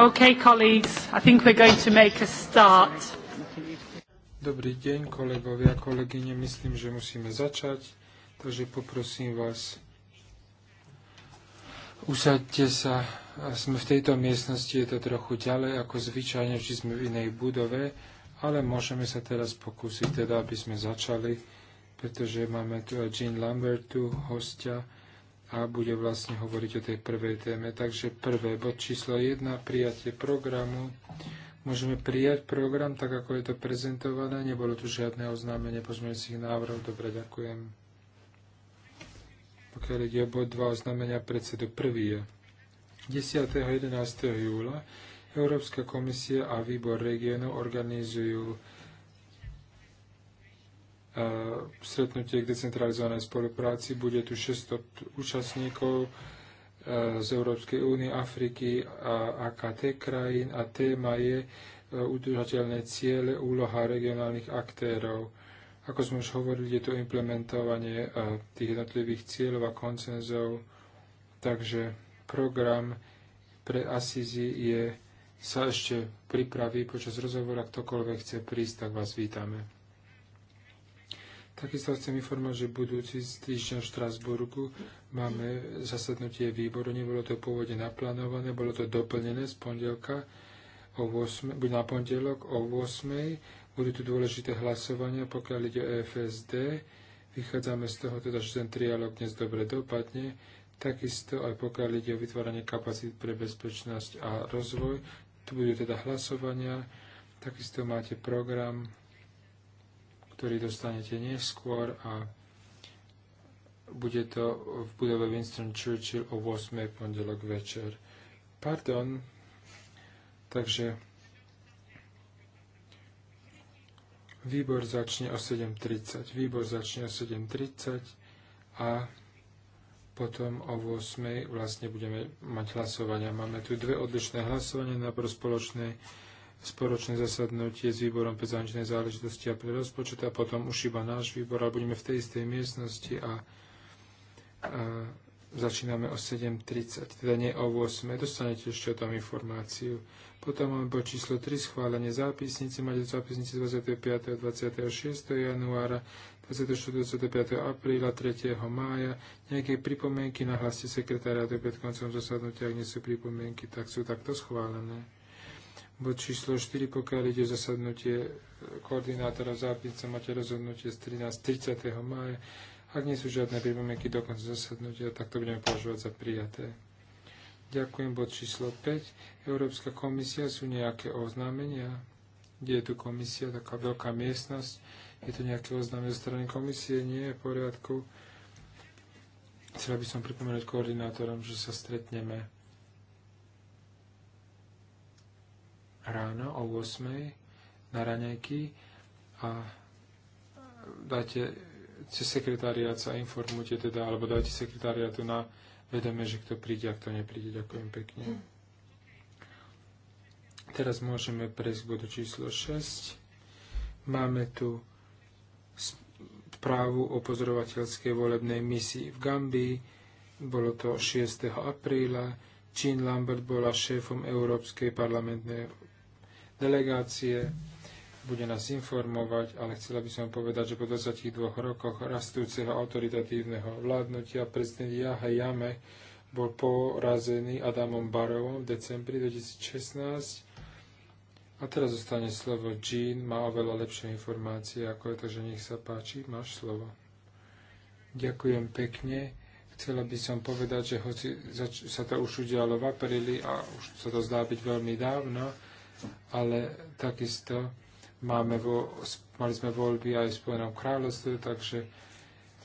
Okay, colleagues, I think we're going to make a start. Dobrý deň, kolegovia kolegyne. Myslím, že musíme začať, takže poprosím vás, usaďte sa. Sme v tejto miestnosti, je to trochu ďalej ako zvyčajne, vždy sme v inej budove, ale môžeme sa teraz pokúsiť, teda, aby sme začali, pretože máme tu aj Jean Lambertu, hostia, a bude vlastne hovoriť o tej prvej téme. Takže prvé, bod číslo 1, prijatie programu. Môžeme prijať program tak, ako je to prezentované. Nebolo tu žiadne oznámenie pozmeňujúcich návrhov. Dobre, ďakujem. Pokiaľ ide o bod 2 oznámenia predsedu, prvý je 10. 11. júla Európska komisia a výbor regionu organizujú stretnutie k decentralizovanej spolupráci. Bude tu 600 účastníkov e, z Európskej únie, Afriky a AKT krajín a téma je e, udržateľné ciele, úloha regionálnych aktérov. Ako sme už hovorili, je to implementovanie e, tých jednotlivých cieľov a koncenzov, takže program pre Asizi je, sa ešte pripraví počas rozhovora, ktokoľvek chce prísť, tak vás vítame. Takisto chcem informovať, že budúci týždeň v Štrasburgu máme zasadnutie výboru. Nebolo to pôvodne naplánované, bolo to doplnené z pondelka o 8, buď na pondelok o 8. Budú tu dôležité hlasovania, pokiaľ ide o FSD. Vychádzame z toho, teda, že ten trialog dnes dobre dopadne. Takisto aj pokiaľ ide o vytváranie kapacít pre bezpečnosť a rozvoj. Tu budú teda hlasovania. Takisto máte program ktorý dostanete neskôr a bude to v budove Winston Churchill o 8. pondelok večer. Pardon, takže výbor začne o 7.30. Výbor začne o 7.30 a potom o 8.00 vlastne budeme mať hlasovania. Máme tu dve odlišné hlasovania, na spoločnej spoločné zasadnutie s výborom pre zahraničné záležitosti a pre rozpočet a potom už iba náš výbor a budeme v tej istej miestnosti a, a začíname o 7.30, teda nie o 8. Dostanete ešte o tom informáciu. Potom máme bod číslo 3, schválenie zápisnice. Máte zápisnice 25. a 26. januára, 24. 25. apríla, 3. mája. Nejaké pripomienky nahlaste sekretariátu pred koncom zasadnutia. Ak nie sú pripomienky, tak sú takto schválené. Bod číslo 4, pokiaľ ide zasadnutie koordinátora zápisnice, máte rozhodnutie z 13. 30. maja. Ak nie sú žiadne pripomienky do konca zasadnutia, tak to budeme považovať za prijaté. Ďakujem. Bod číslo 5. Európska komisia sú nejaké oznámenia? Kde je tu komisia? Taká veľká miestnosť. Je tu nejaké oznámenie zo strany komisie? Nie je v poriadku. Chcel by som pripomenúť koordinátorom, že sa stretneme ráno o 8 na raňajky a dáte cez sekretariat sa informujte teda, alebo dajte sekretariatu na vedomie, že kto príde a kto nepríde. Ďakujem pekne. Teraz môžeme prejsť k bodu číslo 6. Máme tu správu o pozorovateľskej volebnej misii v Gambii. Bolo to 6. apríla. Jean Lambert bola šéfom Európskej parlamentnej delegácie, bude nás informovať, ale chcela by som povedať, že po 22 rokoch rastúceho autoritatívneho vládnutia prezident Jaha Jame bol porazený Adamom Barovom v decembri 2016 a teraz zostane slovo Jean, má oveľa lepšie informácie ako je, takže nech sa páči, máš slovo. Ďakujem pekne. Chcela by som povedať, že hoci sa to už udialo v apríli a už sa to zdá byť veľmi dávno, ale takisto máme vo, mali sme voľby aj v Spojenom kráľovstve, takže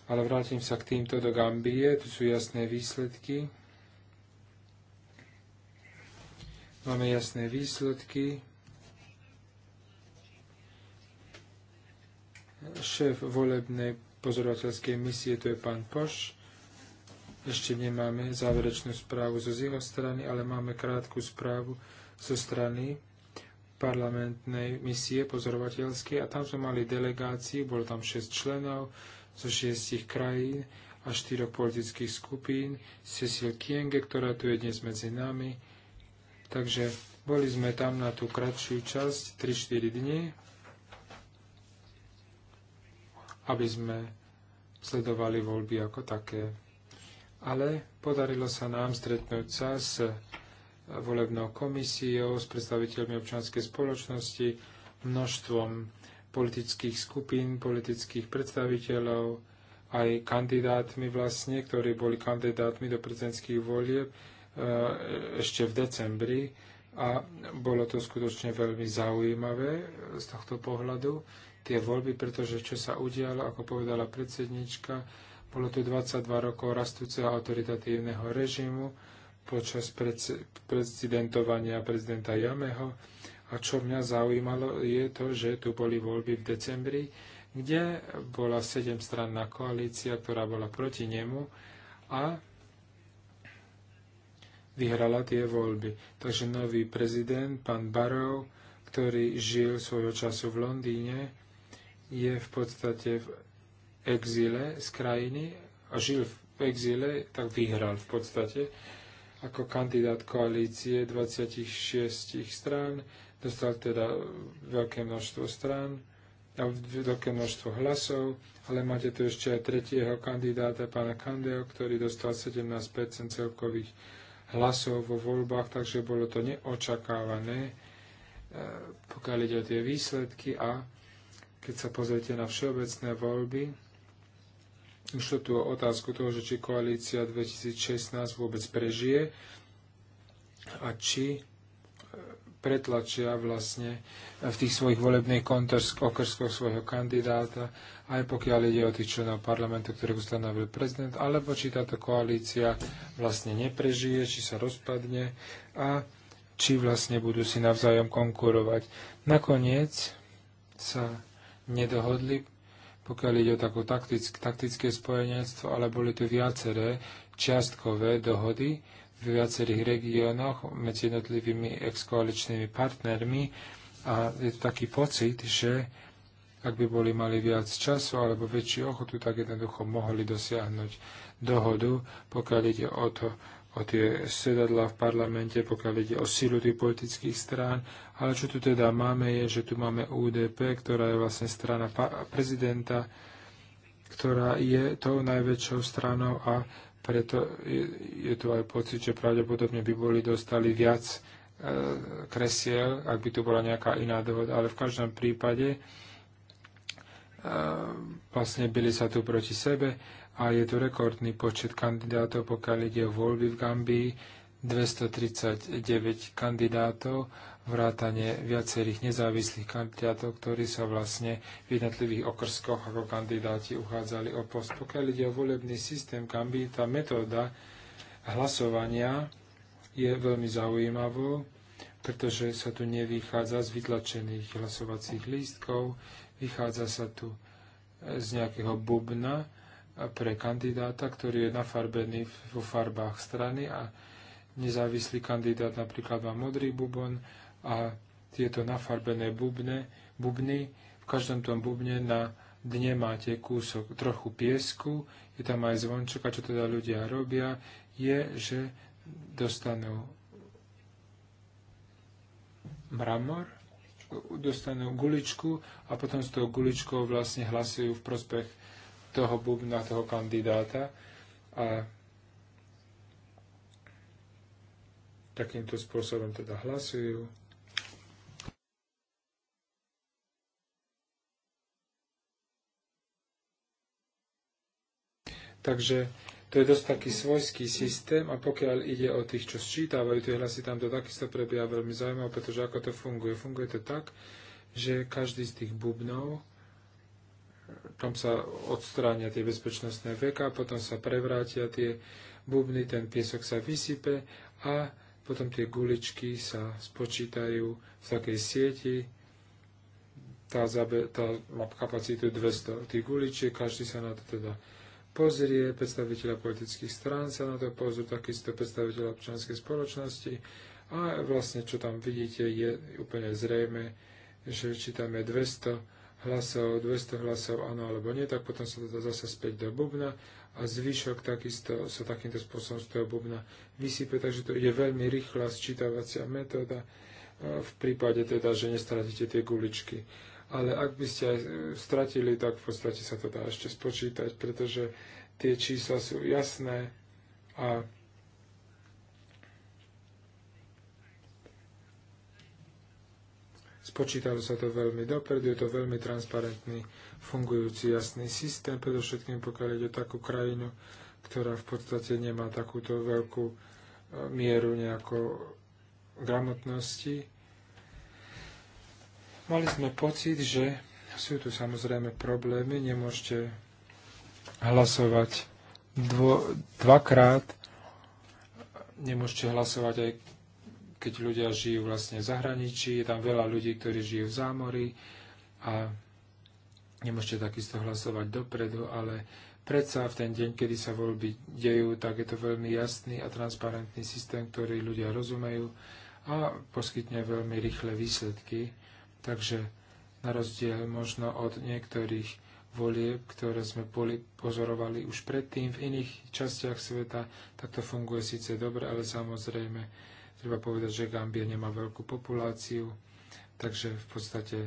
ale vrátim sa k týmto do Gambie, tu sú jasné výsledky. Máme jasné výsledky. Šéf volebnej pozorovateľskej misie, to je pán Poš. Ešte nemáme záverečnú správu zo z jeho strany, ale máme krátku správu zo strany parlamentnej misie pozorovateľskej a tam sme mali delegáciu, bolo tam 6 členov zo 6 krajín a 4 politických skupín, Cecil Kienge, ktorá tu je dnes medzi nami. Takže boli sme tam na tú kratšiu časť, 3-4 dní, aby sme sledovali voľby ako také. Ale podarilo sa nám stretnúť sa s volebnou komisiou, s predstaviteľmi občanskej spoločnosti, množstvom politických skupín, politických predstaviteľov, aj kandidátmi vlastne, ktorí boli kandidátmi do prezidentských volieb e, ešte v decembri a bolo to skutočne veľmi zaujímavé e, z tohto pohľadu, tie voľby, pretože čo sa udialo, ako povedala predsednička, bolo tu 22 rokov rastúceho autoritatívneho režimu, počas prezidentovania prezidenta Jameho. A čo mňa zaujímalo je to, že tu boli voľby v decembri, kde bola sedemstranná koalícia, ktorá bola proti nemu a vyhrala tie voľby. Takže nový prezident, pán Barrow, ktorý žil svojho času v Londýne, je v podstate v exíle z krajiny a žil v exíle, tak vyhral v podstate ako kandidát koalície 26 strán, dostal teda veľké množstvo strán a veľké množstvo hlasov, ale máte tu ešte aj tretieho kandidáta, pána Kandeo, ktorý dostal 17 celkových hlasov vo voľbách, takže bolo to neočakávané, e, pokiaľ ide o tie výsledky a keď sa pozriete na všeobecné voľby, Išlo tu o otázku toho, že či koalícia 2016 vôbec prežije a či e, pretlačia vlastne e, v tých svojich volebných okrskoch svojho kandidáta, aj pokiaľ ide o tých členov parlamentu, ktorých ustanovil prezident, alebo či táto koalícia vlastne neprežije, či sa rozpadne a či vlastne budú si navzájom konkurovať. Nakoniec sa nedohodli pokiaľ ide o takú taktick, taktické spojenectvo, ale boli tu viaceré čiastkové dohody v viacerých regiónoch medzi jednotlivými exkoaličnými partnermi a je to taký pocit, že ak by boli mali viac času alebo väčšiu ochotu, tak jednoducho mohli dosiahnuť dohodu, pokiaľ ide o to, o tie sedadla v parlamente, pokiaľ ide o silu tých politických strán ale čo tu teda máme je, že tu máme UDP, ktorá je vlastne strana prezidenta, ktorá je tou najväčšou stranou a preto je, je tu aj pocit, že pravdepodobne by boli dostali viac e, kresiel, ak by tu bola nejaká iná dohoda. Ale v každom prípade e, vlastne byli sa tu proti sebe a je tu rekordný počet kandidátov, pokiaľ ide o voľby v Gambii, 239 kandidátov vrátanie viacerých nezávislých kandidátov, ktorí sa vlastne v jednotlivých okrskoch ako kandidáti uchádzali o post. Pokiaľ ide o volebný systém by tá metóda hlasovania je veľmi zaujímavou, pretože sa tu nevychádza z vytlačených hlasovacích lístkov, vychádza sa tu e, z nejakého bubna pre kandidáta, ktorý je nafarbený vo farbách strany a nezávislý kandidát napríklad má modrý bubon, a tieto nafarbené bubne, bubny, v každom tom bubne na dne máte kúsok trochu piesku, je tam aj zvončok a čo teda ľudia robia, je, že dostanú mramor, dostanú guličku a potom s tou guličkou vlastne hlasujú v prospech toho bubna, toho kandidáta a takýmto spôsobom teda hlasujú. Takže to je dosť taký svojský systém a pokiaľ ide o tých, čo sčítavajú tie hlasy, tam to takisto prebieha veľmi zaujímavé, pretože ako to funguje? Funguje to tak, že každý z tých bubnov, tam sa odstránia tie bezpečnostné veka, potom sa prevrátia tie bubny, ten piesok sa vysype a potom tie guličky sa spočítajú v takej sieti, tá, zabe, tá má kapacitu 200 tých guličiek, každý sa na to teda pozrie, predstaviteľa politických strán sa na to pozrú, takisto predstaviteľa občianskej spoločnosti a vlastne čo tam vidíte je úplne zrejme, že či tam je 200 hlasov, 200 hlasov áno alebo nie, tak potom sa to dá zase späť do bubna a zvyšok takisto sa takýmto spôsobom z toho bubna vysype, takže to je veľmi rýchla sčítavacia metóda v prípade teda, že nestratíte tie guličky ale ak by ste aj e, stratili, tak v podstate sa to dá ešte spočítať, pretože tie čísla sú jasné a spočítalo sa to veľmi dopredu, je to veľmi transparentný, fungujúci, jasný systém, predovšetkým pokiaľ ide o takú krajinu, ktorá v podstate nemá takúto veľkú e, mieru nejako gramotnosti. Mali sme pocit, že sú tu samozrejme problémy, nemôžete hlasovať dvo, dvakrát, nemôžete hlasovať aj keď ľudia žijú vlastne v zahraničí, je tam veľa ľudí, ktorí žijú v zámori a nemôžete takisto hlasovať dopredu, ale predsa v ten deň, kedy sa voľby dejú, tak je to veľmi jasný a transparentný systém, ktorý ľudia rozumejú a poskytne veľmi rýchle výsledky. Takže na rozdiel možno od niektorých volieb, ktoré sme boli, pozorovali už predtým v iných častiach sveta, tak to funguje síce dobre, ale samozrejme treba povedať, že Gambia nemá veľkú populáciu, takže v podstate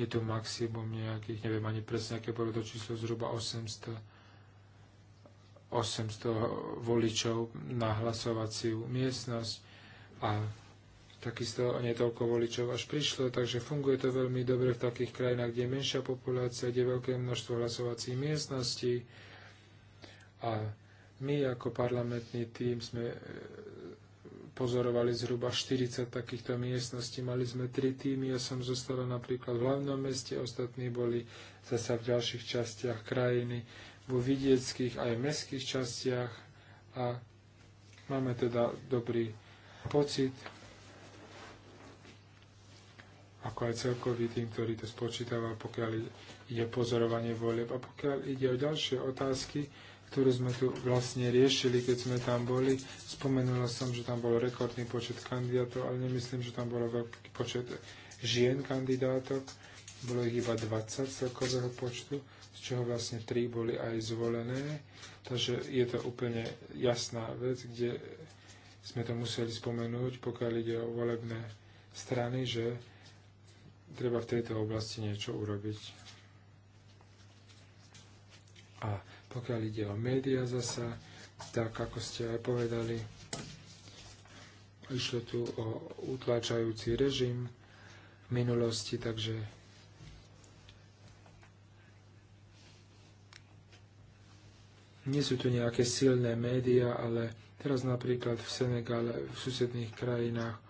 je tu maximum nejakých, neviem ani presne, aké bolo to číslo, zhruba 800, 800 voličov na hlasovaciu miestnosť a takisto netoľko voličov až prišlo, takže funguje to veľmi dobre v takých krajinách, kde je menšia populácia, kde je veľké množstvo hlasovacích miestností a my ako parlamentný tým sme e, pozorovali zhruba 40 takýchto miestností. Mali sme tri týmy, ja som zostala napríklad v hlavnom meste, ostatní boli zasa v ďalších častiach krajiny, vo vidieckých aj v mestských častiach a máme teda dobrý pocit, ako aj celkový tým, ktorý to spočítava, pokiaľ ide pozorovanie volieb. A pokiaľ ide o ďalšie otázky, ktoré sme tu vlastne riešili, keď sme tam boli. Spomenula som, že tam bol rekordný počet kandidátov, ale nemyslím, že tam bolo veľký počet žien kandidátok. Bolo ich iba 20 celkového počtu, z čoho vlastne 3 boli aj zvolené. Takže je to úplne jasná vec, kde sme to museli spomenúť, pokiaľ ide o volebné strany, že treba v tejto oblasti niečo urobiť. A pokiaľ ide o médiá zasa, tak ako ste aj povedali, išlo tu o utláčajúci režim v minulosti, takže nie sú tu nejaké silné médiá, ale teraz napríklad v Senegále, v susedných krajinách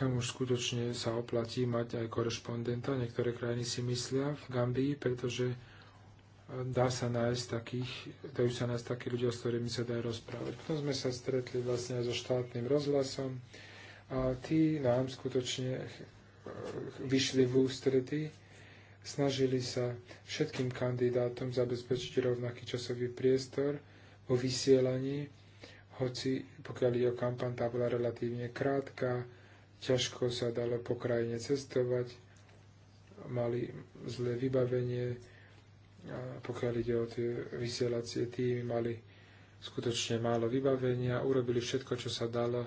tam už skutočne sa oplatí mať aj korešpondenta. Niektoré krajiny si myslia v Gambii, pretože e, dá sa nájsť takých, dajú sa nájsť takí ľudia, s ktorými sa dá rozprávať. Potom sme sa stretli vlastne aj so štátnym rozhlasom a tí nám skutočne e, vyšli v ústrety, snažili sa všetkým kandidátom zabezpečiť rovnaký časový priestor vo vysielaní, hoci pokiaľ je o kampaň, tá bola relatívne krátka, ťažko sa dalo po krajine cestovať, mali zlé vybavenie, a pokiaľ ide o tie vysielacie týmy, mali skutočne málo vybavenia, urobili všetko, čo sa dalo.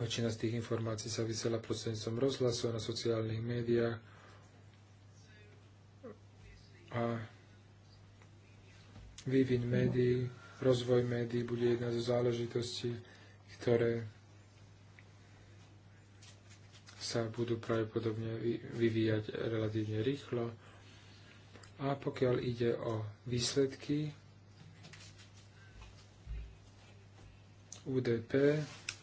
Väčšina z tých informácií sa vysiela prostredníctvom rozhlasu na sociálnych médiách. A vývin médií, rozvoj médií bude jedna zo záležitostí, ktoré sa budú pravdepodobne vyvíjať relatívne rýchlo. A pokiaľ ide o výsledky UDP,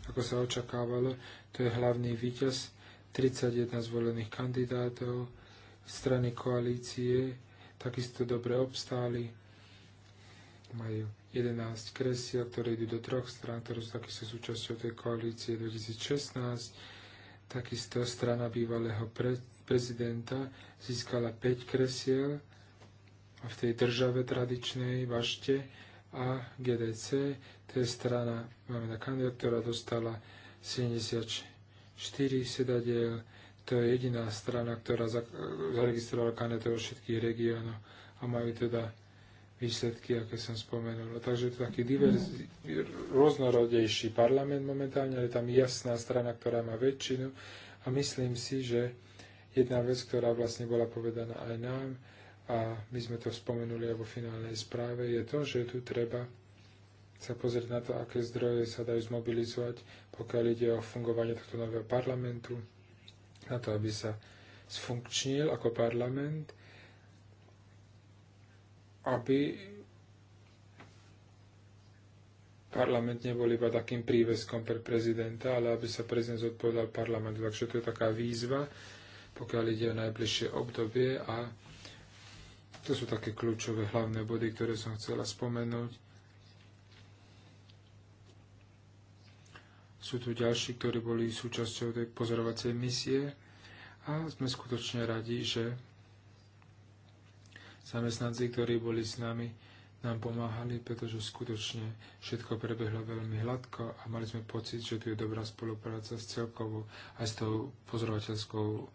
ako sa očakávalo, to je hlavný víťaz 31 zvolených kandidátov, strany koalície takisto dobre obstáli, majú 11 kresiel, ktoré idú do troch strán, ktoré sú takisto súčasťou tej koalície 2016 Takisto strana bývalého pre, prezidenta získala 5 kresiel v tej države tradičnej Vašte a GDC, to je strana, máme na kandidát, ktorá dostala 74 sedadiel, to je jediná strana, ktorá zaregistrovala kandidátov všetkých regiónov a majú teda výsledky, aké som spomenul. No, takže je to taký diverz, rôznorodejší parlament momentálne, ale je tam jasná strana, ktorá má väčšinu a myslím si, že jedna vec, ktorá vlastne bola povedaná aj nám, a my sme to spomenuli aj vo finálnej správe, je to, že tu treba sa pozrieť na to, aké zdroje sa dajú zmobilizovať, pokiaľ ide o fungovanie tohto nového parlamentu, na to, aby sa sfunkčnil ako parlament aby parlament nebol iba takým príveskom pre prezidenta, ale aby sa prezident zodpovedal parlamentu. Takže to je taká výzva, pokiaľ ide o najbližšie obdobie a to sú také kľúčové hlavné body, ktoré som chcela spomenúť. Sú tu ďalší, ktorí boli súčasťou tej pozorovacej misie a sme skutočne radi, že zamestnanci, ktorí boli s nami, nám pomáhali, pretože skutočne všetko prebehlo veľmi hladko a mali sme pocit, že tu je dobrá spolupráca s celkovou aj s tou pozorovateľskou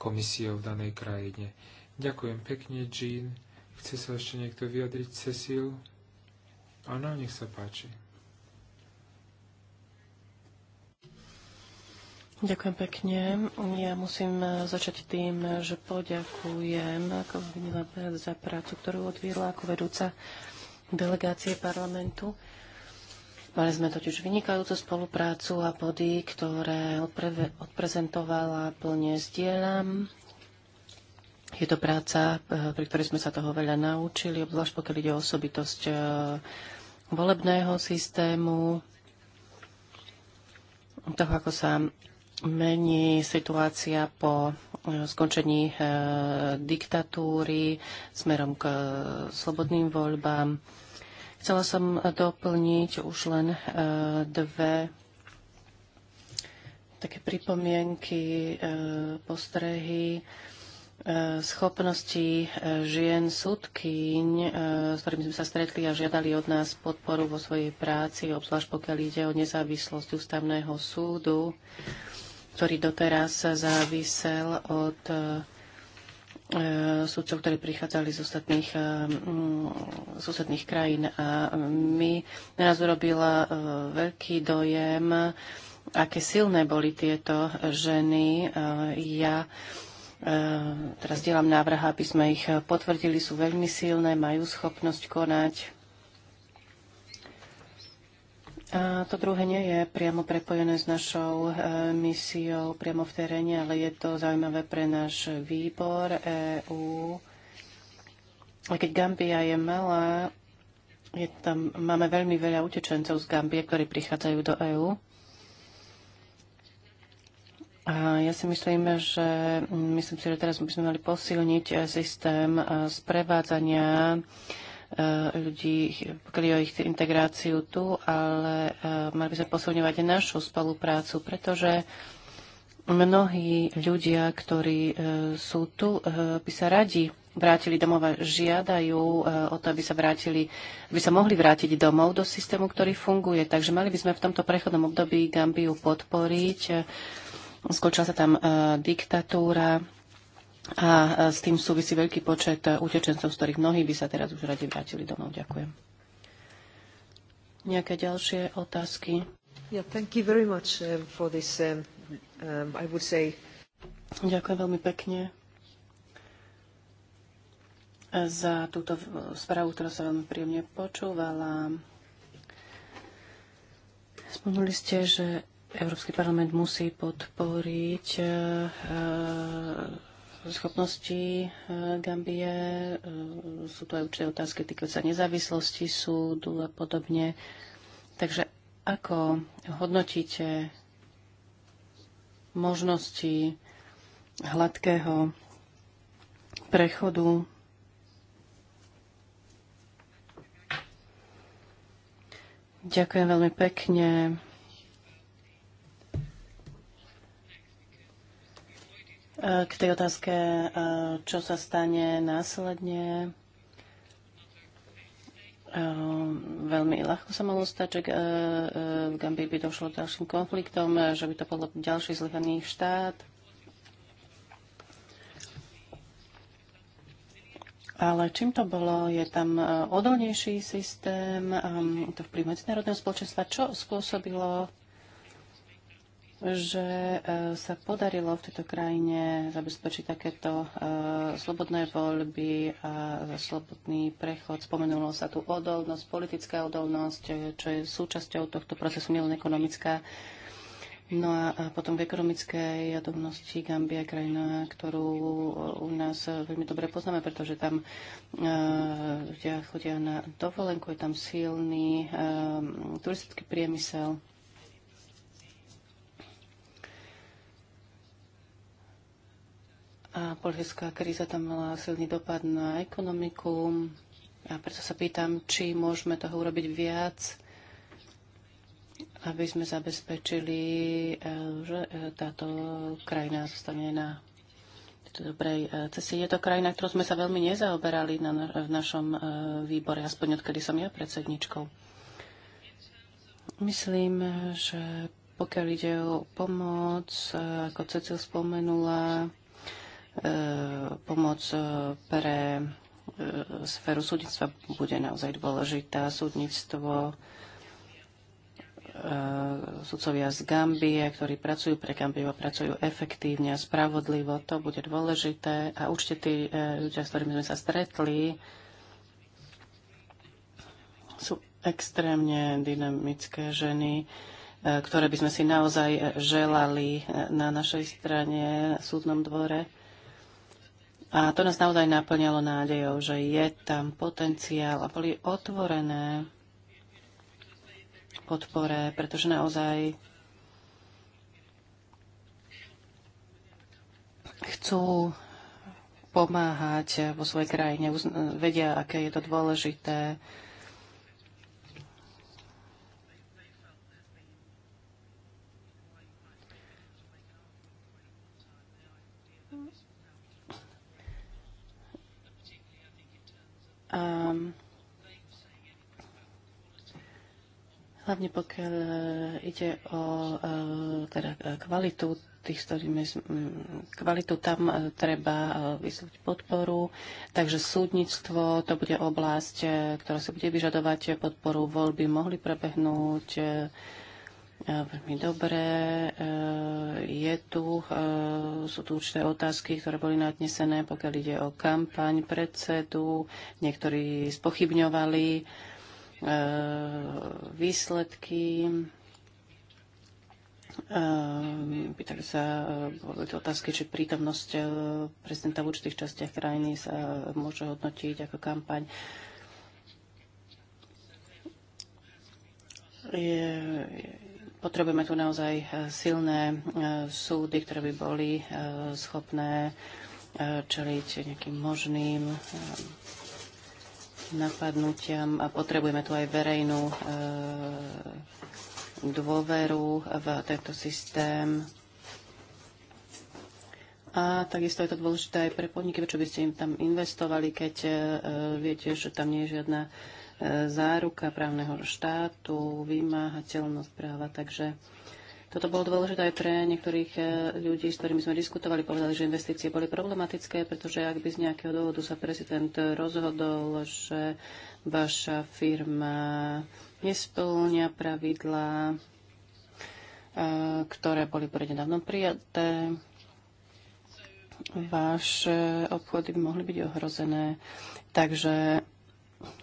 komisiou v danej krajine. Ďakujem pekne, Jean. Chce sa ešte niekto vyjadriť, Cecil? Áno, nech sa páči. Ďakujem pekne. Ja musím e, začať tým, že poďakujem kolegyni Labert za prácu, ktorú odviedla ako vedúca delegácie parlamentu. Mali sme totiž vynikajúcu spoluprácu a body, ktoré odpre- odprezentovala plne zdieľam. Je to práca, e, pri ktorej sme sa toho veľa naučili, obzvlášť pokiaľ ide o osobitosť e, volebného systému, toho, ako sa mení situácia po eh, skončení eh, diktatúry smerom k eh, slobodným voľbám. Chcela som doplniť už len dve také pripomienky, postrehy schopnosti žien súdkyň, s ktorými sme sa stretli a žiadali od nás podporu vo svojej práci, obzvlášť pokiaľ ide o nezávislosť ústavného súdu ktorý doteraz závisel od e, e, sudcov, ktorí prichádzali z ostatných, e, mm, z ostatných krajín. A mi nás urobila veľký dojem, aké silné boli tieto ženy. Ja teraz dielam návrh, aby sme ich potvrdili, sú veľmi silné, majú schopnosť konať a to druhé nie je priamo prepojené s našou e, misiou priamo v teréne, ale je to zaujímavé pre náš výbor EÚ. Keď Gambia je malá, je tam, máme veľmi veľa utečencov z Gambie, ktorí prichádzajú do EÚ. A ja si myslím, že myslím si, že teraz by sme mali posilniť e, systém e, sprevádzania Eh, ľudí, pokiaľ o ich integráciu tu, ale eh, mali by sme posilňovať aj našu spoluprácu, pretože mnohí ľudia, ktorí eh, sú tu, by sa radi vrátili domov a žiadajú o to, aby sa vrátili, aby sa mohli vrátiť domov do systému, ktorý funguje. Takže mali by sme v tomto prechodnom období Gambiu podporiť. Skončila sa tam diktatúra, a s tým súvisí veľký počet e, utečencov, z ktorých mnohí by sa teraz už radi vrátili domov. Ďakujem. Nejaké ďalšie otázky? Yeah, thank you very much um, for this, um, um, I would say... Ďakujem veľmi pekne za túto správu, ktorá sa veľmi príjemne počúvala. Spomenuli ste, že Európsky parlament musí podporiť e, e, schopnosti e, Gambie. E, sú tu aj určité otázky týkajúce sa nezávislosti súdu a podobne. Takže ako hodnotíte možnosti hladkého prechodu Ďakujem veľmi pekne K tej otázke, e, čo sa stane následne, e, veľmi ľahko sa mohlo stať, že e, v Gambii by došlo k ďalším konfliktom, že by to bolo ďalší zlyhaný štát. Ale čím to bolo? Je tam odolnejší systém, to vplyv medzinárodného spoločenstva. Čo spôsobilo že e, sa podarilo v tejto krajine zabezpečiť takéto e, slobodné voľby a slobodný prechod. Spomenulo sa tu odolnosť, politická odolnosť, čo je súčasťou tohto procesu, nielen ekonomická. No a potom v ekonomickej jadovnosti Gambia je krajina, ktorú u nás veľmi dobre poznáme, pretože tam e, ľudia chodia na dovolenku, je tam silný turistický priemysel A politická kríza tam mala silný dopad na ekonomiku. A preto sa pýtam, či môžeme toho urobiť viac, aby sme zabezpečili, e, že e, táto krajina zostane na tejto dobrej e, ceste. Je to krajina, ktorú sme sa veľmi nezaoberali na, v našom výbore, aspoň odkedy som ja predsedničkou. Myslím, že pokiaľ ide o pomoc, ako Cecil spomenula, Eh, pomoc eh, pre eh, sféru súdnictva bude naozaj dôležitá. Súdnictvo, sudcovia z Gambie, ktorí pracujú pre Gambiu a pracujú efektívne a spravodlivo, to bude dôležité. A určite tí ľudia, s ktorými sme sa stretli, sú extrémne dynamické ženy, ktoré by sme si naozaj želali na našej strane na súdnom dvore. A to nás naozaj naplňalo nádejou, že je tam potenciál a boli otvorené podpore, pretože naozaj chcú pomáhať vo svojej krajine, vedia, aké je to dôležité, Um, hlavne pokiaľ eh, ide o eh, teda eh, kvalitu tých, ktorými mm, kvalitu tam treba vysúť podporu. Takže súdnictvo, to bude oblasť, ktorá si bude vyžadovať podporu. Voľby mohli prebehnúť Veľmi dobré. E, je tu, e, sú tu určité otázky, ktoré boli nadnesené, pokiaľ ide o kampaň predsedu. Niektorí spochybňovali e, výsledky. Pýtali sa boli otázky, či prítomnosť prezidenta v určitých častiach krajiny sa môže hodnotiť ako kampaň. je, Potrebujeme tu naozaj e, silné e, súdy, ktoré by boli e, schopné čeliť nejakým možným napadnutiam a potrebujeme tu aj verejnú dôveru v tento systém. A takisto je to dôležité aj pre podniky, čo by ste im tam investovali, keď viete, že tam nie je žiadna záruka právneho štátu, vymáhateľnosť práva. Takže toto bolo dôležité aj pre niektorých eh, ľudí, s ktorými sme diskutovali, povedali, že investície boli problematické, pretože ak by z nejakého dôvodu sa prezident rozhodol, že vaša firma nesplňa pravidlá, eh, ktoré boli prednedávno prijaté, vaše obchody by mohli byť ohrozené. Takže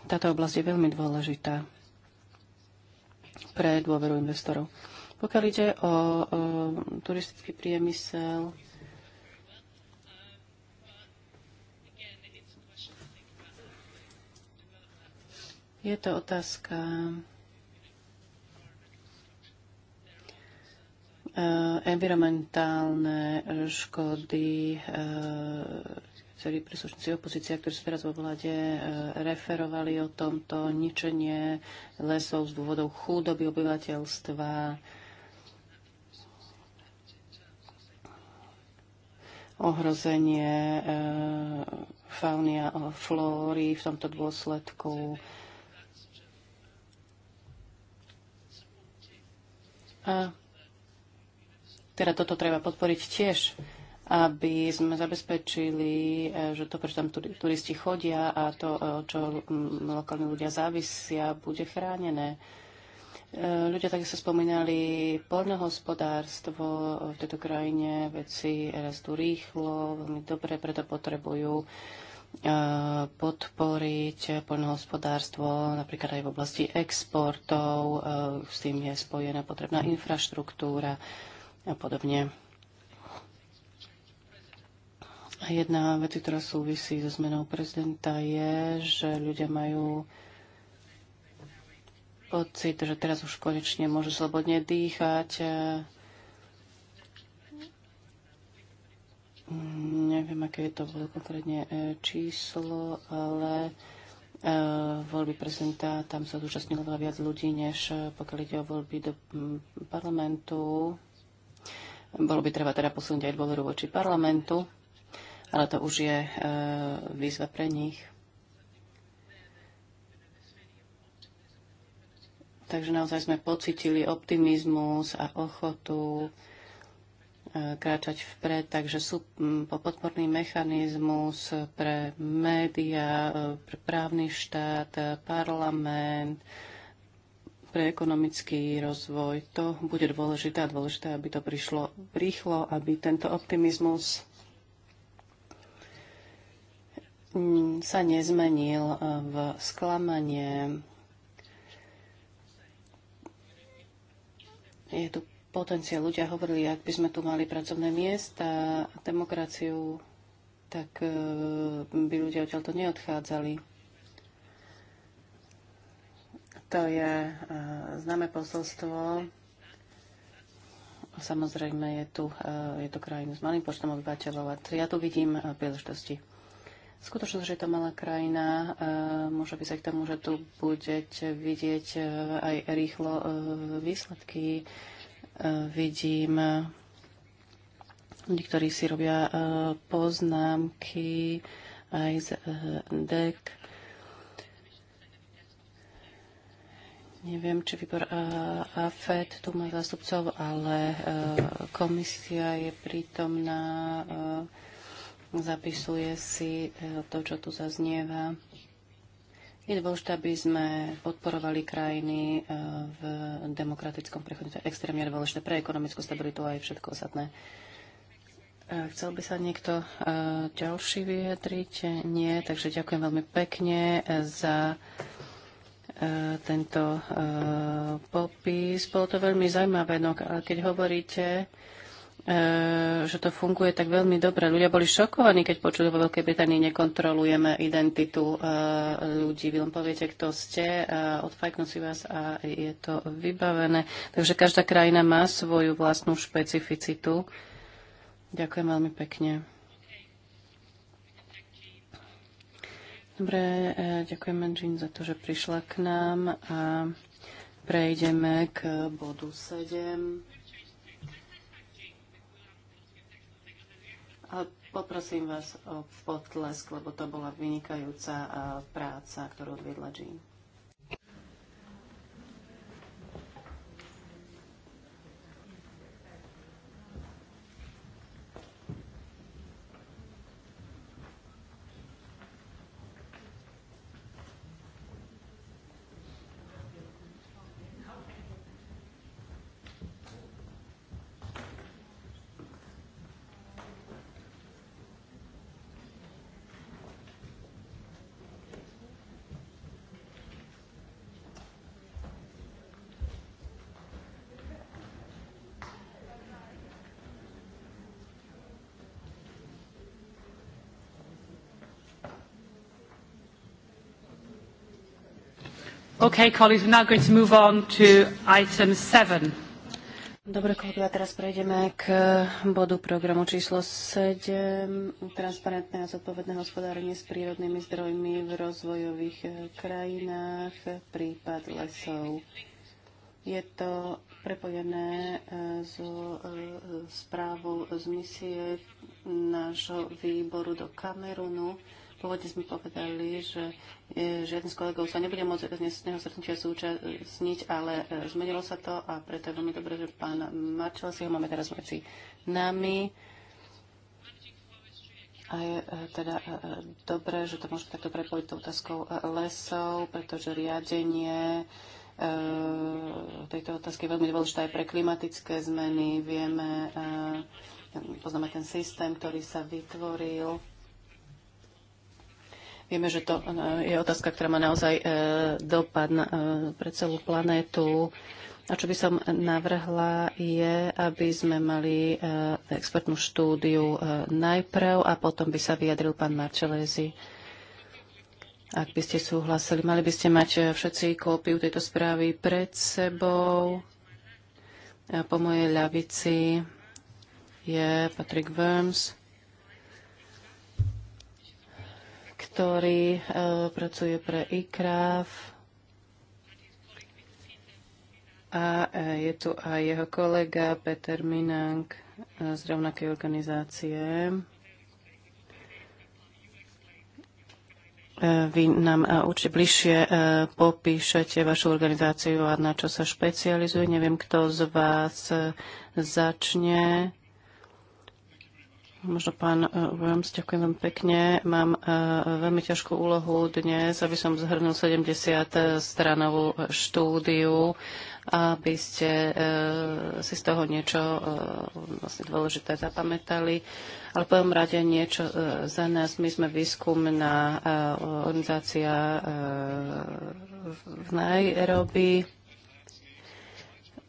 táto oblasť je veľmi dôležitá pre dôveru investorov. Pokiaľ ide o, o turistický priemysel, je to otázka Eh, environmentálne eh, škody, ktorí eh, príslušníci opozícia, ktorí sú teraz vo vláde, referovali o tomto ničenie lesov z dôvodov chudoby obyvateľstva, ohrozenie fauny a flóry v tomto dôsledku. A teda toto treba podporiť tiež, aby sme zabezpečili, e, že to, prečo tam turisti chodia a to, e, čo lokálni ľudia závisia, bude chránené. E, ľudia takisto spomínali poľnohospodárstvo v tejto krajine, veci rastú rýchlo, veľmi dobre, preto potrebujú podporiť poľnohospodárstvo napríklad aj v oblasti exportov, s tým je spojená potrebná infraštruktúra, a podobne. A jedna vec, ktorá súvisí so zmenou prezidenta, je, že ľudia majú pocit, že teraz už konečne môžu slobodne dýchať. Neviem, aké je to bolo konkrétne e, číslo, ale e, voľby prezidenta, tam sa zúčastnilo veľa viac ľudí, než e, pokiaľ ide o voľby do parlamentu. Bolo by treba teda posunúť aj dôveru voči parlamentu, ale to už je e, výzva pre nich. Takže naozaj sme pocitili optimizmus a ochotu e, kráčať vpred, takže sú podporný mechanizmus pre médiá, e, pre právny štát, e, parlament, pre ekonomický rozvoj. To bude dôležité a dôležité, aby to prišlo rýchlo, aby tento optimizmus sa nezmenil eh, v sklamanie. Je tu potenciál. Ľudia hovorili, ak by sme tu mali pracovné miesta a demokraciu, tak eh, by ľudia odtiaľto to neodchádzali. To je eh, známe posolstvo. Samozrejme, je tu, eh, je to krajina s malým počtom obyvateľov a ja tu vidím eh, príležitosti. Skutočnosť, že je to malá krajina, môže byť k tomu, že tu budete vidieť aj rýchlo výsledky. Vidím ľudí, ktorí si robia poznámky aj z DEC. Neviem, či výbor eh, AFED tu má zástupcov, ale eh, komisia je prítomná, eh, zapisuje si to, čo tu zaznieva. Je dôležité, aby sme podporovali krajiny v demokratickom prechode. To je extrémne dôležité pre ekonomickú stabilitu a aj všetko ostatné. Chcel by sa niekto ďalší vyjadriť? Nie, takže ďakujem veľmi pekne za E, tento e, popis. Bolo to veľmi zaujímavé, no keď hovoríte, e, že to funguje tak veľmi dobre. Ľudia boli šokovaní, keď počuli, vo Veľkej Británii nekontrolujeme identitu ľudí. Vy len poviete, kto ste, odfajknú si vás a je to vybavené. Takže každá krajina má svoju vlastnú špecificitu. Ďakujem veľmi pekne. Dobre, e, ďakujeme Jean za to, že prišla k nám a prejdeme k bodu 7. A poprosím vás o potlesk, lebo to bola vynikajúca e, práca, ktorú odviedla Jean. Okay, colleagues, we're now going to move on to item seven. Dobre, kolegovia, teraz prejdeme k bodu programu číslo 7, transparentné a zodpovedné hospodárenie s prírodnými zdrojmi v rozvojových eh, krajinách, prípad lesov. Je to prepojené so eh, správou eh, z misie nášho výboru do Kamerunu. Pôvodne sme povedali, že e, žiaden z kolegov sa nebude môcť z dnesného stretnutia zúčastniť, ale e, zmenilo sa to a preto je veľmi dobré, že pán Marčel si ho máme teraz medzi nami. A je e, teda dobré, že to môžeme takto prepojiť tou otázkou lesov, pretože riadenie tejto otázky je veľmi dôležité aj pre klimatické zmeny. Vieme, poznáme ten systém, ktorý sa vytvoril Vieme, že to e, je otázka, ktorá má naozaj e, dopad e, pre celú planétu. A čo by som navrhla je, aby sme mali expertnú štúdiu najprv a potom by sa vyjadril pán Marčelezi. Ak by ste súhlasili, mali by ste mať všetci kópiu tejto správy pred sebou. A po mojej ľavici je Patrick Worms ktorý e, pracuje pre IKRAF. A e, je tu aj jeho kolega Peter Minang e, z rovnakej organizácie. Vy nám určite bližšie popíšete vašu organizáciu a na čo sa špecializuje. Neviem, kto z vás začne. Možno pán eh, Worms, ďakujem vám pekne. Mám eh, veľmi ťažkú úlohu dnes, aby som zhrnul 70 eh, stranovú štúdiu, aby ste si z toho niečo vlastne dôležité zapamätali. Ale poviem rade niečo za nás. My sme výskumná organizácia v Nairobi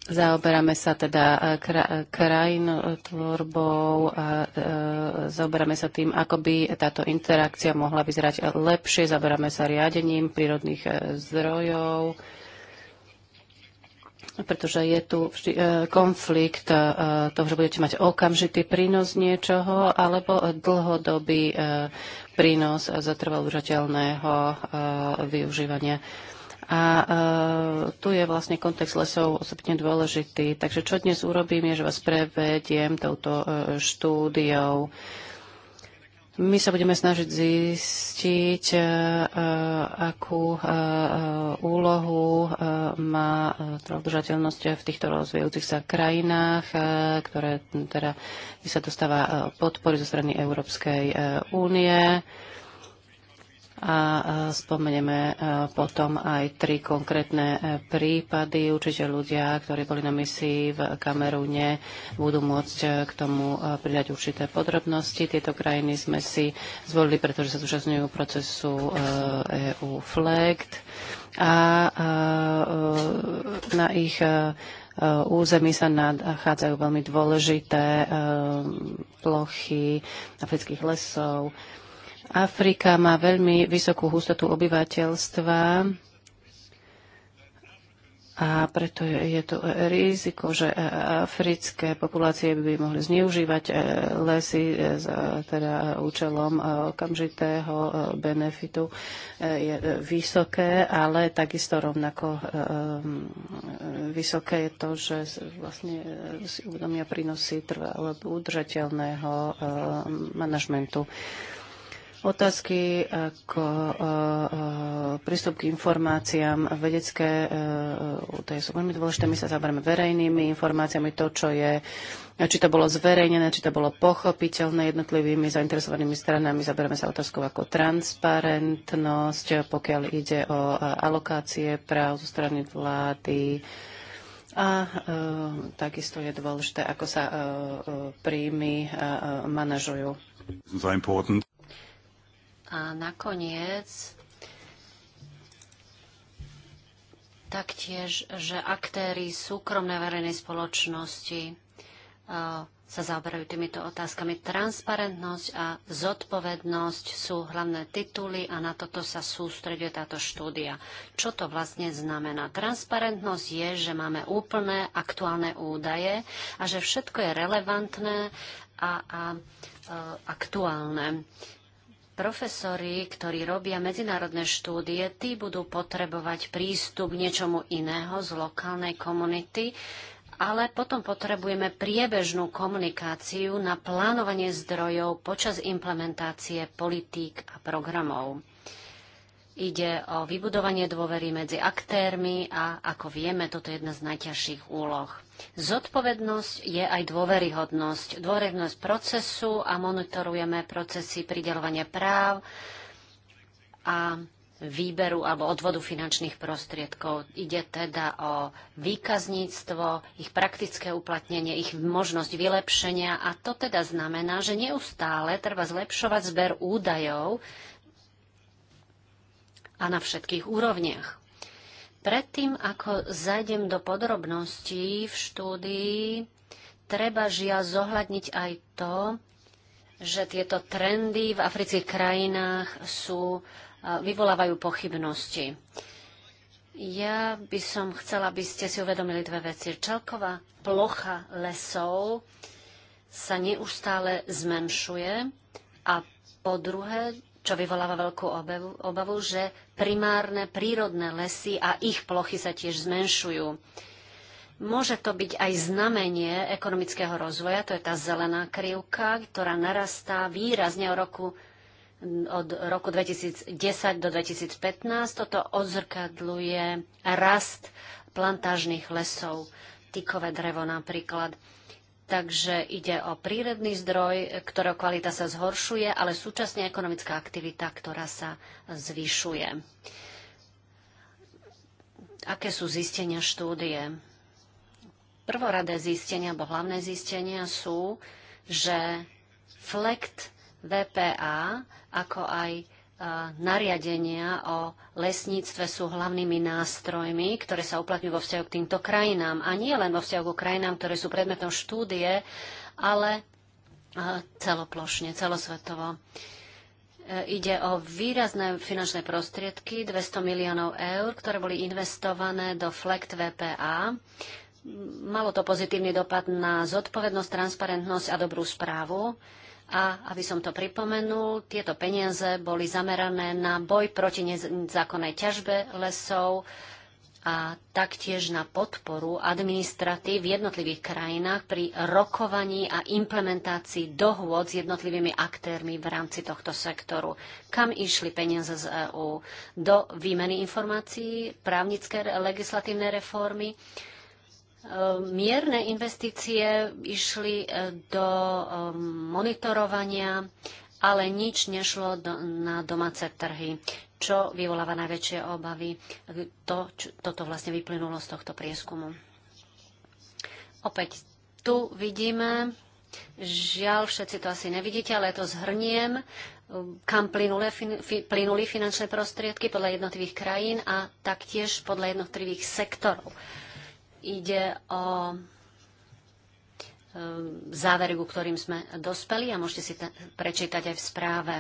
Zaoberáme sa teda e, e, krajinotvorbou a e, zaoberáme sa tým, ako by táto interakcia mohla vyzerať lepšie. Zaoberáme sa riadením prírodných zdrojov, pretože je tu vždy konflikt toho, že budete mať okamžitý prínos niečoho alebo dlhodobý prínos zatrvalúžateľného využívania. A e, tu je vlastne kontext lesov osobne dôležitý. Takže čo dnes urobím, je, že vás prevediem touto e, štúdiou. My sa budeme snažiť zistiť, e, e akú e, e, úlohu e, má udržateľnosť e, v týchto rozvíjajúcich sa krajinách, e, ktoré teda sa dostáva podpory zo strany Európskej únie a spomenieme e, potom aj tri konkrétne e, prípady. Určite ľudia, ktorí boli na misii v Kamerúne, budú môcť e, k tomu pridať určité podrobnosti. Tieto krajiny sme si zvolili, pretože sa zúčastňujú procesu EU FLECT a na ich území sa nachádzajú veľmi dôležité plochy afrických lesov, Afrika má veľmi vysokú hustotu obyvateľstva a preto je to riziko, že africké populácie by mohli zneužívať eh, lesy eh, za teda účelom eh, okamžitého benefitu je vysoké, ale takisto rovnako vysoké je to, že vlastne si uvedomia prínosy trvalo udržateľného manažmentu. Otázky ako e, e, prístup k informáciám vedecké, e, to sú veľmi dôležité, my sa zaberieme verejnými informáciami, to, čo je, či to bolo zverejnené, či to bolo pochopiteľné jednotlivými zainteresovanými stranami. Zaberáme sa otázkou ako transparentnosť, pokiaľ ide o alokácie práv zo strany vlády, a e, takisto je dôležité, ako sa e, e, príjmy e, manažujú. A nakoniec taktiež, že aktéry súkromné verejnej spoločnosti e, sa zaoberajú týmito otázkami. Transparentnosť a zodpovednosť sú hlavné tituly a na toto sa sústreduje táto štúdia. Čo to vlastne znamená? Transparentnosť je, že máme úplné aktuálne údaje a že všetko je relevantné a, a, a e, aktuálne profesori, ktorí robia medzinárodné štúdie, tí budú potrebovať prístup k niečomu iného z lokálnej komunity, ale potom potrebujeme priebežnú komunikáciu na plánovanie zdrojov počas implementácie politík a programov. Ide o vybudovanie dôvery medzi aktérmi a, ako vieme, toto je jedna z najťažších úloh. Zodpovednosť je aj dôveryhodnosť. Dôveryhodnosť procesu a monitorujeme procesy pridelovania práv a výberu alebo odvodu finančných prostriedkov. Ide teda o výkazníctvo, ich praktické uplatnenie, ich možnosť vylepšenia a to teda znamená, že neustále treba zlepšovať zber údajov a na všetkých úrovniach. Predtým, ako zajdem do podrobností v štúdii, treba žia zohľadniť aj to, že tieto trendy v afrických krajinách sú, vyvolávajú pochybnosti. Ja by som chcela, aby ste si uvedomili dve veci. Čelková plocha lesov sa neustále zmenšuje a po druhé čo vyvoláva veľkú obavu, obavu, že primárne prírodné lesy a ich plochy sa tiež zmenšujú. Môže to byť aj znamenie ekonomického rozvoja, to je tá zelená krivka, ktorá narastá výrazne od roku, od roku 2010 do 2015. Toto odzrkadluje rast plantážnych lesov, tykové drevo napríklad. Takže ide o prírodný zdroj, ktorého kvalita sa zhoršuje, ale súčasne ekonomická aktivita, ktorá sa zvyšuje. Aké sú zistenia štúdie? Prvoradé zistenia alebo hlavné zistenia sú, že FLECT VPA, ako aj nariadenia o lesníctve sú hlavnými nástrojmi, ktoré sa uplatňujú vo vzťahu k týmto krajinám. A nie len vo vzťahu k krajinám, ktoré sú predmetom štúdie, ale celoplošne, celosvetovo. E, ide o výrazné finančné prostriedky, 200 miliónov eur, ktoré boli investované do FLECT VPA. Malo to pozitívny dopad na zodpovednosť, transparentnosť a dobrú správu. A aby som to pripomenul, tieto peniaze boli zamerané na boj proti nezákonnej ťažbe lesov a taktiež na podporu administratív v jednotlivých krajinách pri rokovaní a implementácii dohôd s jednotlivými aktérmi v rámci tohto sektoru. Kam išli peniaze z EÚ? Do výmeny informácií, právnické legislatívne reformy, mierne investície išli e, do e, monitorovania, ale nič nešlo do, na domáce trhy, čo vyvoláva najväčšie obavy. E, to, čo, toto vlastne vyplynulo z tohto prieskumu. Opäť tu vidíme, žiaľ všetci to asi nevidíte, ale to zhrniem, kam plynuli, fi, plynuli finančné prostriedky podľa jednotlivých krajín a taktiež podľa jednotlivých sektorov. Uh, ide o e, závery, ku ktorým sme dospeli a môžete si prečítať aj v správe.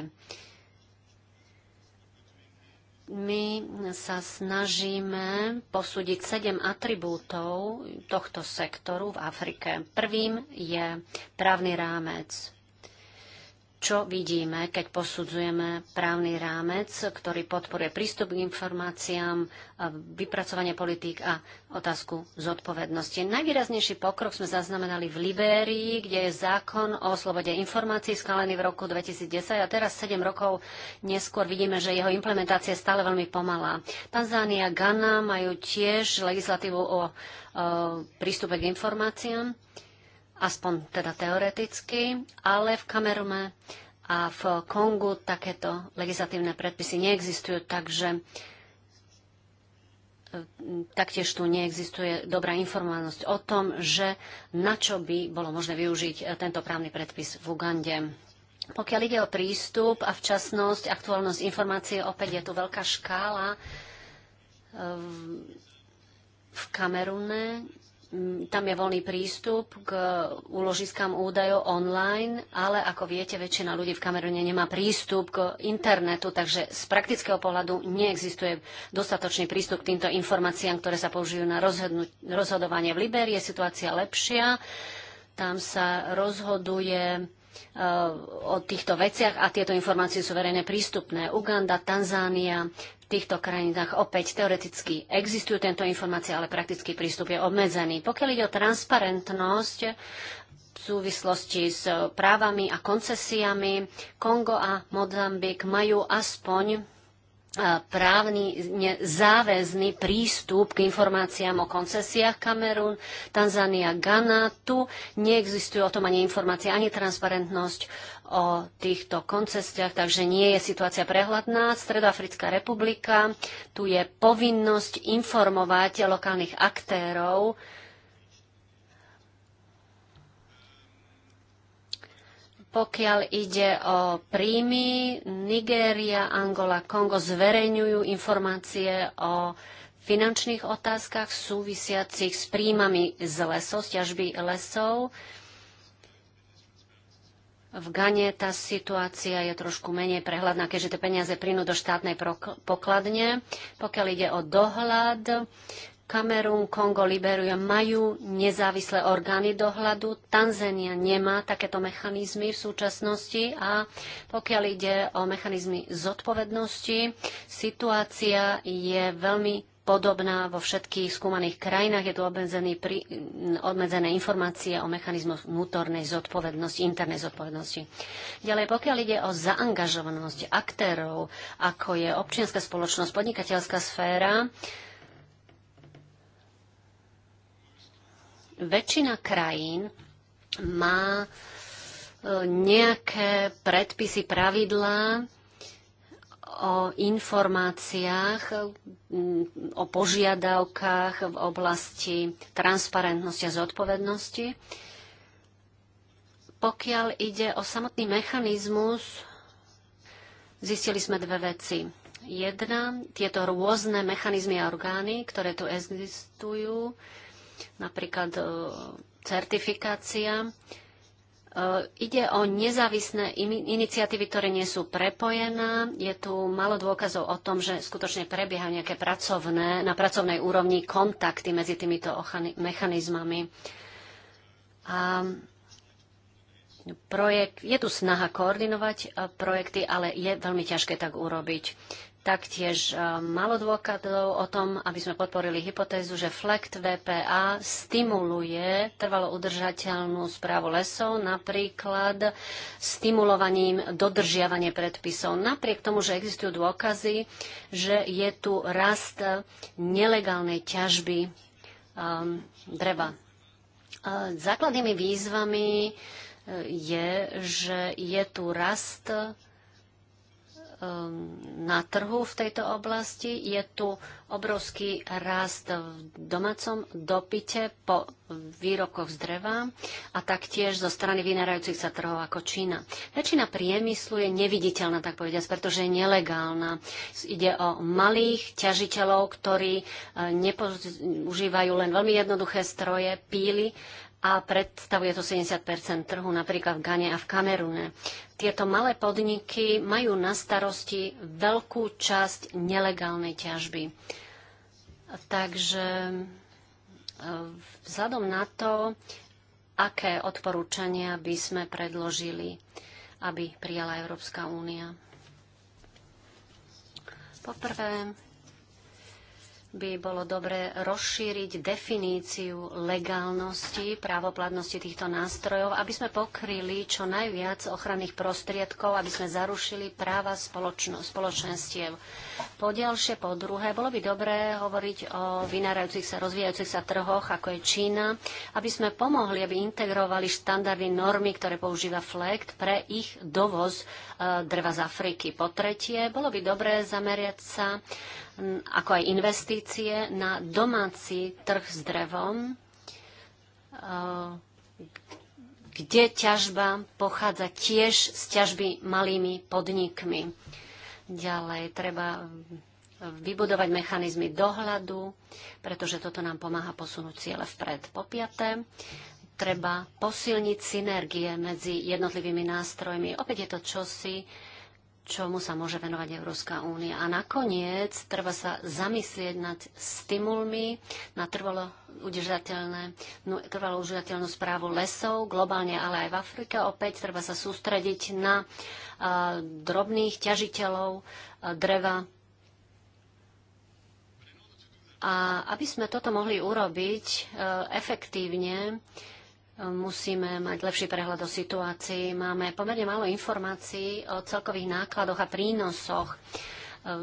My sa snažíme posúdiť sedem atribútov tohto sektoru v Afrike. Prvým je právny rámec čo vidíme, keď posudzujeme právny rámec, ktorý podporuje prístup k informáciám, vypracovanie politík a otázku zodpovednosti. Najvýraznejší pokrok sme zaznamenali v Libérii, kde je zákon o slobode informácií schválený v roku 2010 a teraz 7 rokov neskôr vidíme, že jeho implementácia je stále veľmi pomalá. Tanzánia, Ghana majú tiež legislatívu o, o prístupe k informáciám aspoň teda teoreticky, ale v Kamerume a v Kongu takéto legislatívne predpisy neexistujú, takže e, taktiež tu neexistuje dobrá informovanosť o tom, že na čo by bolo možné využiť e, tento právny predpis v Ugande. Pokiaľ ide o prístup a včasnosť, aktuálnosť informácie, opäť je tu veľká škála e, v Kamerune Mm, tam je voľný prístup k úložiskám údajov online, ale ako viete, väčšina ľudí v Kamerune nemá prístup k internetu, takže z praktického pohľadu neexistuje dostatočný prístup k týmto informáciám, ktoré sa použijú na rozhodovanie. V Liberii je situácia lepšia, tam sa rozhoduje e, o týchto veciach a tieto informácie sú verejne prístupné. Uganda, Tanzánia, týchto krajinách opäť teoreticky existujú tento informácie, ale praktický prístup je obmedzený. Pokiaľ ide o transparentnosť v súvislosti s právami a koncesiami, Kongo a Mozambik majú aspoň právny záväzný prístup k informáciám o koncesiách Kamerún, Tanzania, Ghana. Tu neexistuje o tom ani informácia, ani transparentnosť o týchto koncesiách, takže nie je situácia prehľadná. Stredoafrická republika, tu je povinnosť informovať lokálnych aktérov, Pokiaľ ide o príjmy, Nigéria, Angola, Kongo zverejňujú informácie o finančných otázkach súvisiacich s príjmami z lesov, z ťažby lesov. V Gane tá situácia je trošku menej prehľadná, keďže tie peniaze prínu do štátnej pokladne. Pokiaľ ide o dohľad, Kamerún, Kongo, Liberia majú nezávislé orgány dohľadu. Tanzania nemá takéto mechanizmy v súčasnosti a pokiaľ ide o mechanizmy zodpovednosti, situácia je veľmi podobná vo všetkých skúmaných krajinách. Je tu pri, obmedzené informácie o mechanizmoch vnútornej zodpovednosti, internej zodpovednosti. Ďalej, pokiaľ ide o zaangažovanosť aktérov, ako je občianská spoločnosť, podnikateľská sféra, väčšina krajín má e, nejaké predpisy, pravidlá o informáciách, o požiadavkách v oblasti transparentnosti a zodpovednosti. Pokiaľ ide o samotný mechanizmus, zistili sme dve veci. Jedna, tieto rôzne mechanizmy a orgány, ktoré tu existujú, napríklad e, certifikácia. E, ide o nezávislé iniciatívy, ktoré nie sú prepojené. Je tu malo dôkazov o tom, že skutočne prebiehajú nejaké pracovné, na pracovnej úrovni kontakty medzi týmito mechanizmami. A projekt, je tu snaha koordinovať e, projekty, ale je veľmi ťažké tak urobiť taktiež e, malo dôkazov o tom, aby sme podporili hypotézu, že FLECT VPA stimuluje trvalo udržateľnú správu lesov, napríklad stimulovaním dodržiavanie predpisov. Napriek tomu, že existujú dôkazy, že je tu rast nelegálnej ťažby um, dreva. E, základnými výzvami e, je, že je tu rast Um, na trhu v tejto oblasti. Je tu obrovský rast v domácom dopite po výrokoch z dreva a taktiež zo strany vynárajúcich sa trhov ako Čína. Väčšina priemyslu je neviditeľná, tak povediať, pretože je nelegálna. Ide o malých ťažiteľov, ktorí eh, užívajú len veľmi jednoduché stroje, píly, a predstavuje to 70 trhu napríklad v Gane a v Kamerune. Tieto malé podniky majú na starosti veľkú časť nelegálnej ťažby. Takže e, vzhľadom na to, aké odporúčania by sme predložili, aby prijala Európska únia. Poprvé, by bolo dobre rozšíriť definíciu legálnosti, právoplatnosti týchto nástrojov, aby sme pokryli čo najviac ochranných prostriedkov, aby sme zarušili práva spoločenstiev. Po ďalšie, po druhé, bolo by dobré hovoriť o vynárajúcich sa, rozvíjajúcich sa trhoch, ako je Čína, aby sme pomohli, aby integrovali štandardy normy, ktoré používa FLECT pre ich dovoz eh, dreva z Afriky. Po tretie, bolo by dobré zameriať sa ako aj investície na domáci trh s drevom, e, kde ťažba pochádza tiež z ťažby malými podnikmi. Ďalej treba vybudovať mechanizmy dohľadu, pretože toto nám pomáha posunúť ciele vpred. Po piaté, treba posilniť synergie medzi jednotlivými nástrojmi. Opäť je to čosi, čomu sa môže venovať Európska únia. A nakoniec treba sa zamyslieť nad stimulmi na trvalo udržateľné, no, trvalo udržateľnú správu lesov, globálne ale aj v Afrike. Opäť treba sa sústrediť na a, drobných ťažiteľov a, dreva. A aby sme toto mohli urobiť a, e, efektívne, musíme mať lepší prehľad o situácii. Máme pomerne málo informácií o celkových nákladoch a prínosoch, e,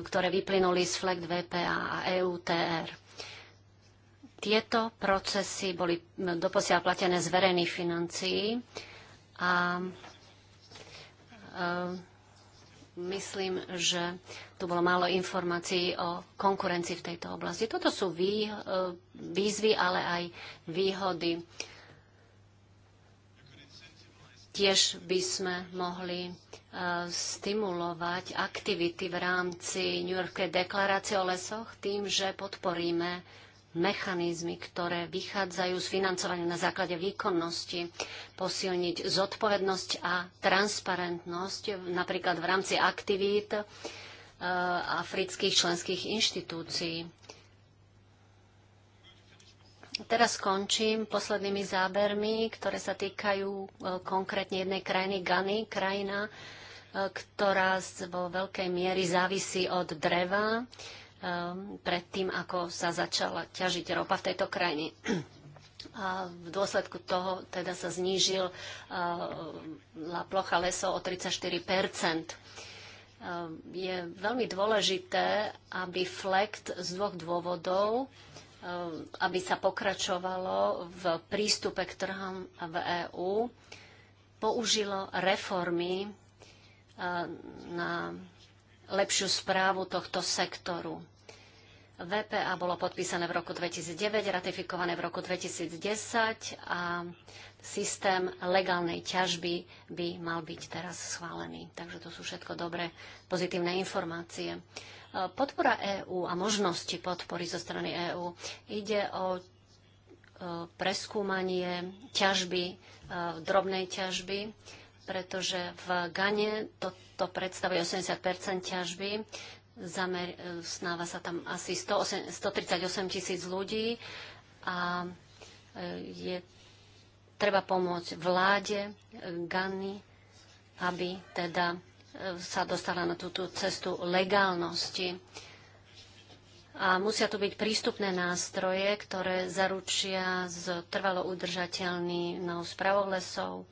ktoré vyplynuli z FLEGT VPA a EUTR. Tieto procesy boli doposiaľ platené z verejných financií a e, myslím, že tu bolo málo informácií o konkurencii v tejto oblasti. Toto sú e, výzvy, ale aj výhody. Tiež by sme mohli e, stimulovať aktivity v rámci New Yorkskej deklarácie o lesoch tým, že podporíme mechanizmy, ktoré vychádzajú z financovania na základe výkonnosti, posilniť zodpovednosť a transparentnosť napríklad v rámci aktivít e, afrických členských inštitúcií Teraz skončím poslednými zábermi, ktoré sa týkajú e, konkrétne jednej krajiny, Gany, krajina, e, ktorá vo veľkej miery závisí od dreva e, pred tým, ako sa začala ťažiť ropa v tejto krajine. A v dôsledku toho teda sa znížil plocha lesov o 34 Je veľmi dôležité, aby FLECT z dvoch dôvodov Um, aby sa pokračovalo v prístupe k trhom v EÚ, použilo reformy uh, na lepšiu správu tohto sektoru. VPA bolo podpísané v roku 2009, ratifikované v roku 2010 a systém legálnej ťažby by mal byť teraz schválený. Takže to sú všetko dobré pozitívne informácie. Podpora EÚ a možnosti podpory zo strany EÚ ide o e, preskúmanie ťažby, e, drobnej ťažby, pretože v Gane toto predstavuje 80 ťažby. Zamer, e, snáva sa tam asi 138 tisíc ľudí a je treba pomôcť vláde Gany, aby teda sa dostala na túto cestu legálnosti. A musia tu byť prístupné nástroje, ktoré zaručia z trvalo udržateľný na správou lesov,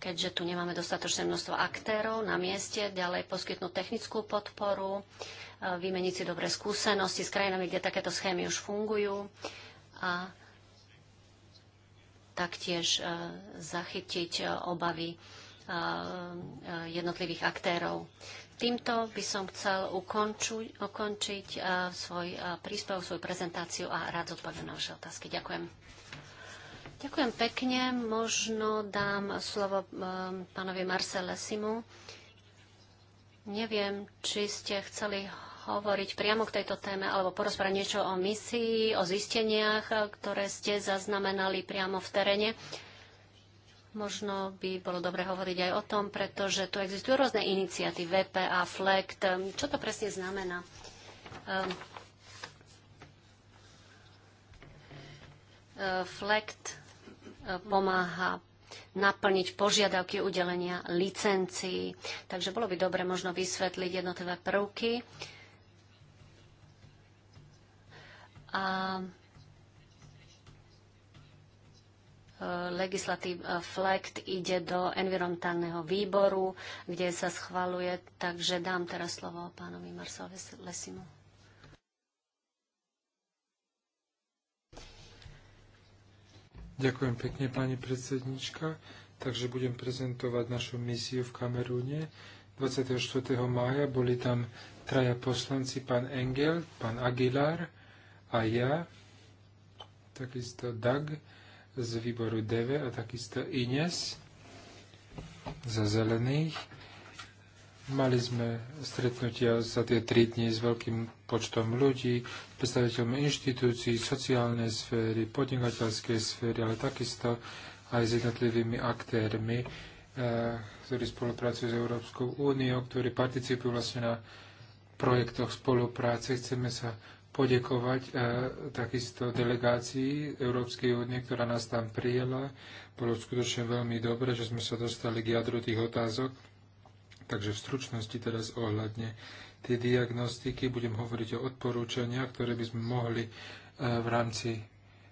keďže tu nemáme dostatočné množstvo aktérov na mieste, ďalej poskytnúť technickú podporu, vymeniť si dobré skúsenosti s krajinami, kde takéto schémy už fungujú a taktiež e, zachytiť e, obavy Eh, eh, jednotlivých aktérov. Týmto by som chcel ukončuť, ukončiť eh, svoj príspev, svoju prezentáciu a rád zodpoviem na vaše otázky. Ďakujem. Ďakujem pekne. Možno dám slovo pánovi Marcele Simu. Neviem, či ste chceli hovoriť priamo k tejto téme alebo porozprávať niečo o misii, o zisteniach, ktoré ste zaznamenali priamo v teréne. Možno by bolo dobre hovoriť aj o tom, pretože tu existujú rôzne iniciatívy, VPA, FLECT. Čo to presne znamená? Um, ehm, e, FLECT e, pomáha naplniť požiadavky udelenia licencií. Takže bolo by dobre možno vysvetliť jednotlivé prvky. A legislatív eh, FLECT ide do environmentálneho výboru, kde sa schvaluje, takže dám teraz slovo pánovi Marsovi Lesimu. Ďakujem pekne, pani predsednička. Takže budem prezentovať našu misiu v Kamerúne. 24. mája boli tam traja poslanci, pán Engel, pán Aguilar a ja, takisto Dag z výboru DV a takisto Ines za zelených. Mali sme stretnutia za tie tri dni s veľkým počtom ľudí, predstaviteľmi inštitúcií, sociálnej sféry, podnikateľskej sféry, ale takisto aj s jednotlivými aktérmi, eh, ktorí spolupracujú s Európskou úniou, ktorí participujú vlastne na projektoch spolupráce. Chceme sa podekovať e, takisto delegácii Európskej únie, ktorá nás tam prijela. Bolo skutočne veľmi dobre, že sme sa dostali k jadru tých otázok. Takže v stručnosti teraz ohľadne tie diagnostiky budem hovoriť o odporúčaniach, ktoré by sme mohli e, v rámci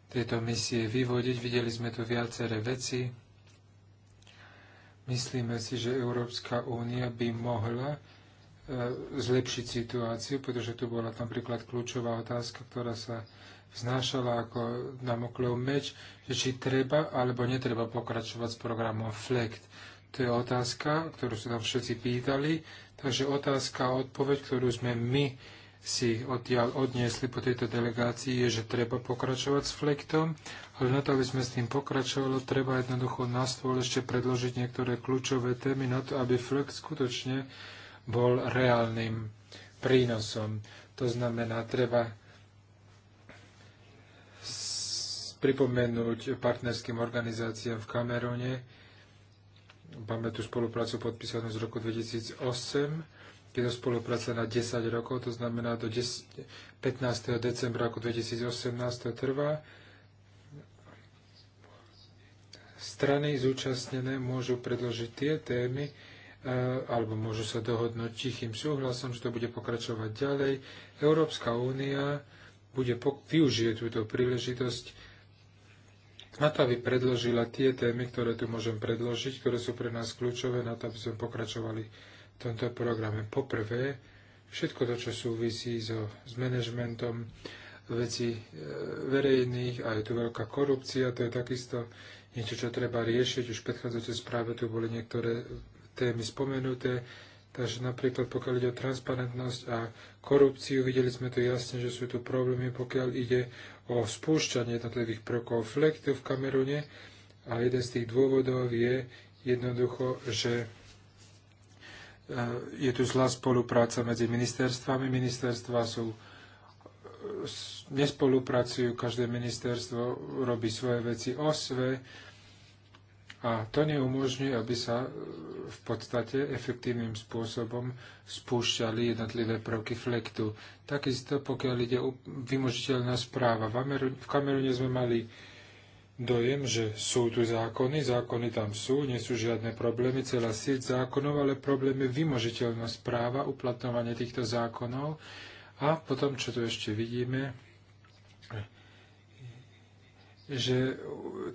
tejto misie vyvodiť. Videli sme tu viaceré veci, Myslíme si, že Európska únia by mohla E, zlepšiť situáciu, pretože tu bola napríklad kľúčová otázka, ktorá sa vznášala ako namoklov meč, že či treba alebo netreba pokračovať s programom FLECT. To je otázka, ktorú sa tam všetci pýtali, takže otázka a odpoveď, ktorú sme my si odtiaľ odniesli po tejto delegácii, je, že treba pokračovať s flektom, ale na to, aby sme s tým pokračovali, treba jednoducho na stôl ešte predložiť niektoré kľúčové témy na to, aby flekt skutočne bol reálnym prínosom. To znamená, treba pripomenúť partnerským organizáciám v Kamerone. Máme tu spoluprácu podpísanú z roku 2008. Je to spolupráca na 10 rokov, to znamená do 15. decembra roku 2018 to trvá. Strany zúčastnené môžu predložiť tie témy, E, alebo môžu sa dohodnúť tichým súhlasom, že to bude pokračovať ďalej. Európska únia bude využije túto príležitosť na to, aby predložila tie témy, ktoré tu môžem predložiť, ktoré sú pre nás kľúčové, na to, aby sme pokračovali v tomto programe. Poprvé, všetko to, čo súvisí so, s manažmentom veci e, verejných a je tu veľká korupcia, to je takisto niečo, čo treba riešiť. Už v predchádzajúcej správe tu boli niektoré témy spomenuté. Takže napríklad pokiaľ ide o transparentnosť a korupciu, videli sme tu jasne, že sú tu problémy, pokiaľ ide o spúšťanie jednotlivých prvkov flektu v Kamerune. A jeden z tých dôvodov je jednoducho, že e, je tu zlá spolupráca medzi ministerstvami. Ministerstva sú e, nespolupracujú, každé ministerstvo robí svoje veci o sve a to neumožňuje, aby sa e, v podstate efektívnym spôsobom spúšťali jednotlivé prvky flektu. Takisto, pokiaľ ide o vymožiteľná správa. V Kamerune sme mali dojem, že sú tu zákony, zákony tam sú, nie sú žiadne problémy, celá sieť zákonov, ale problém je vymožiteľná správa, uplatňovanie týchto zákonov. A potom, čo tu ešte vidíme, že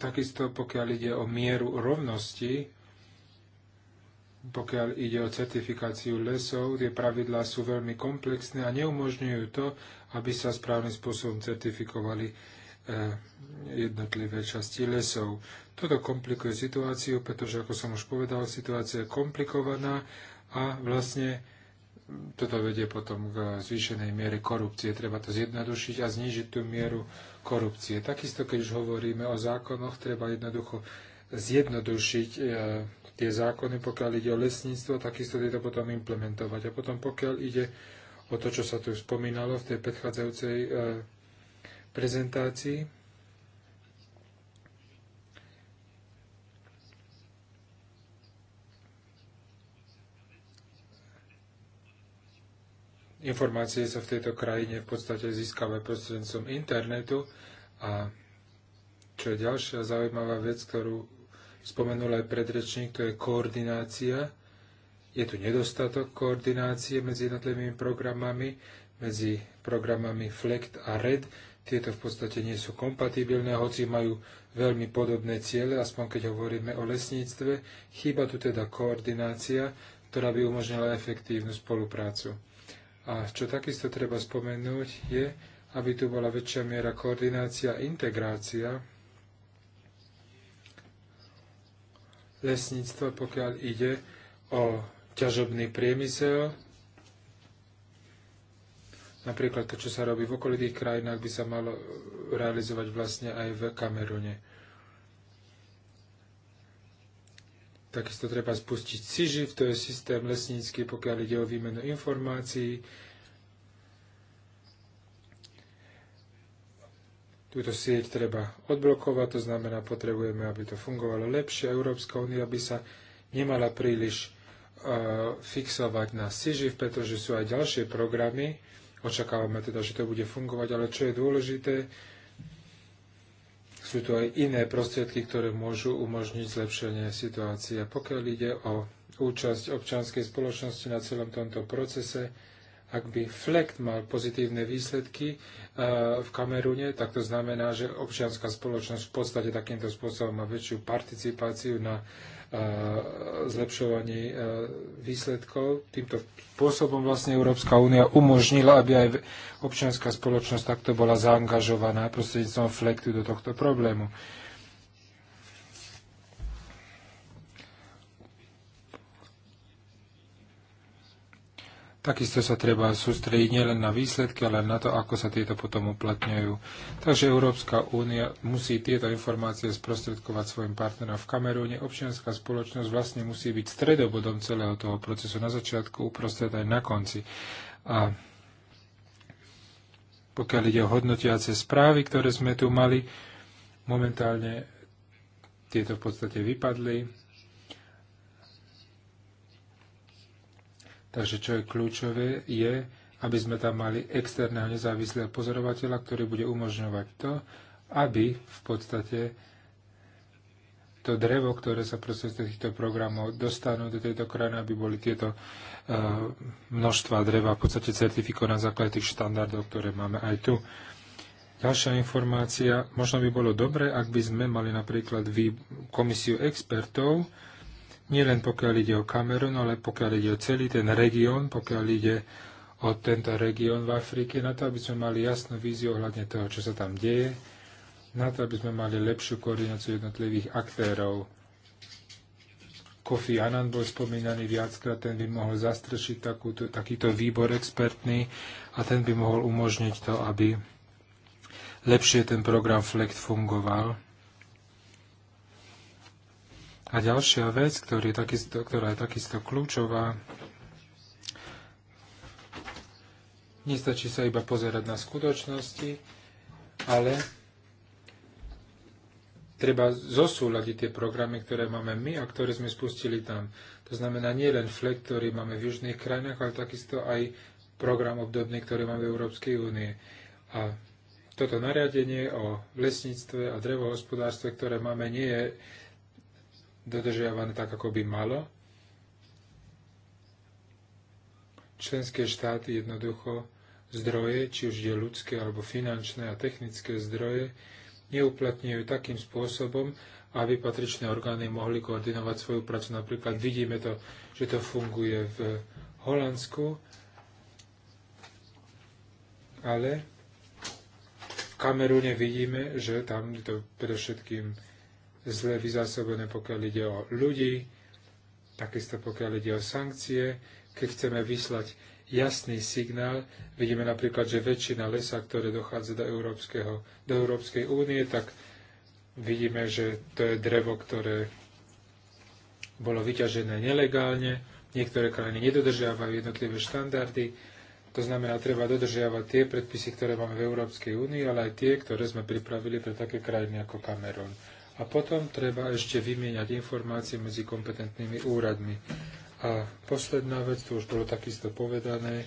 takisto pokiaľ ide o mieru rovnosti, pokiaľ ide o certifikáciu lesov, tie pravidlá sú veľmi komplexné a neumožňujú to, aby sa správnym spôsobom certifikovali eh, jednotlivé časti lesov. Toto komplikuje situáciu, pretože, ako som už povedal, situácia je komplikovaná a vlastne toto vedie potom k zvýšenej miere korupcie. Treba to zjednodušiť a znižiť tú mieru korupcie. Takisto, keď už hovoríme o zákonoch, treba jednoducho zjednodušiť e, tie zákony, pokiaľ ide o lesníctvo, takisto tieto potom implementovať. A potom, pokiaľ ide o to, čo sa tu spomínalo v tej predchádzajúcej e, prezentácii, informácie sa v tejto krajine v podstate získavajú prostredníctvom internetu a čo je ďalšia zaujímavá vec, ktorú spomenul aj predrečník, to je koordinácia. Je tu nedostatok koordinácie medzi jednotlivými programami, medzi programami FLECT a RED. Tieto v podstate nie sú kompatibilné, hoci majú veľmi podobné ciele, aspoň keď hovoríme o lesníctve. Chýba tu teda koordinácia, ktorá by umožnila efektívnu spoluprácu. A čo takisto treba spomenúť je, aby tu bola väčšia miera koordinácia a integrácia lesníctva, pokiaľ ide o ťažobný priemysel. Napríklad to, čo sa robí v okolitých krajinách, by sa malo realizovať vlastne aj v Kamerune. Takisto treba spustiť SIŽIV, to je systém lesnícky, pokiaľ ide o výmenu informácií. Túto sieť treba odblokovať, to znamená, potrebujeme, aby to fungovalo lepšie. Európska únia by sa nemala príliš uh, fixovať na SIŽIV, pretože sú aj ďalšie programy. Očakávame teda, že to bude fungovať, ale čo je dôležité, sú tu aj iné prostriedky, ktoré môžu umožniť zlepšenie situácie. Pokiaľ ide o účasť občianskej spoločnosti na celom tomto procese, ak by FLECT mal pozitívne výsledky e, v Kamerune, tak to znamená, že občianská spoločnosť v podstate takýmto spôsobom má väčšiu participáciu na e, zlepšovaní e, výsledkov. Týmto spôsobom vlastne Európska únia umožnila, aby aj občianská spoločnosť takto bola zaangažovaná prostredníctvom flektu do tohto problému. Takisto sa treba sústrediť nielen na výsledky, ale na to, ako sa tieto potom uplatňujú. Takže Európska únia musí tieto informácie sprostredkovať svojim partnerom v Kamerúne. Občianská spoločnosť vlastne musí byť stredobodom celého toho procesu na začiatku, uprostred aj na konci. A pokiaľ ide o hodnotiace správy, ktoré sme tu mali, momentálne tieto v podstate vypadli Takže čo je kľúčové, je, aby sme tam mali externého nezávislého pozorovateľa, ktorý bude umožňovať to, aby v podstate to drevo, ktoré sa z týchto programov dostanú do tejto krajiny, aby boli tieto e, množstva dreva v podstate certifikované na základe tých štandardov, ktoré máme aj tu. Ďalšia informácia, možno by bolo dobre, ak by sme mali napríklad vy, komisiu expertov, nielen pokiaľ ide o Kamerun, ale pokiaľ ide o celý ten región, pokiaľ ide o tento región v Afrike, na to, aby sme mali jasnú víziu ohľadne toho, čo sa tam deje, na to, aby sme mali lepšiu koordináciu jednotlivých aktérov. Kofi Annan bol spomínaný viackrát, ten by mohol zastrešiť takúto, takýto výbor expertný a ten by mohol umožniť to, aby lepšie ten program FLECT fungoval. A ďalšia vec, ktorý je takisto, ktorá je takisto kľúčová, nestačí sa iba pozerať na skutočnosti, ale treba zosúľadiť tie programy, ktoré máme my a ktoré sme spustili tam. To znamená nie len FLEG, ktorý máme v južných krajinách, ale takisto aj program obdobný, ktorý máme v Európskej únie. A toto nariadenie o lesníctve a drevohospodárstve, ktoré máme, nie je dodržiavané tak, ako by malo. Členské štáty jednoducho zdroje, či už je ľudské alebo finančné a technické zdroje, neuplatňujú takým spôsobom, aby patričné orgány mohli koordinovať svoju prácu. Napríklad vidíme to, že to funguje v Holandsku, ale v Kamerune vidíme, že tam je to predovšetkým zle vyzásobené, pokiaľ ide o ľudí, takisto pokiaľ ide o sankcie. Keď chceme vyslať jasný signál, vidíme napríklad, že väčšina lesa, ktoré dochádza do, Európskeho, do Európskej únie, tak vidíme, že to je drevo, ktoré bolo vyťažené nelegálne, niektoré krajiny nedodržiavajú jednotlivé štandardy, to znamená, treba dodržiavať tie predpisy, ktoré máme v Európskej únii, ale aj tie, ktoré sme pripravili pre také krajiny ako Kamerun. A potom treba ešte vymieňať informácie medzi kompetentnými úradmi. A posledná vec, to už bolo takisto povedané,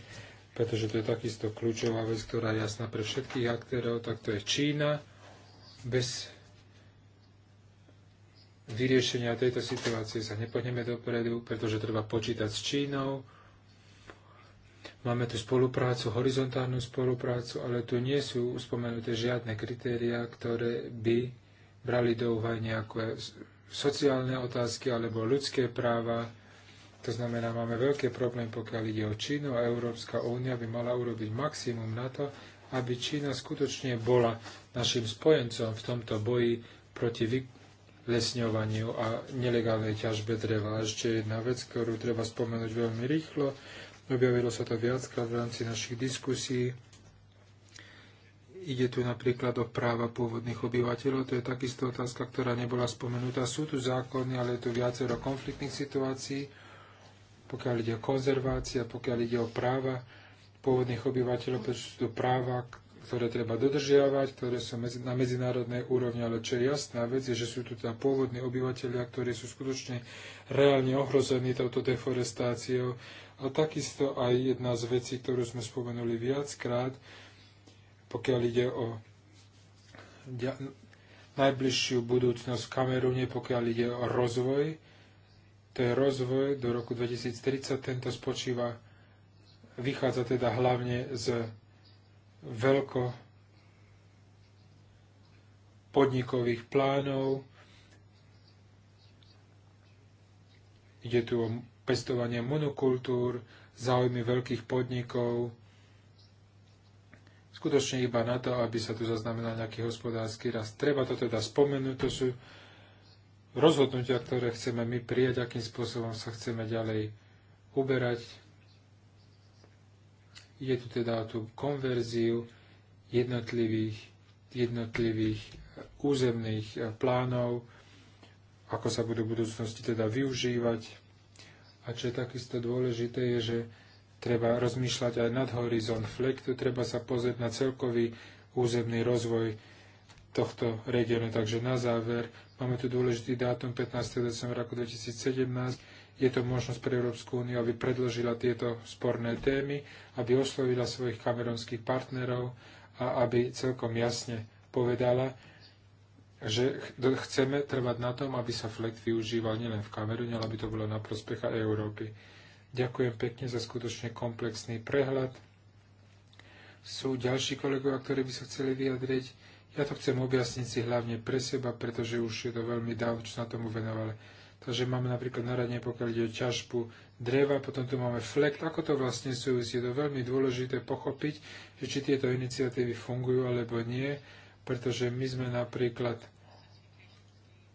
pretože to je takisto kľúčová vec, ktorá je jasná pre všetkých aktérov, tak to je Čína. Bez vyriešenia tejto situácie sa nepohneme dopredu, pretože treba počítať s Čínou. Máme tu spoluprácu, horizontálnu spoluprácu, ale tu nie sú spomenuté žiadne kritériá, ktoré by brali do úvahy nejaké sociálne otázky alebo ľudské práva. To znamená, máme veľké problém, pokiaľ ide o Čínu a Európska únia by mala urobiť maximum na to, aby Čína skutočne bola našim spojencom v tomto boji proti vylesňovaniu a nelegálnej ťažbe dreva. A ešte jedna vec, ktorú treba spomenúť veľmi rýchlo, objavilo sa to viackrát v rámci našich diskusí, Ide tu napríklad o práva pôvodných obyvateľov, to je takisto otázka, ktorá nebola spomenutá. Sú tu zákony, ale je tu viacero konfliktných situácií, pokiaľ ide o konzervácia, pokiaľ ide o práva pôvodných obyvateľov, pretože sú tu práva, ktoré treba dodržiavať, ktoré sú na medzinárodnej úrovni, ale čo je jasná vec, je, že sú tu teda pôvodní obyvateľia, ktorí sú skutočne reálne ohrození touto deforestáciou. A takisto aj jedna z vecí, ktorú sme spomenuli viackrát, pokiaľ ide o najbližšiu budúcnosť v Kamerune, pokiaľ ide o rozvoj. To je rozvoj do roku 2030. Tento spočíva, vychádza teda hlavne z veľko podnikových plánov. Ide tu o pestovanie monokultúr, záujmy veľkých podnikov, skutočne iba na to, aby sa tu zaznamenal nejaký hospodársky rast. Treba to teda spomenúť, to sú rozhodnutia, ktoré chceme my prijať, akým spôsobom sa chceme ďalej uberať. Je tu teda tú konverziu jednotlivých, jednotlivých eh, územných eh, plánov, ako sa budú v budúcnosti teda využívať. A čo je takisto dôležité, je, že treba rozmýšľať aj nad horizont flektu, treba sa pozrieť na celkový územný rozvoj tohto regiónu. Takže na záver, máme tu dôležitý dátum 15. decembra roku 2017. Je to možnosť pre Európsku úniu, aby predložila tieto sporné témy, aby oslovila svojich kameronských partnerov a aby celkom jasne povedala, že chceme trvať na tom, aby sa FLEG využíval nielen v Kamerune, ale aby to bolo na prospecha Európy. Ďakujem pekne za skutočne komplexný prehľad. Sú ďalší kolegovia, ktorí by sa chceli vyjadriť. Ja to chcem objasniť si hlavne pre seba, pretože už je to veľmi dávno, čo na tomu venovali. Takže máme napríklad naradne, pokiaľ ide o ťažbu dreva, potom tu máme flekt. Ako to vlastne súvisí? Je to veľmi dôležité pochopiť, že či tieto iniciatívy fungujú alebo nie, pretože my sme napríklad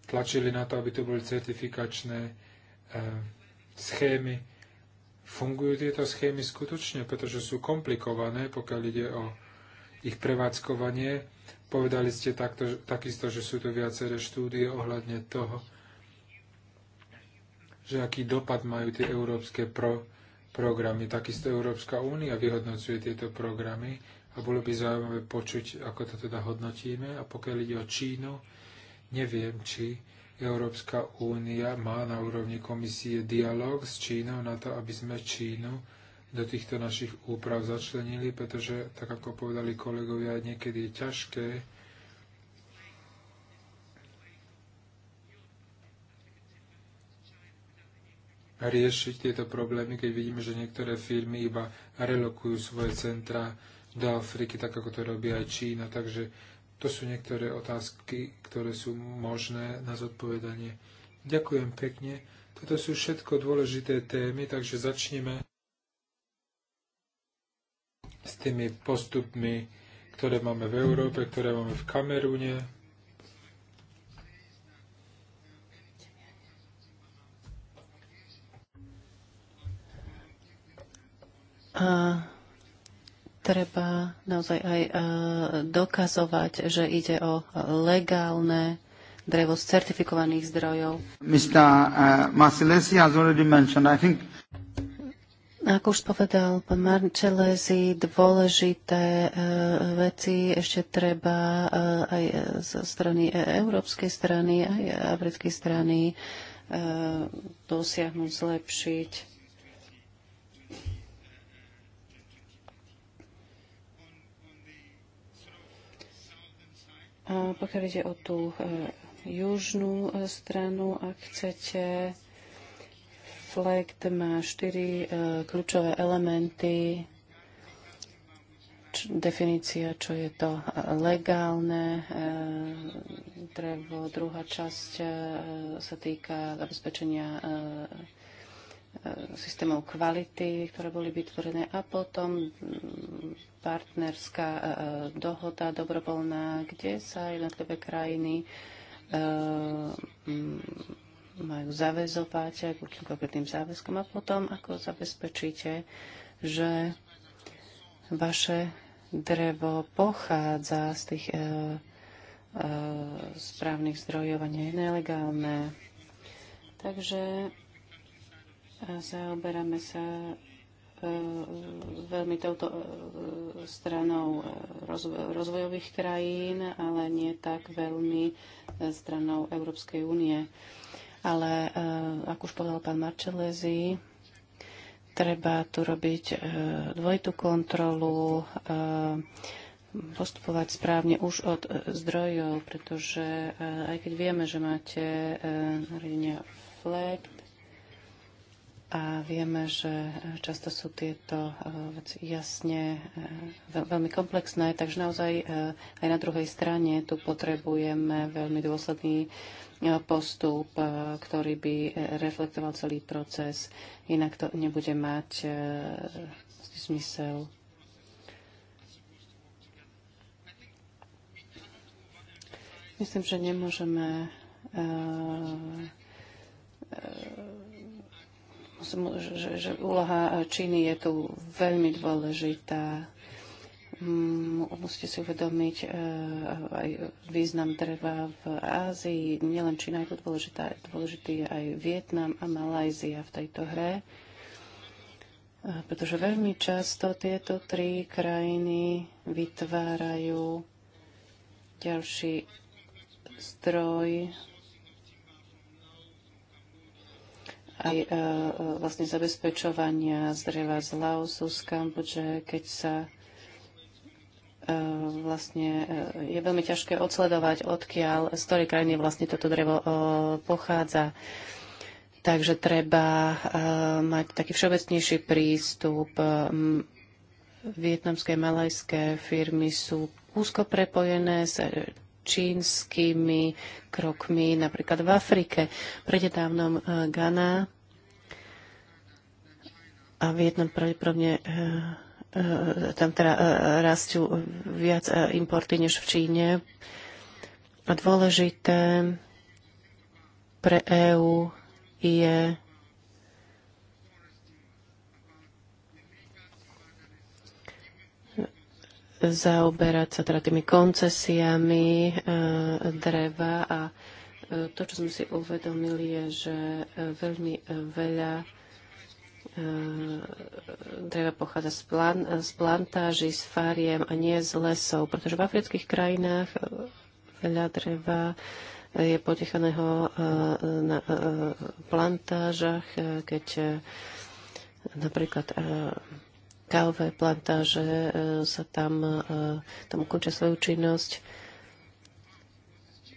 tlačili na to, aby to boli certifikačné eh, schémy, Fungujú tieto schémy skutočne, pretože sú komplikované, pokiaľ ide o ich prevádzkovanie. Povedali ste takto, takisto, že sú tu viaceré štúdie ohľadne toho, že aký dopad majú tie európske pro, programy. Takisto Európska únia vyhodnocuje tieto programy a bolo by zaujímavé počuť, ako to teda hodnotíme. A pokiaľ ide o Čínu, neviem, či Európska únia má na úrovni komisie dialog s Čínou na to, aby sme Čínu do týchto našich úprav začlenili, pretože, tak ako povedali kolegovia, niekedy je ťažké riešiť tieto problémy, keď vidíme, že niektoré firmy iba relokujú svoje centra do Afriky, tak ako to robí aj Čína. Takže to sú niektoré otázky, ktoré sú možné na zodpovedanie. Ďakujem pekne. Toto sú všetko dôležité témy, takže začneme s tými postupmi, ktoré máme v Európe, ktoré máme v Kamerúne. Uh treba naozaj aj e, dokazovať, že ide o legálne drevo z certifikovaných zdrojov. Mr. E, Marcellesi has already mentioned, I think ako už povedal pán Marčelezi, dôležité e, veci ešte treba aj zo strany európskej strany, aj africkej strany dosiahnuť, zlepšiť. A pokiaľ ide o tú e, južnú e, stranu, ak chcete, Flekt má štyri e, kľúčové elementy. Č definícia, čo je to legálne drevo. Druhá časť sa týka zabezpečenia systémov kvality, ktoré boli vytvorené a potom partnerská e, e, dohoda dobrovoľná, kde sa jednotlivé krajiny e, majú zavezovať k konkrétnym záväzkom a potom ako zabezpečíte, že vaše drevo pochádza z tých e, e, správnych zdrojov a nie je nelegálne. Takže zaoberáme sa E, veľmi touto e, stranou e, rozvojových krajín, ale nie tak veľmi stranou Európskej únie. Ale ako už povedal pán Marčelezi, treba tu robiť dvojitú kontrolu, postupovať správne už od zdrojov, pretože aj keď vieme, že máte nariadenia FLEG, a vieme, že často sú tieto eh, veci jasne eh, veľmi komplexné, takže naozaj eh, aj na druhej strane tu potrebujeme veľmi dôsledný postup, ktorý by reflektoval celý proces. Inak to nebude mať zmysel. Myslím, že nemôžeme uh, uh, že, že úloha Číny je tu veľmi dôležitá. Mm, musíte si uvedomiť e, aj význam dreva v Ázii. Nielen Čína je tu dôležitá, dôležitý je aj Vietnam a Malajzia v tejto hre. E, pretože veľmi často tieto tri krajiny vytvárajú ďalší stroj aj e, e, vlastne zabezpečovania zdreva z Laosu, z Kambodže, keď sa e, vlastne je veľmi ťažké odsledovať, odkiaľ, z ktorej krajiny vlastne toto drevo pochádza. Takže treba mať taký všeobecnejší prístup. Vietnamské, malajské firmy sú úzko prepojené s čínskymi krokmi napríklad v Afrike. Prededávnom eh, Ghana a Vietnam pravdepodobne eh, eh, tam teda rastú viac importy než v Číne. A dôležité pre EÚ je zaoberať sa teda tými koncesiami e, dreva a e, to, čo sme si uvedomili, je, že e, veľmi e, veľa e, dreva pochádza z, plan, z plantáží, z fariem a nie z lesov, pretože v afrických krajinách e, veľa dreva je potechaného na plantážach, keď napríklad kávové plantáže e, sa tam, e, tam ukončia svoju činnosť.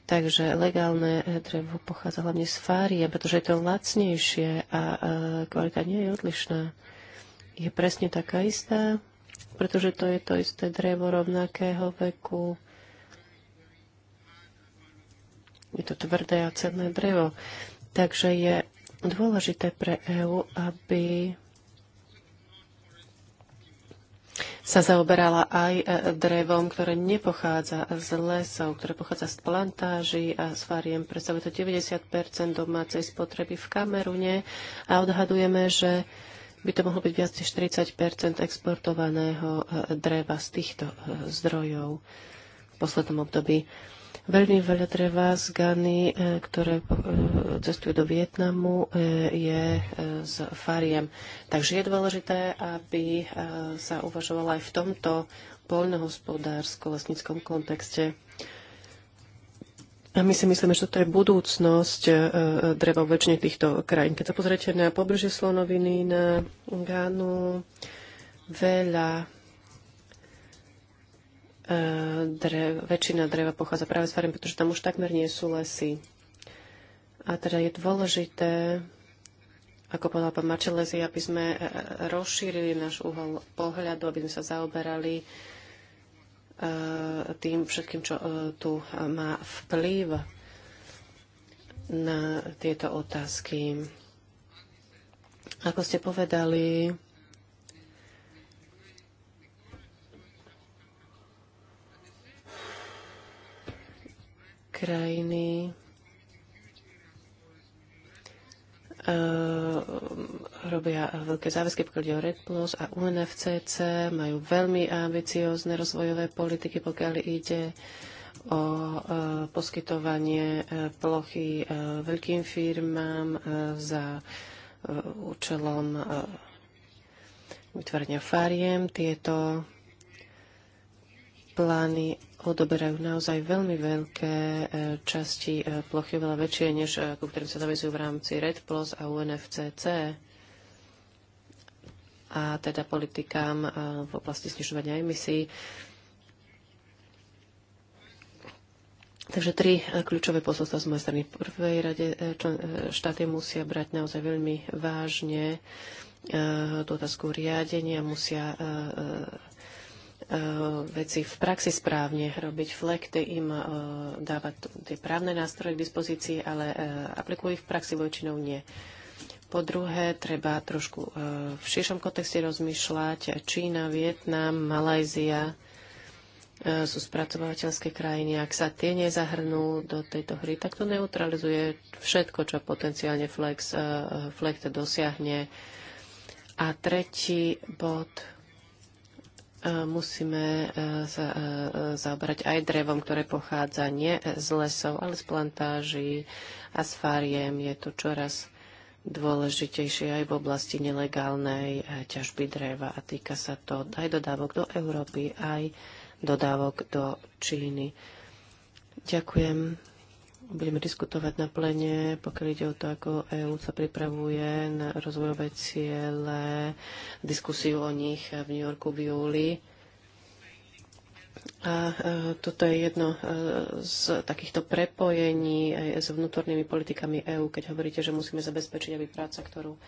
Takže legálne e, drevo pochádza hlavne z fárie, pretože je to lacnejšie a kvalita nie je odlišná. Je presne taká istá, pretože to je to isté drevo rovnakého veku. Je to tvrdé a cenné drevo. Takže je dôležité pre EÚ, aby sa zaoberala aj e, drevom, ktoré nepochádza z lesov, ktoré pochádza z plantáží a z fariem. Predstavuje to 90 domácej spotreby v Kamerune a odhadujeme, že by to mohlo byť viac než 40 exportovaného e, dreva z týchto e, zdrojov v poslednom období. Veľmi veľa dreva z Gany, e, ktoré e, cestujú do Vietnamu, e, je z fariem. Takže je dôležité, aby sa uvažovalo aj v tomto poľnohospodársko-lesníckom kontexte. A my si myslíme, že toto je budúcnosť dreva väčšine týchto krajín. Keď sa pozriete na pobrežie slonoviny, na Gánu, veľa E, drev, väčšina dreva pochádza práve z fariem, pretože tam už takmer nie sú lesy. A teda je dôležité, ako povedal pán Marčelezi, aby sme e, rozšírili náš uhol pohľadu, aby sme sa zaoberali e, tým všetkým, čo tu má vplyv na tieto otázky. Ako ste povedali, krajiny eh, robia veľké záväzky, pokiaľ ide o Red Plus a UNFCC, majú veľmi ambiciózne rozvojové politiky, pokiaľ ide o eh, poskytovanie eh, plochy veľkým firmám za účelom vytvorenia fariem. Tieto plány odoberajú naozaj veľmi veľké eh, časti eh, plochy, veľa väčšie, než eh, ku ktorým sa zavezujú v rámci Red Plus a UNFCC a teda politikám v oblasti znižovania emisí. Takže tri kľúčové posolstva z mojej strany. V prvej rade štáty musia brať naozaj veľmi vážne tú otázku riadenia, musia E, veci v praxi správne, robiť flekty, im e, dávať tie právne nástroje k dispozícii, ale e, aplikujú ich v praxi väčšinou nie. Po druhé, treba trošku v širšom kontexte rozmýšľať. Čína, Vietnam, Malajzia sú spracovateľské krajiny. Ak sa tie nezahrnú do tejto hry, tak to neutralizuje všetko, čo potenciálne Flex, Flex dosiahne. A tretí bod, E, musíme sa e, e, zaoberať aj drevom, ktoré pochádza nie z lesov, ale z plantáží a s fariem. Je to čoraz dôležitejšie aj v oblasti nelegálnej ťažby dreva a týka sa to aj dodávok do Európy, aj dodávok do Číny. Ďakujem budeme diskutovať na plene, pokiaľ ide o to, ako EÚ sa pripravuje na rozvojové ciele, diskusiu o nich v New Yorku v júli. A e, toto je jedno e, z takýchto prepojení aj e, s vnútornými politikami EÚ, keď hovoríte, že musíme zabezpečiť, aby práca, ktorú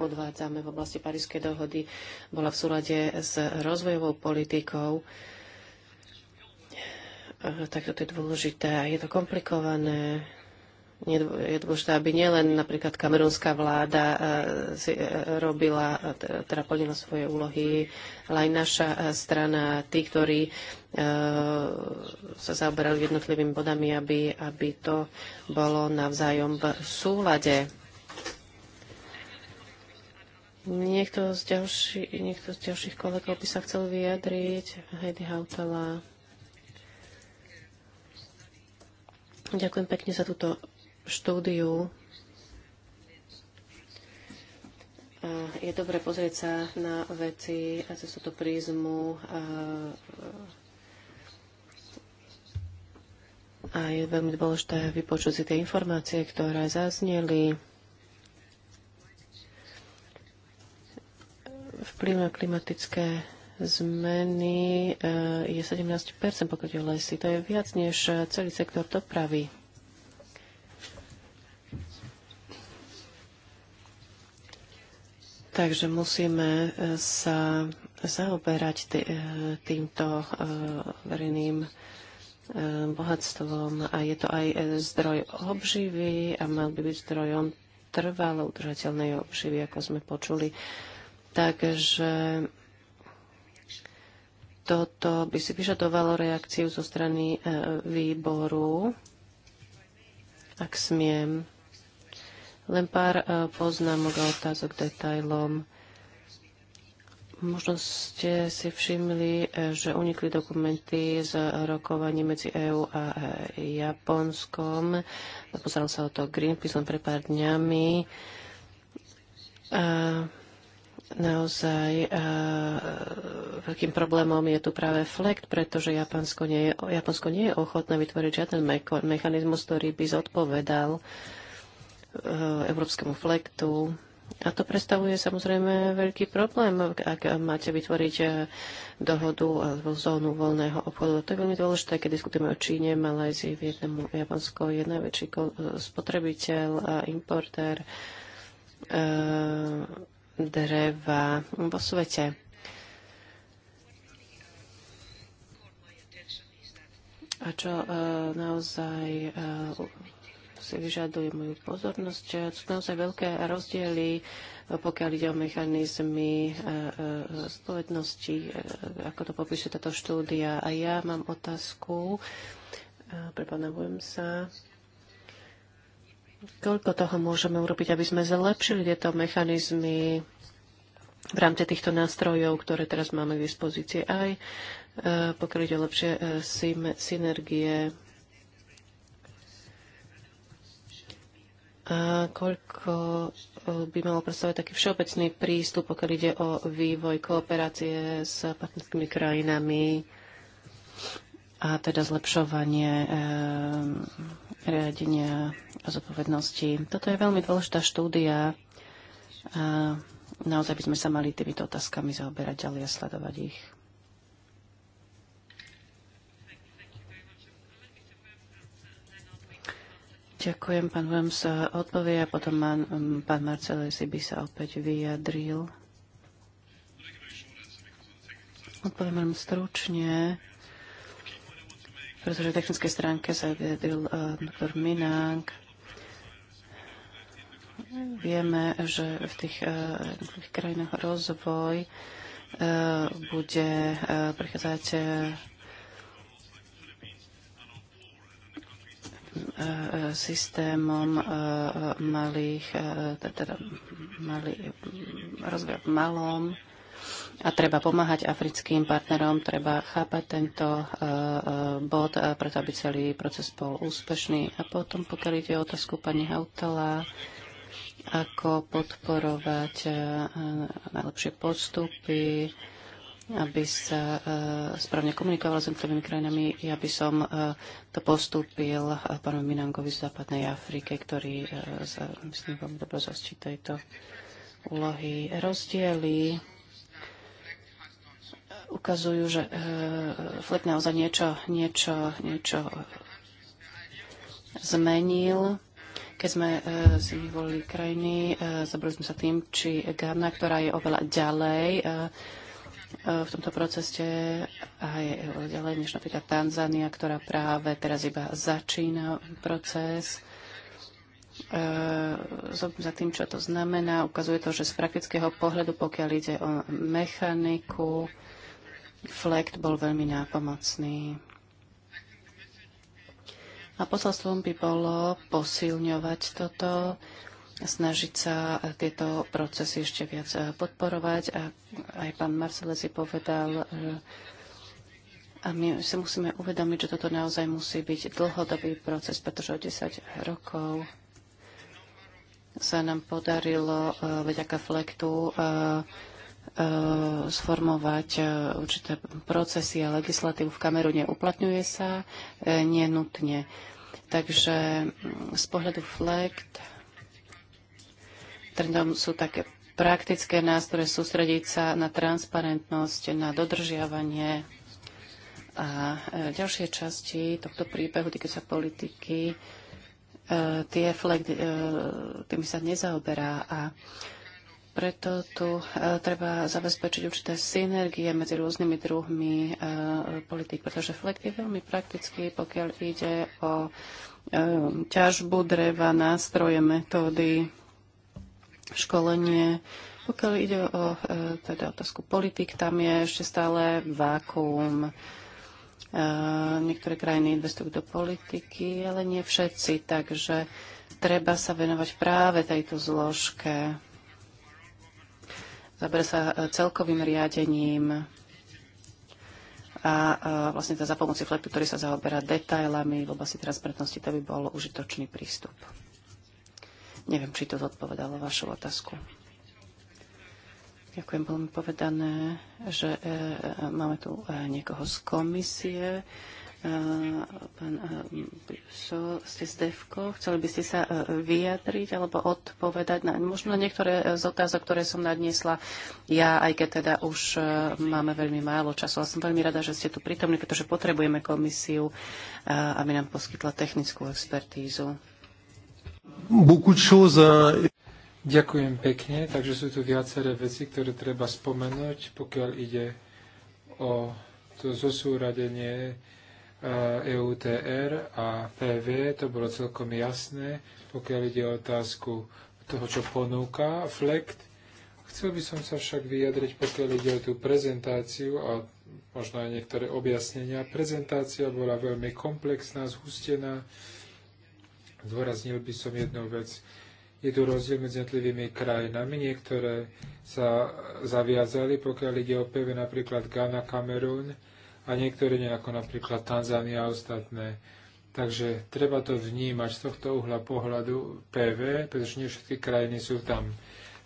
odvádzame v oblasti Parískej dohody, bola v súlade s rozvojovou politikou Eh, tak toto je dôležité. a Je to komplikované. Je dôležité, aby nielen napríklad kamerunská vláda eh, si eh, robila, teda plnila svoje úlohy, ale aj naša strana, tí, ktorí sa zaoberali jednotlivými bodami, aby, aby to bolo navzájom v súlade. Niekto z, ďalší, niekto z ďalších kolegov by sa chcel vyjadriť. Heidi Hautala. Ďakujem pekne za túto štúdiu. Je dobré pozrieť sa na veci a cez túto prízmu a je veľmi dôležité vypočuť si tie informácie, ktoré zazneli. Vplyv na klimatické zmeny eh, je 17 pokud je lesy. To je viac než eh, celý sektor dopravy. Takže musíme eh, sa zaoberať týmto verejným bohatstvom a je to aj zdroj obživy a mal by byť zdrojom trvalo udržateľnej obživy, ako sme počuli. Takže toto by si vyžadovalo reakciu zo strany e, výboru, ak smiem. Len pár e, poznámok a otázok detailom. Možno ste si všimli, e, že unikli dokumenty z rokovaní medzi EÚ a Japonskom. Pozeral sa o to Greenpeace len pre pár dňami. A Naozaj eh, veľkým problémom je tu práve flekt, pretože Japonsko nie je, Japonsko nie je ochotné vytvoriť žiaden mechanizmus, ktorý by zodpovedal eh, európskemu flektu. A to predstavuje samozrejme veľký problém, ak máte vytvoriť eh, dohodu alebo zónu voľného obchodu. To je veľmi dôležité, keď diskutujeme o Číne, Malajzii, Vietnamu, Japonsko. Je najväčší spotrebiteľ a importér. Uh, dreva vo svete. A čo uh, naozaj uh, si vyžaduje moju pozornosť, sú naozaj veľké rozdiely, pokiaľ ide o mechanizmy uh, e, uh, spovednosti, uh, ako to popíše táto štúdia. A ja mám otázku uh, pre sa, Koľko toho môžeme urobiť, aby sme zlepšili tieto mechanizmy v rámci týchto nástrojov, ktoré teraz máme k dispozícii, aj e, pokiaľ ide o lepšie e, synergie A koľko e, by malo predstavovať taký všeobecný prístup, pokiaľ ide o vývoj kooperácie s partnerskými krajinami a teda zlepšovanie riadenia a zodpovednosti. Toto je veľmi dôležitá štúdia a naozaj by sme sa mali týmito otázkami zaoberať ďalej a sledovať ich. Ďakujem, pán sa odpovie a potom man, pán si by sa opäť vyjadril. Odpoviem vám stručne pretože v technickej stránke sa vyjadril eh, doktor Minang. Vieme, že v tých uh, krajinách rozvoj eh, bude prichádzať systémom malých, teda, teda malý, rozvoj v malom, a treba pomáhať africkým partnerom, treba chápať tento uh, bod, e, preto aby celý proces bol úspešný. A potom, pokiaľ ide o otázku pani Hautala, ako podporovať uh, najlepšie postupy, aby sa uh, správne komunikovala s jednotlivými krajinami. Ja by som uh, to postúpil uh, pánu Minangovi z západnej Afriky, ktorý, uh, za, myslím, veľmi dobro zastí tejto úlohy. Rozdiely ukazujú, že e, Flick naozaj niečo, niečo, niečo zmenil. Keď sme e, si vyvolili krajiny, e, zabrali sme sa tým, či Ghana, ktorá je oveľa ďalej v tomto procese, aj ďalej než napríklad Tanzania, ktorá práve teraz iba začína proces, za tým, čo to znamená. Ukazuje to, že z praktického pohľadu, pokiaľ ide o mechaniku, Flekt bol veľmi nápomocný. A posolstvom by bolo posilňovať toto, snažiť sa tieto procesy ešte viac eh, podporovať. A aj pán si povedal, eh, a my si musíme uvedomiť, že toto naozaj musí byť dlhodobý proces, pretože o 10 rokov sa nám podarilo eh, vďaka flektu E, sformovať e, určité procesy a legislatívu v Kamerune. Uplatňuje sa e, nenutne. Takže mm, z pohľadu FLECT trendom sú také praktické nástroje sústrediť sa na transparentnosť, na dodržiavanie a ďalšie časti tohto príbehu sa politiky tie FLECT, tým sa nezaoberá a preto tu e, treba zabezpečiť určité synergie medzi rôznymi druhmi e, politik, pretože flekt je veľmi praktický, pokiaľ ide o e, ťažbu dreva, nástroje, metódy, školenie. Pokiaľ ide o teda otázku politik, tam je ešte stále vákuum. Niektoré krajiny investujú do politiky, ale nie všetci, takže treba sa venovať práve tejto zložke Zaber sa e, celkovým riadením a e, vlastne teda za pomoci flepu, ktorý sa zaoberá detailami v oblasti transparentnosti, to by bol užitočný prístup. Neviem, či to zodpovedalo vašu otázku. Ďakujem, bolo mi povedané, že e, máme tu niekoho z komisie. Pán ste Stevko, chceli by ste sa e, vyjadriť alebo odpovedať na možno na niektoré z otázok, ktoré som nadniesla ja, aj keď teda už e, máme veľmi málo času. A som veľmi rada, že ste tu prítomní, pretože potrebujeme komisiu, e, aby nám poskytla technickú expertízu. Euh, Ďakujem pekne, takže sú tu viaceré veci, ktoré treba spomenúť, pokiaľ ide o to zosúradenie EUTR a e PV, to bolo celkom jasné, pokiaľ ide o otázku toho, čo ponúka FLECT. Chcel by som sa však vyjadriť, pokiaľ ide o tú prezentáciu a možno aj niektoré objasnenia. Prezentácia bola veľmi komplexná, zhustená. Zdôraznil by som jednu vec. Je tu rozdiel medzi jednotlivými krajinami. Niektoré sa zaviazali, pokiaľ ide o PV, napríklad Ghana, Kamerún, a niektoré nie, ako napríklad Tanzania a ostatné. Takže treba to vnímať z tohto uhla pohľadu PV, pretože nie všetky krajiny sú tam.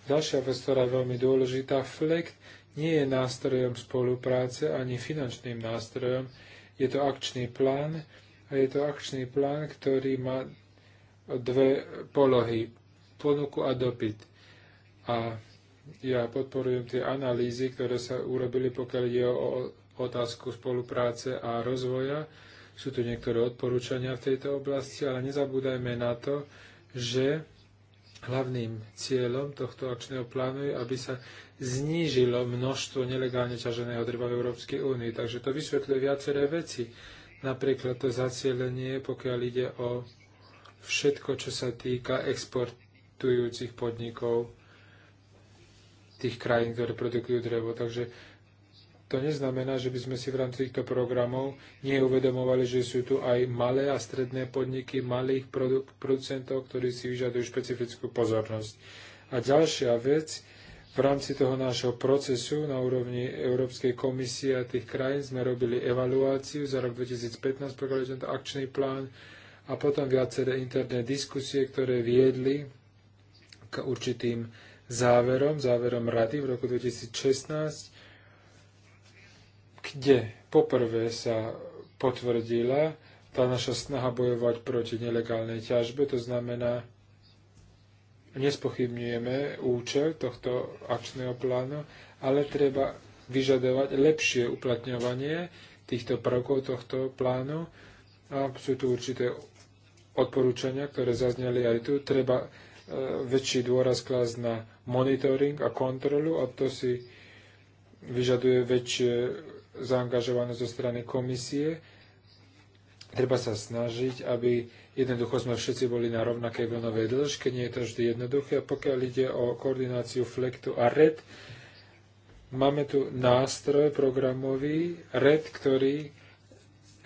Ďalšia vec, ktorá je veľmi dôležitá, FLECT nie je nástrojom spolupráce ani finančným nástrojom. Je to akčný plán a je to akčný plán, ktorý má dve polohy, ponuku a dopyt. A ja podporujem tie analýzy, ktoré sa urobili, pokiaľ je o otázku spolupráce a rozvoja. Sú tu niektoré odporúčania v tejto oblasti, ale nezabúdajme na to, že hlavným cieľom tohto akčného plánu je, aby sa znížilo množstvo nelegálne ťaženého drva v Európskej únii. Takže to vysvetľuje viaceré veci. Napríklad to zacielenie, pokiaľ ide o všetko, čo sa týka exportujúcich podnikov tých krajín, ktoré produkujú drevo. Takže to neznamená, že by sme si v rámci týchto programov neuvedomovali, že sú tu aj malé a stredné podniky malých produk- producentov, ktorí si vyžadujú špecifickú pozornosť. A ďalšia vec, v rámci toho nášho procesu na úrovni Európskej komisie a tých krajín sme robili evaluáciu za rok 2015, pokiaľ tento akčný plán a potom viaceré interné diskusie, ktoré viedli k určitým záverom, záverom rady v roku 2016 kde poprvé sa potvrdila tá naša snaha bojovať proti nelegálnej ťažbe, to znamená, nespochybňujeme účel tohto akčného plánu, ale treba vyžadovať lepšie uplatňovanie týchto prvkov tohto plánu a sú tu určité odporúčania, ktoré zazneli aj tu. Treba e, väčší dôraz klásť na monitoring a kontrolu a to si vyžaduje väčšie zaangažovanosť zo strany komisie. Treba sa snažiť, aby jednoducho sme všetci boli na rovnakej vlnovej dĺžke. Nie je to vždy jednoduché. Pokiaľ ide o koordináciu flektu a RED, máme tu nástroj programový RED, ktorý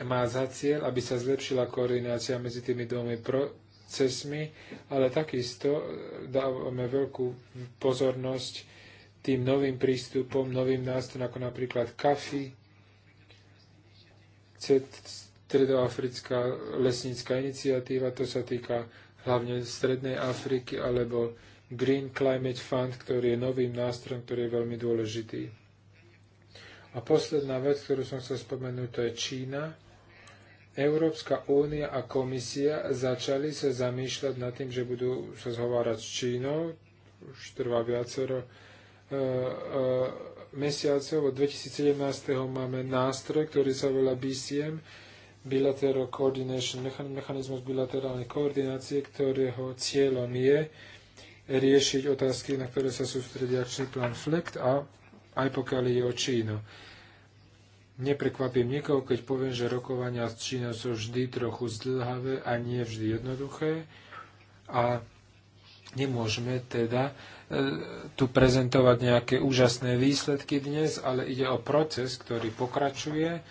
má za cieľ, aby sa zlepšila koordinácia medzi tými dvomi procesmi, ale takisto dávame veľkú pozornosť tým novým prístupom, novým nástrojom, ako napríklad Kafi. Stredoafrická lesnícka iniciatíva, to sa týka hlavne Strednej Afriky, alebo Green Climate Fund, ktorý je novým nástrojom, ktorý je veľmi dôležitý. A posledná vec, ktorú som chcel spomenúť, to je Čína. Európska únia a komisia začali sa zamýšľať nad tým, že budú sa zhovárať s Čínou, už trvá viacero e, e, mesiacov, od 2017. máme nástroj, ktorý sa volá BCM, Bilateral Coordination, mechanizmus bilaterálnej koordinácie, ktorého cieľom je riešiť otázky, na ktoré sa sústredí akčný plán FLECT a aj pokiaľ je o Čínu. Neprekvapím niekoho, keď poviem, že rokovania s Čínou sú vždy trochu zdlhavé a nie vždy jednoduché a nemôžeme teda E, tu prezentovať nejaké úžasné výsledky dnes, ale ide o proces, ktorý pokračuje,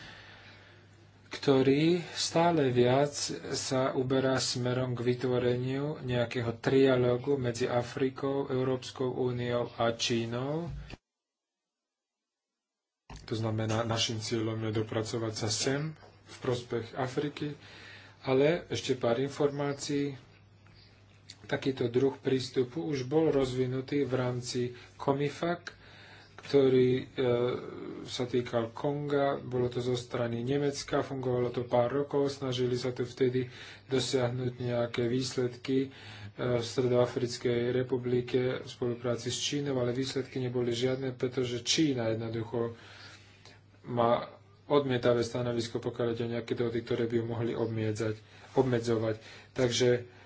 ktorý stále viac sa uberá smerom k vytvoreniu nejakého trialógu medzi Afrikou, Európskou úniou a Čínou. To znamená, našim cieľom je dopracovať sa sem v prospech Afriky, ale ešte pár informácií Takýto druh prístupu už bol rozvinutý v rámci Komifak, ktorý e, sa týkal Konga, bolo to zo strany Nemecka, fungovalo to pár rokov, snažili sa tu vtedy dosiahnuť nejaké výsledky e, v Stredoafrickej republike v spolupráci s Čínou, ale výsledky neboli žiadne, pretože Čína jednoducho má odmietavé stanovisko, pokiaľ ide o nejaké dohody, ktoré by ju mohli obmedzovať. Takže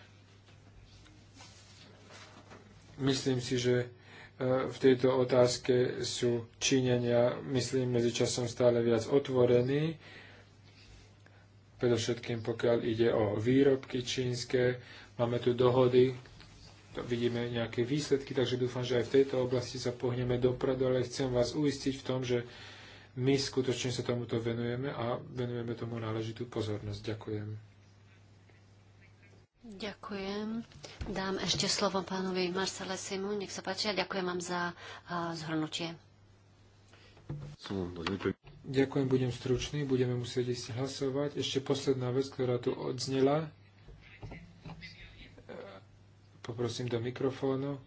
Myslím si, že e, v tejto otázke sú činenia, myslím, medzičasom stále viac otvorení, predovšetkým pokiaľ ide o výrobky čínske. Máme tu dohody, vidíme nejaké výsledky, takže dúfam, že aj v tejto oblasti sa pohneme dopredu, ale chcem vás uistiť v tom, že my skutočne sa tomuto venujeme a venujeme tomu náležitú pozornosť. Ďakujem. Ďakujem. Dám ešte slovo pánovi Marcele Simu. Nech sa páči a ďakujem vám za zhrnutie. Ďakujem, budem stručný, budeme musieť ísť hlasovať. Ešte posledná vec, ktorá tu odznela. Poprosím do mikrofónu.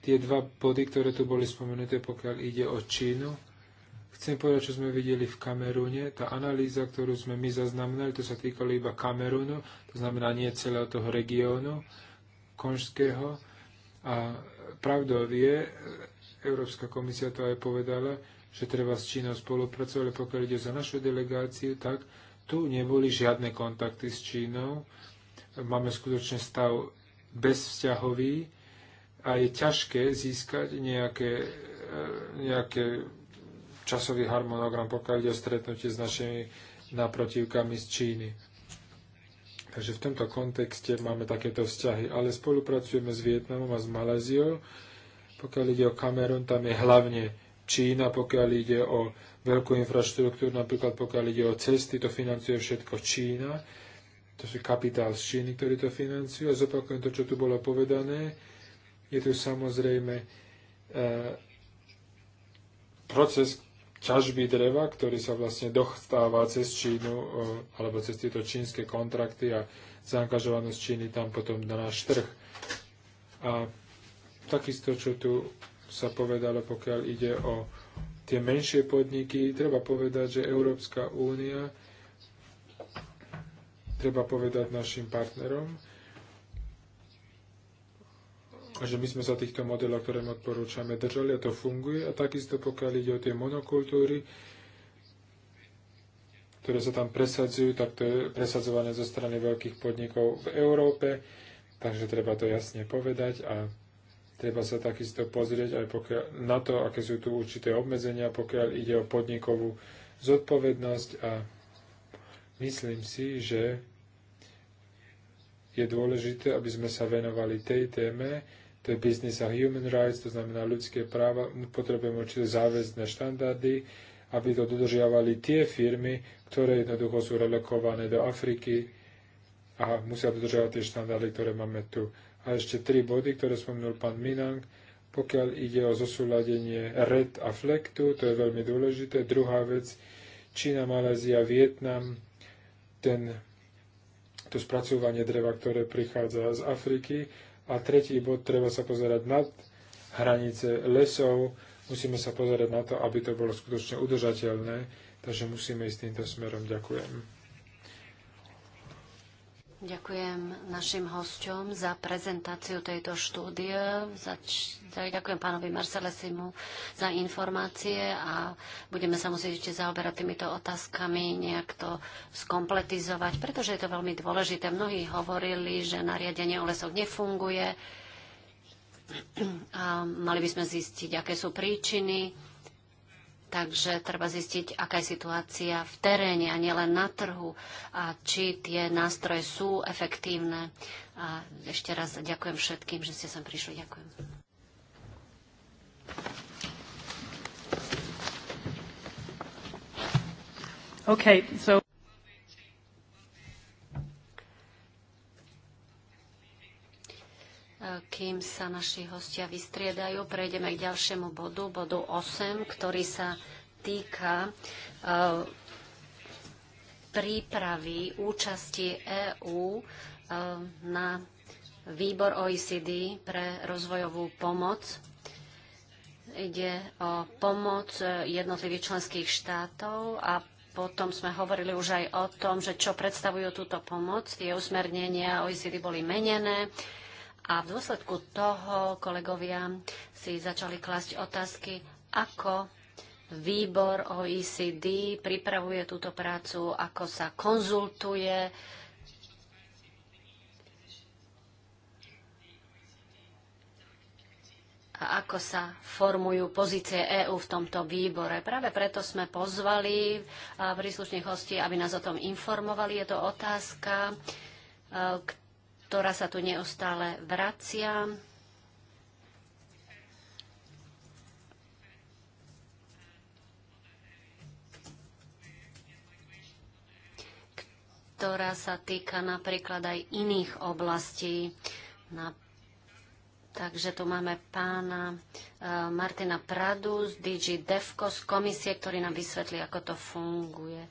Tie dva body, ktoré tu boli spomenuté, pokiaľ ide o Čínu, Chcem povedať, čo sme videli v Kamerúne. Tá analýza, ktorú sme my zaznamenali, to sa týkalo iba Kamerúnu, to znamená nie celého toho regiónu konžského. A pravdou je, Európska komisia to aj povedala, že treba s Čínou spolupracovať, ale pokiaľ ide za našu delegáciu, tak tu neboli žiadne kontakty s Čínou. Máme skutočne stav bezvzťahový a je ťažké získať nejaké, nejaké časový harmonogram, pokiaľ ide o stretnutie s našimi naprotivkami z Číny. Takže v tomto kontexte máme takéto vzťahy. Ale spolupracujeme s Vietnamom a s Maléziou. Pokiaľ ide o Kamerun, tam je hlavne Čína, pokiaľ ide o veľkú infraštruktúru, napríklad pokiaľ ide o cesty, to financuje všetko Čína. To sú kapitál z Číny, ktorý to financuje. A zopakujem to, čo tu bolo povedané. Je tu samozrejme e, proces, ťažby dreva, ktorý sa vlastne dostáva cez Čínu e, alebo cez tieto čínske kontrakty a zaangažovanosť Číny tam potom na náš trh. A takisto, čo tu sa povedalo, pokiaľ ide o tie menšie podniky, treba povedať, že Európska únia, treba povedať našim partnerom, a že my sme sa týchto modelov, ktoré my odporúčame, držali a to funguje. A takisto pokiaľ ide o tie monokultúry, ktoré sa tam presadzujú, tak to je presadzované zo strany veľkých podnikov v Európe, takže treba to jasne povedať a treba sa takisto pozrieť aj pokiaľ, na to, aké sú tu určité obmedzenia, pokiaľ ide o podnikovú zodpovednosť a myslím si, že je dôležité, aby sme sa venovali tej téme, to je business a human rights, to znamená ľudské práva, potrebujeme určite záväzné štandardy, aby to dodržiavali tie firmy, ktoré jednoducho sú relokované do Afriky a musia dodržiavať tie štandardy, ktoré máme tu. A ešte tri body, ktoré spomenul pán Minang, pokiaľ ide o zosúladenie red a flektu, to je veľmi dôležité. Druhá vec, Čína, Malézia, Vietnam, ten, to spracovanie dreva, ktoré prichádza z Afriky, a tretí bod, treba sa pozerať nad hranice lesov, musíme sa pozerať na to, aby to bolo skutočne udržateľné, takže musíme ísť týmto smerom. Ďakujem. Ďakujem našim hosťom za prezentáciu tejto štúdie. ďakujem pánovi Marcelesimu za informácie a budeme sa musieť ešte zaoberať týmito otázkami, nejak to skompletizovať, pretože je to veľmi dôležité. Mnohí hovorili, že nariadenie o lesoch nefunguje a mali by sme zistiť, aké sú príčiny Takže treba zistiť, aká je situácia v teréne a nielen na trhu a či tie nástroje sú efektívne. A ešte raz ďakujem všetkým, že ste sem prišli. Ďakujem. Okay, so... Kým sa naši hostia vystriedajú, prejdeme k ďalšiemu bodu, bodu 8, ktorý sa týka eh, prípravy účasti EÚ eh, na výbor OECD pre rozvojovú pomoc. Ide o pomoc eh, jednotlivých členských štátov a potom sme hovorili už aj o tom, že čo predstavujú túto pomoc. Tie usmernenia OECD boli menené. A v dôsledku toho kolegovia si začali klasť otázky, ako výbor OECD pripravuje túto prácu, ako sa konzultuje. A ako sa formujú pozície EÚ v tomto výbore. Práve preto sme pozvali príslušných hostí, aby nás o tom informovali. Je to otázka, e, ktorá sa tu neustále vracia. ktorá sa týka napríklad aj iných oblastí. Na... Takže tu máme pána eh, Martina Pradu z DG DEFCO z komisie, ktorý nám vysvetlí, ako to funguje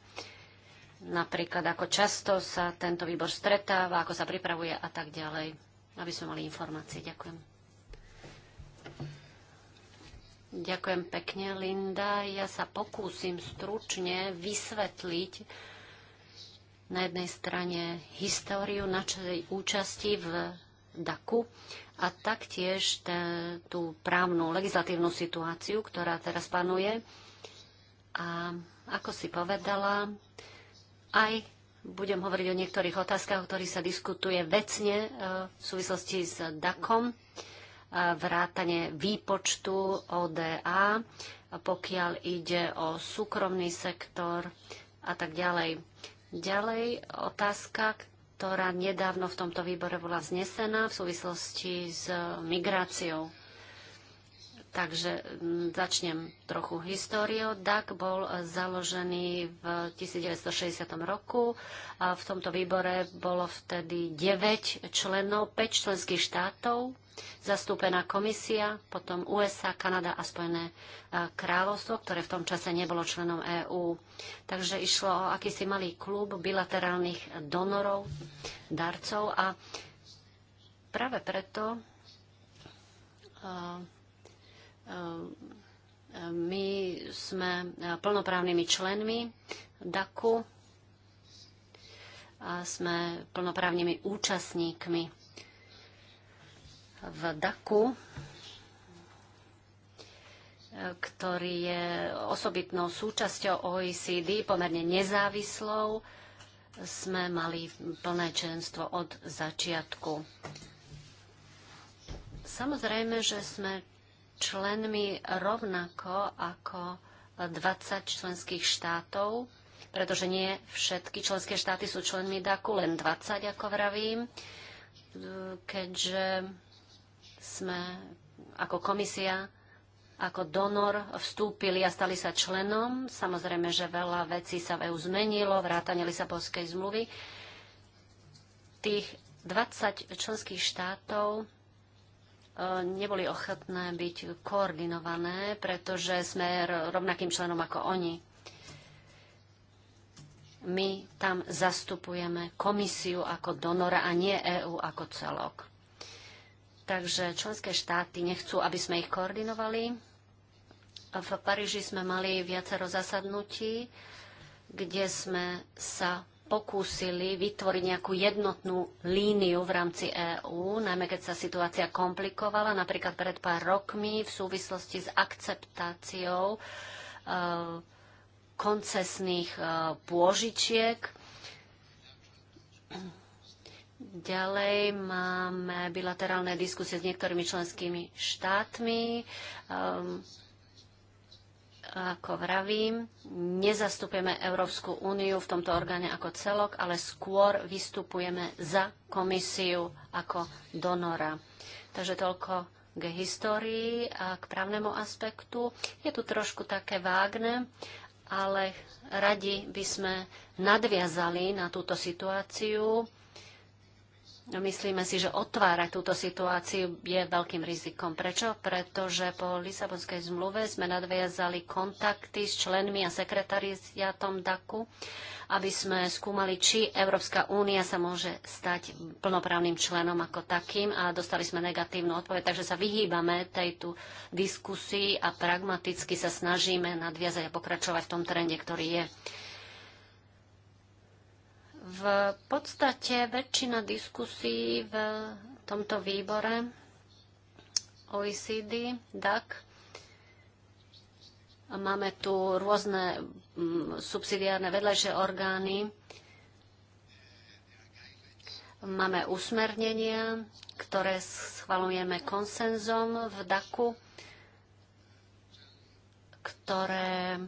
napríklad ako často sa tento výbor stretáva, ako sa pripravuje a tak ďalej, aby sme mali informácie. Ďakujem. Ďakujem pekne, Linda. Ja sa pokúsim stručne vysvetliť na jednej strane históriu našej účasti v DAKu a taktiež tú právnu legislatívnu situáciu, ktorá teraz panuje. A ako si povedala, aj budem hovoriť o niektorých otázkach, o ktorých sa diskutuje vecne e, v súvislosti s DAKom, e, vrátane výpočtu ODA, pokiaľ ide o súkromný sektor a tak ďalej. Ďalej otázka, ktorá nedávno v tomto výbore bola vznesená v súvislosti s migráciou. Takže mm, začnem trochu históriou. DAC bol založený v 1960 roku. A v tomto výbore bolo vtedy 9 členov, 5 členských štátov, zastúpená komisia, potom USA, Kanada a Spojené e, kráľovstvo, ktoré v tom čase nebolo členom EÚ. Takže išlo o akýsi malý klub bilaterálnych donorov, darcov a práve preto e, my sme plnoprávnymi členmi DAKu a sme plnoprávnymi účastníkmi v DAKu ktorý je osobitnou súčasťou OECD, pomerne nezávislou, sme mali plné členstvo od začiatku. Samozrejme, že sme členmi rovnako ako 20 členských štátov, pretože nie všetky členské štáty sú členmi DAKu, len 20, ako vravím, keďže sme ako komisia, ako donor vstúpili a stali sa členom. Samozrejme, že veľa vecí sa v EU zmenilo, vrátane Lisabonskej zmluvy. Tých 20 členských štátov neboli ochotné byť koordinované, pretože sme rovnakým členom ako oni. My tam zastupujeme komisiu ako donora a nie EÚ ako celok. Takže členské štáty nechcú, aby sme ich koordinovali. V Paríži sme mali viacero zasadnutí, kde sme sa pokúsili vytvoriť nejakú jednotnú líniu v rámci EÚ, najmä keď sa situácia komplikovala, napríklad pred pár rokmi v súvislosti s akceptáciou e, koncesných e, pôžičiek. Ďalej máme bilaterálne diskusie s niektorými členskými štátmi. E, ako vravím, nezastupujeme Európsku úniu v tomto orgáne ako celok, ale skôr vystupujeme za komisiu ako donora. Takže toľko k histórii a k právnemu aspektu. Je tu trošku také vágne, ale radi by sme nadviazali na túto situáciu Myslíme si, že otvárať túto situáciu je veľkým rizikom. Prečo? Pretože po Lisabonskej zmluve sme nadviazali kontakty s členmi a sekretariatom DAKu, aby sme skúmali, či Európska únia sa môže stať plnoprávnym členom ako takým a dostali sme negatívnu odpoveď, takže sa vyhýbame tejto diskusii a pragmaticky sa snažíme nadviazať a pokračovať v tom trende, ktorý je. V podstate väčšina diskusí v tomto výbore OECD, DAC, máme tu rôzne mm, subsidiárne vedľajšie orgány, máme usmernenia, ktoré schvalujeme konsenzom v DACu, ktoré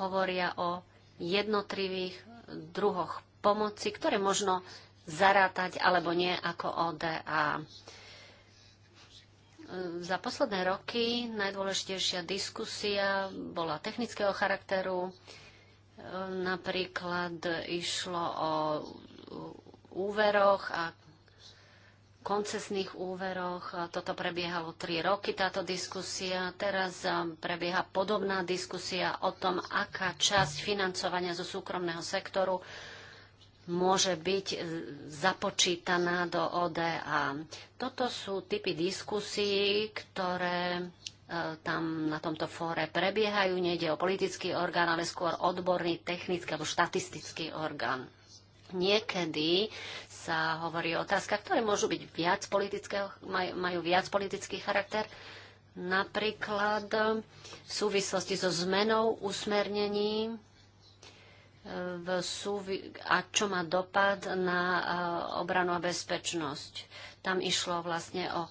hovoria o jednotlivých druhoch pomoci, ktoré možno zarátať alebo nie ako ODA. Za posledné roky najdôležitejšia diskusia bola technického charakteru. Napríklad išlo o úveroch a koncesných úveroch. Toto prebiehalo tri roky, táto diskusia. Teraz prebieha podobná diskusia o tom, aká časť financovania zo súkromného sektoru môže byť e, započítaná do ODA. Toto sú typy diskusí, ktoré e, tam na tomto fóre prebiehajú. Nejde o politický orgán, ale skôr odborný, technický alebo štatistický orgán. Niekedy sa hovorí o otázkach, ktoré môžu byť viac politického, maj, majú viac politický charakter, napríklad eh, v súvislosti so zmenou usmernení eh, v súvi- a čo má dopad na eh, obranu a bezpečnosť. Tam išlo vlastne o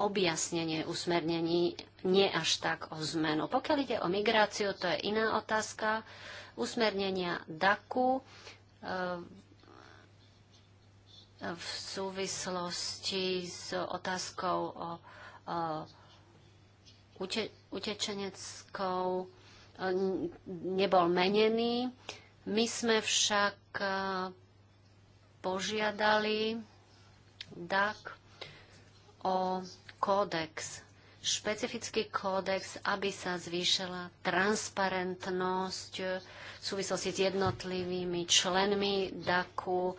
objasnenie usmernení, nie až tak o zmenu. Pokiaľ ide o migráciu, to je iná otázka. Usmernenia DAKu e, v súvislosti s otázkou o, o ute, utečeneckou e, nebol menený. My sme však e, požiadali DAC o kódex, špecifický kódex, aby sa zvýšila transparentnosť v súvislosti s jednotlivými členmi DACu,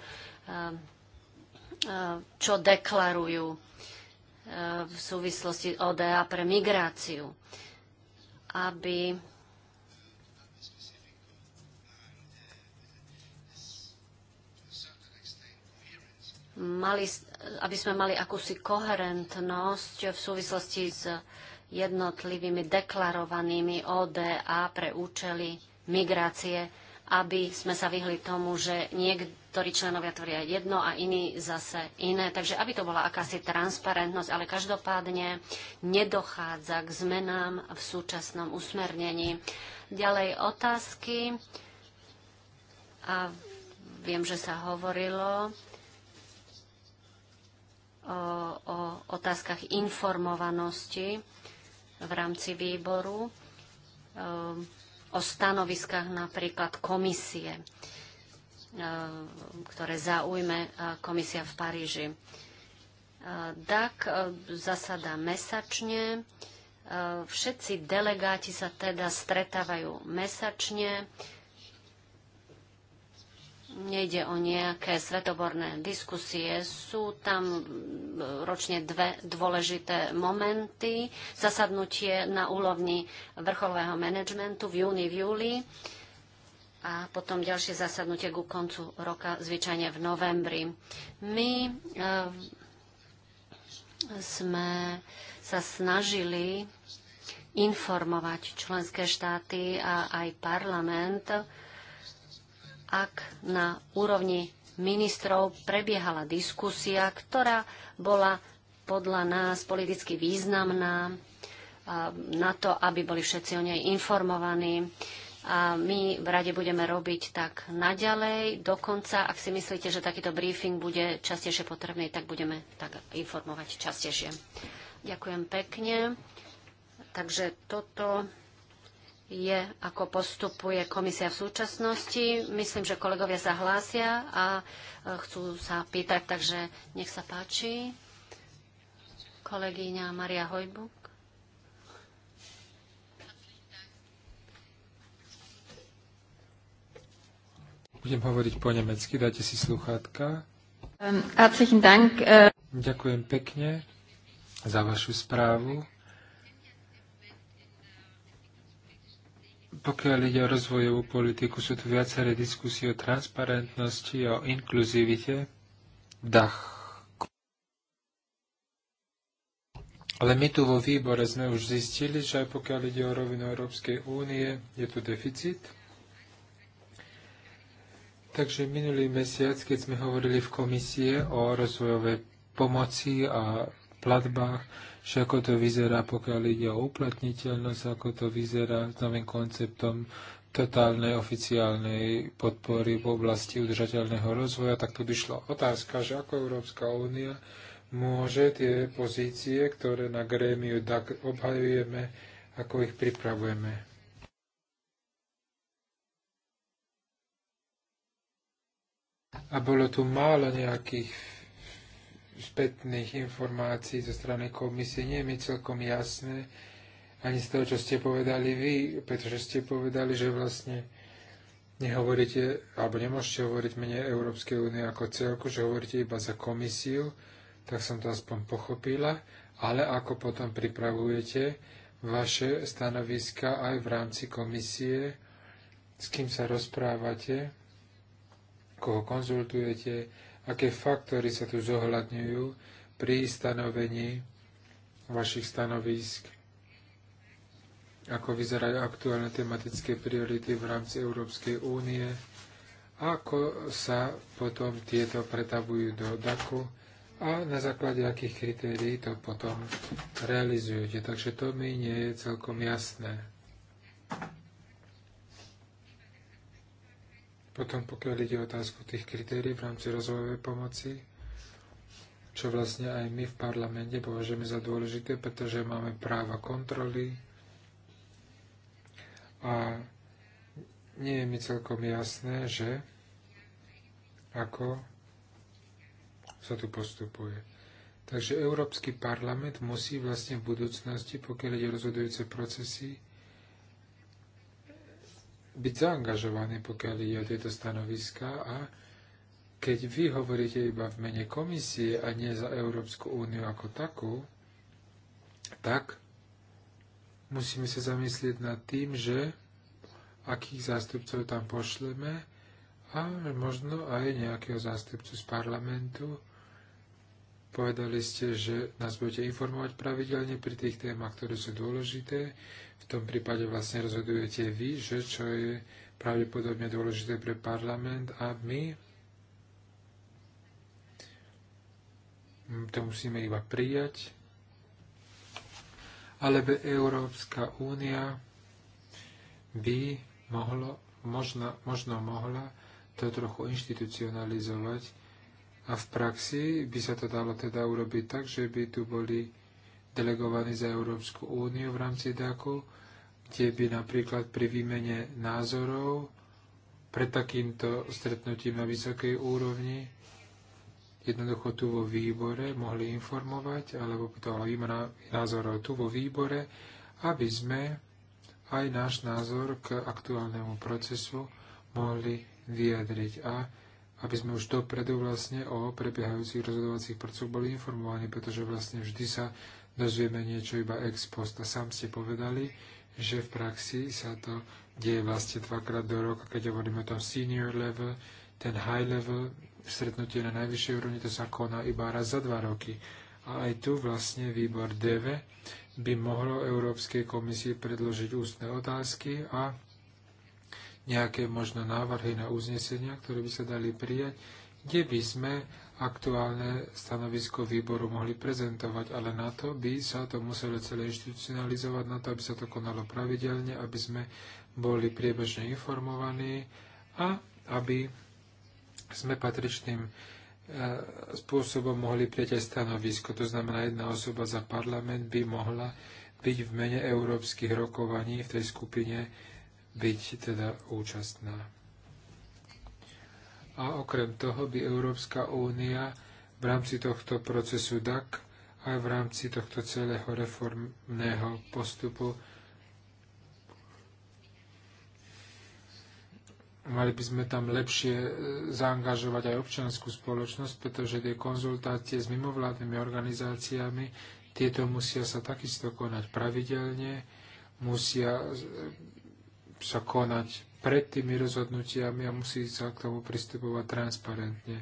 e, čo deklarujú e, v súvislosti ODA pre migráciu, aby mali, aby sme mali akúsi koherentnosť v súvislosti s jednotlivými deklarovanými ODA pre účely migrácie aby sme sa vyhli tomu, že niektorí členovia tvoria jedno a iní zase iné. Takže aby to bola akási transparentnosť, ale každopádne nedochádza k zmenám v súčasnom usmernení. Ďalej otázky. A viem, že sa hovorilo o, o otázkach informovanosti v rámci výboru. Um, o stanoviskách napríklad komisie, e, ktoré zaujme e, komisia v Paríži. DAC e, zasada mesačne. Všetci delegáti sa teda stretávajú mesačne Nejde o nejaké svetoborné diskusie. Sú tam ročne dve dôležité momenty. Zasadnutie na úrovni vrchového manažmentu v júni, v júli a potom ďalšie zasadnutie ku koncu roka, zvyčajne v novembri. My e, sme sa snažili informovať členské štáty a aj parlament ak na úrovni ministrov prebiehala diskusia, ktorá bola podľa nás politicky významná na to, aby boli všetci o nej informovaní. A my v rade budeme robiť tak naďalej. Dokonca, ak si myslíte, že takýto briefing bude častejšie potrebný, tak budeme tak informovať častejšie. Ďakujem pekne. Takže toto je, ako postupuje komisia v súčasnosti. Myslím, že kolegovia sa hlásia a e, chcú sa pýtať, takže nech sa páči. Kolegyňa Maria Hojbuk. Budem hovoriť po nemecky, dajte si sluchátka. Ehm, äh, Ďakujem pekne za vašu správu. Pokiaľ ide o rozvojovú politiku, sú tu viaceré diskusie o transparentnosti, o inkluzivite, dach. Ale my tu vo výbore sme už zistili, že aj pokiaľ ide o rovinu Európskej únie, je tu deficit. Takže minulý mesiac, keď sme hovorili v komisie o rozvojovej pomoci a platbách, že ako to vyzerá, pokiaľ ide o uplatniteľnosť, ako to vyzerá s novým konceptom totálnej oficiálnej podpory v oblasti udržateľného rozvoja, tak tu vyšla otázka, že ako Európska únia môže tie pozície, ktoré na grémiu tak obhajujeme, ako ich pripravujeme. A bolo tu málo nejakých spätných informácií zo strany komisie. Nie je mi celkom jasné, ani z toho, čo ste povedali vy, pretože ste povedali, že vlastne nehovoríte, alebo nemôžete hovoriť mene Európskej únie ako celku, že hovoríte iba za komisiu, tak som to aspoň pochopila, ale ako potom pripravujete vaše stanoviska aj v rámci komisie, s kým sa rozprávate, koho konzultujete, aké faktory sa tu zohľadňujú pri stanovení vašich stanovísk, ako vyzerajú aktuálne tematické priority v rámci Európskej únie, ako sa potom tieto pretavujú do DAKu a na základe akých kritérií to potom realizujete. Takže to mi nie je celkom jasné. Potom pokiaľ ide otázku tých kritérií v rámci rozvojovej pomoci, čo vlastne aj my v parlamente považujeme za dôležité, pretože máme práva kontroly a nie je mi celkom jasné, že ako sa tu postupuje. Takže Európsky parlament musí vlastne v budúcnosti, pokiaľ ide rozhodujúce procesy, byť zaangažovaní, pokiaľ ide o tieto stanoviská a keď vy hovoríte iba v mene komisie a nie za Európsku úniu ako takú, tak musíme sa zamyslieť nad tým, že akých zástupcov tam pošleme a možno aj nejakého zástupcu z parlamentu, Povedali ste, že nás budete informovať pravidelne pri tých témach, ktoré sú dôležité. V tom prípade vlastne rozhodujete vy, že čo je pravdepodobne dôležité pre parlament a my to musíme iba prijať. Alebo Európska únia by mohlo, možno, možno mohla to trochu inštitucionalizovať, a v praxi by sa to dalo teda urobiť tak, že by tu boli delegovaní za Európsku úniu v rámci DAKu, kde by napríklad pri výmene názorov pred takýmto stretnutím na vysokej úrovni jednoducho tu vo výbore mohli informovať, alebo to bola názorov tu vo výbore, aby sme aj náš názor k aktuálnemu procesu mohli vyjadriť. A aby sme už dopredu vlastne o prebiehajúcich rozhodovacích procesoch boli informovaní, pretože vlastne vždy sa dozvieme niečo iba ex post. A sám ste povedali, že v praxi sa to deje vlastne dvakrát do roka, keď hovoríme o tom senior level, ten high level, stretnutie na najvyššej úrovni, to sa koná iba raz za dva roky. A aj tu vlastne výbor DV by mohlo Európskej komisii predložiť ústne otázky a nejaké možno návrhy na uznesenia, ktoré by sa dali prijať, kde by sme aktuálne stanovisko výboru mohli prezentovať, ale na to by sa to muselo celé institucionalizovať, na to, aby sa to konalo pravidelne, aby sme boli priebežne informovaní a aby sme patričným e, spôsobom mohli prieť aj stanovisko. To znamená, jedna osoba za parlament by mohla byť v mene európskych rokovaní v tej skupine byť teda účastná. A okrem toho by Európska únia v rámci tohto procesu DAC aj v rámci tohto celého reformného postupu mali by sme tam lepšie e, zaangažovať aj občianskú spoločnosť, pretože tie konzultácie s mimovládnymi organizáciami, tieto musia sa takisto konať pravidelne, musia sa konať pred tými rozhodnutiami a musí sa k tomu pristupovať transparentne.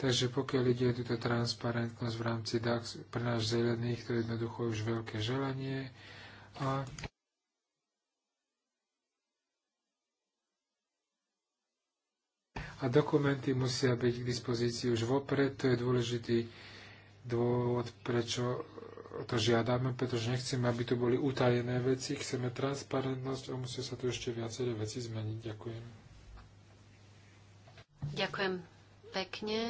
Takže pokiaľ ide o túto transparentnosť v rámci DAX, pre náš zelených to je jednoducho už veľké želanie. A a dokumenty musia byť k dispozícii už vopred. To je dôležitý dôvod, prečo to žiadame, pretože nechceme, aby tu boli utajené veci, chceme transparentnosť a musí sa tu ešte viaceré veci zmeniť. Ďakujem. Ďakujem pekne.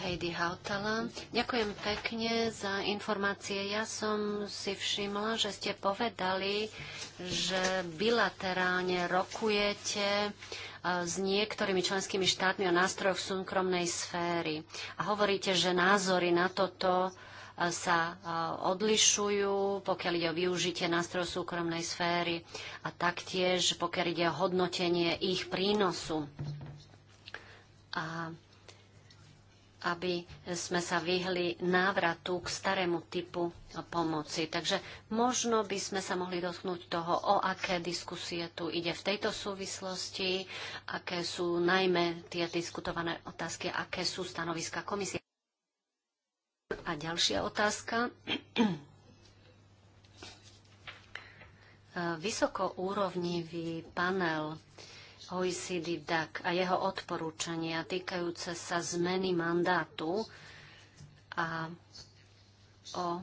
Heidi Hautala. Ďakujem pekne za informácie. Ja som si všimla, že ste povedali, že bilaterálne rokujete s niektorými členskými štátmi o nástrojoch súkromnej sféry. A hovoríte, že názory na toto e, sa e, odlišujú, pokiaľ ide o využitie nástrojov súkromnej sféry a taktiež pokiaľ ide o hodnotenie ich prínosu. A aby sme sa vyhli návratu k starému typu pomoci. Takže možno by sme sa mohli dotknúť toho, o aké diskusie tu ide v tejto súvislosti, aké sú najmä tie diskutované otázky, aké sú stanoviska komisie. A ďalšia otázka. Vysokoúrovnivý panel OECD DAC a jeho odporúčania týkajúce sa zmeny mandátu a o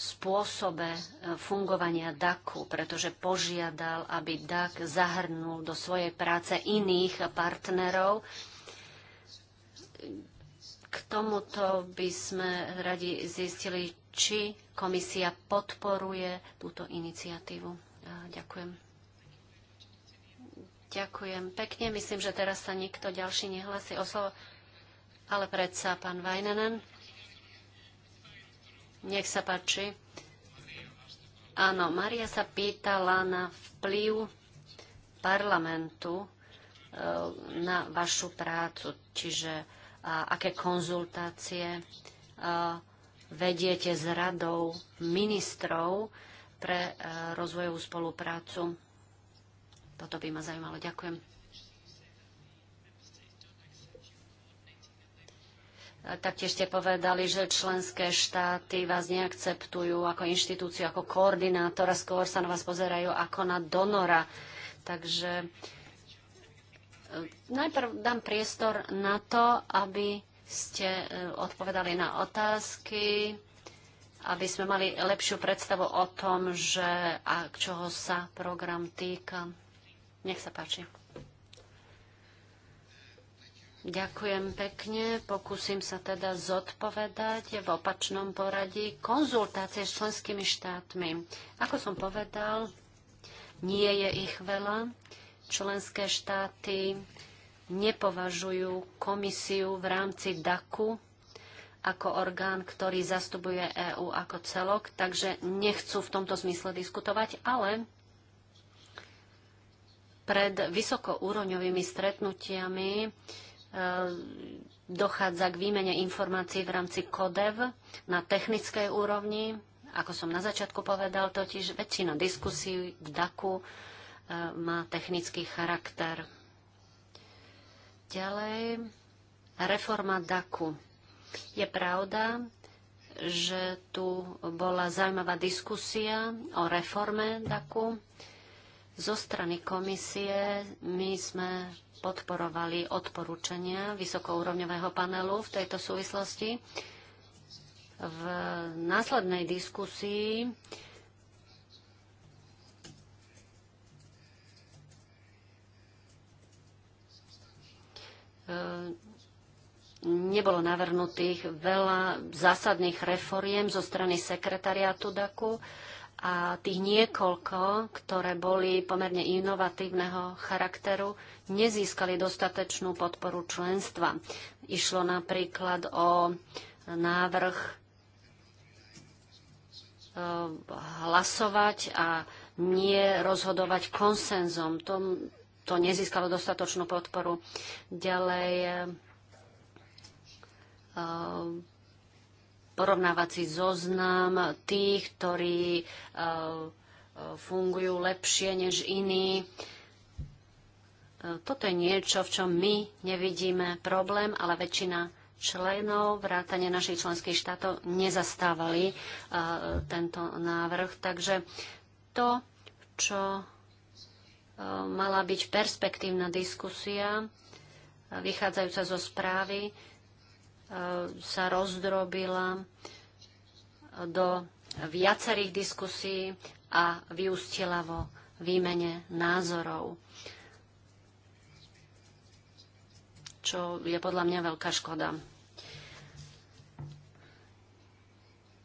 spôsobe e, fungovania DACu, pretože požiadal, aby DAC zahrnul do svojej práce iných partnerov. K tomuto by sme radi zistili, či komisia podporuje túto iniciatívu. Ďakujem. Ďakujem pekne. Myslím, že teraz sa nikto ďalší nehlasí o slovo. Ale predsa pán Vajnenen. Nech sa páči. Áno, Maria sa pýtala na vplyv parlamentu e, na vašu prácu, čiže aké konzultácie e, vediete s radou ministrov pre e, rozvojovú spoluprácu toto by ma zaujímalo. Ďakujem. Taktiež ste povedali, že členské štáty vás neakceptujú ako inštitúciu, ako koordinátora, skôr sa na vás pozerajú ako na donora. Takže e, najprv dám priestor na to, aby ste e, odpovedali na otázky, aby sme mali lepšiu predstavu o tom, že a čoho sa program týka. Nech sa páči. Ďakujem pekne. Pokúsim sa teda zodpovedať v opačnom poradí konzultácie s členskými štátmi. Ako som povedal, nie je ich veľa. Členské štáty nepovažujú komisiu v rámci DAKu ako orgán, ktorý zastupuje EÚ ako celok, takže nechcú v tomto zmysle diskutovať, ale pred vysokoúrovňovými stretnutiami e, dochádza k výmene informácií v rámci CODEV na technickej úrovni. Ako som na začiatku povedal, totiž väčšina diskusí v DAKu e, má technický charakter. Ďalej, reforma DAKu. Je pravda, že tu bola zaujímavá diskusia o reforme DAKu zo strany komisie my sme podporovali odporúčania vysokourovňového panelu v tejto súvislosti. V následnej diskusii e, nebolo navrhnutých veľa zásadných reforiem zo strany sekretariátu DAKu a tých niekoľko, ktoré boli pomerne inovatívneho charakteru, nezískali dostatečnú podporu členstva. Išlo napríklad o návrh e, hlasovať a nie rozhodovať konsenzom. To, to nezískalo dostatočnú podporu. Ďalej e, porovnávací zoznam tých, ktorí eh, eh, fungujú lepšie než iní. Eh, toto je niečo, v čom my nevidíme problém, ale väčšina členov vrátane našich členských štátov nezastávali tento návrh. Takže to, čo mala byť perspektívna diskusia, vychádzajúca zo správy, sa rozdrobila do viacerých diskusí a vyústila vo výmene názorov, čo je podľa mňa veľká škoda.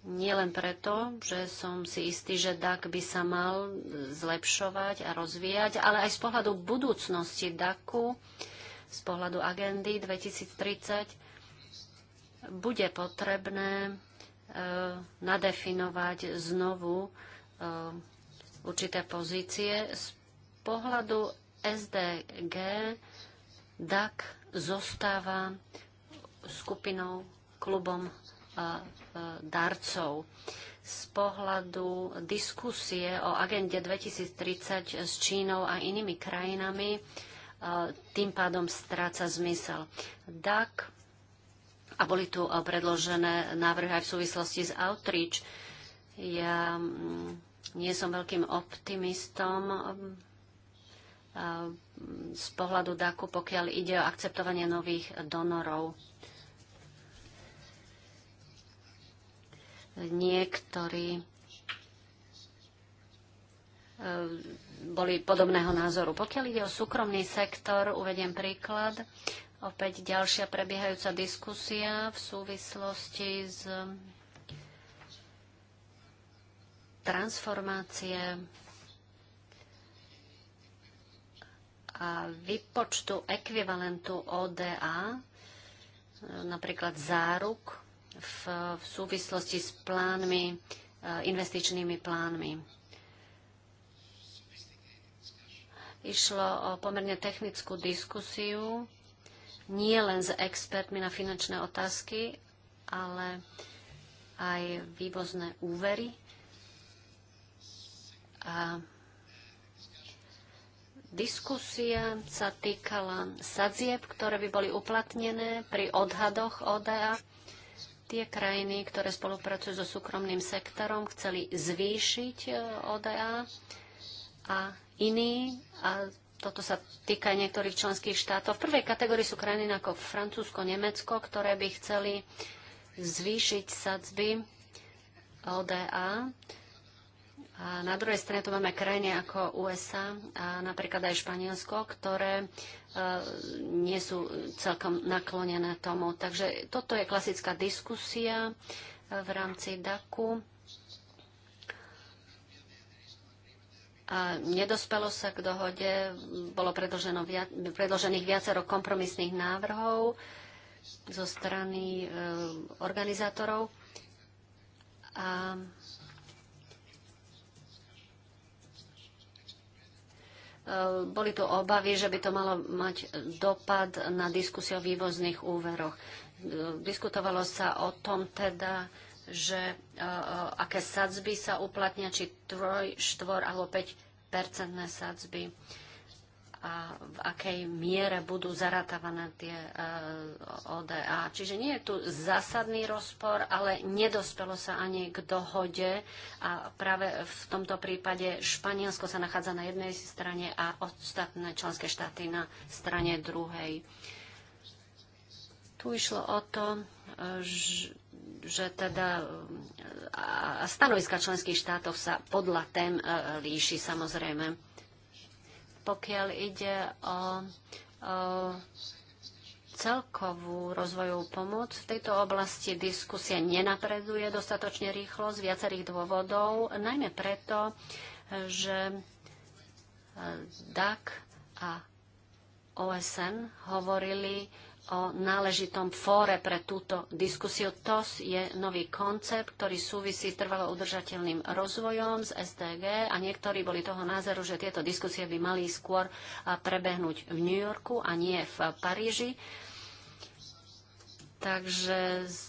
Nie len preto, že som si istý, že DAK by sa mal zlepšovať a rozvíjať, ale aj z pohľadu budúcnosti DAKu, z pohľadu agendy 2030 bude potrebné e, nadefinovať znovu e, určité pozície. Z pohľadu SDG DAC zostáva skupinou, klubom e, darcov. Z pohľadu diskusie o agende 2030 s Čínou a inými krajinami tým pádom stráca zmysel. DAC a boli tu eh, predložené návrhy aj v súvislosti s Outreach. Ja mm, nie som veľkým optimistom eh, z pohľadu DAKu, pokiaľ ide o akceptovanie nových donorov. Niektorí eh, boli podobného názoru. Pokiaľ ide o súkromný sektor, uvediem príklad opäť ďalšia prebiehajúca diskusia v súvislosti s transformácie a vypočtu ekvivalentu ODA, napríklad záruk v, v súvislosti s plánmi, e, investičnými plánmi. Išlo o pomerne technickú diskusiu nie len s expertmi na finančné otázky, ale aj vývozné úvery. A diskusia sa týkala sadzieb, ktoré by boli uplatnené pri odhadoch ODA. Tie krajiny, ktoré spolupracujú so súkromným sektorom, chceli zvýšiť eh, ODA a iní a toto sa týka niektorých členských štátov. V prvej kategórii sú krajiny ako Francúzsko, Nemecko, ktoré by chceli zvýšiť sadzby LDA. A na druhej strane tu máme krajiny ako USA a napríklad aj Španielsko, ktoré e, nie sú celkom naklonené tomu. Takže toto je klasická diskusia e, v rámci DAKu a nedospelo sa k dohode, bolo viac, predložených viacero kompromisných návrhov zo strany e, organizátorov. A e, boli tu obavy, že by to malo mať dopad na diskusiu o vývozných úveroch. E, diskutovalo sa o tom teda, že uh, aké sadzby sa uplatnia, či troj, štvor alebo 5 percentné sadzby a v akej miere budú zaratávané tie uh, e, ODA. Čiže nie je tu zásadný rozpor, ale nedospelo sa ani k dohode a práve v tomto prípade Španielsko sa nachádza na jednej strane a ostatné členské štáty na strane druhej. Tu išlo o to, že že teda stanoviska členských štátov sa podľa tém e, líši samozrejme. Pokiaľ ide o, o celkovú rozvojovú pomoc. V tejto oblasti diskusia nenapreduje dostatočne rýchlo z viacerých dôvodov, najmä preto, že e, DAC a OSN hovorili o náležitom fóre pre túto diskusiu. TOS je nový koncept, ktorý súvisí s trvalo udržateľným rozvojom z SDG a niektorí boli toho názoru, že tieto diskusie by mali skôr prebehnúť v New Yorku a nie v Paríži. Takže z,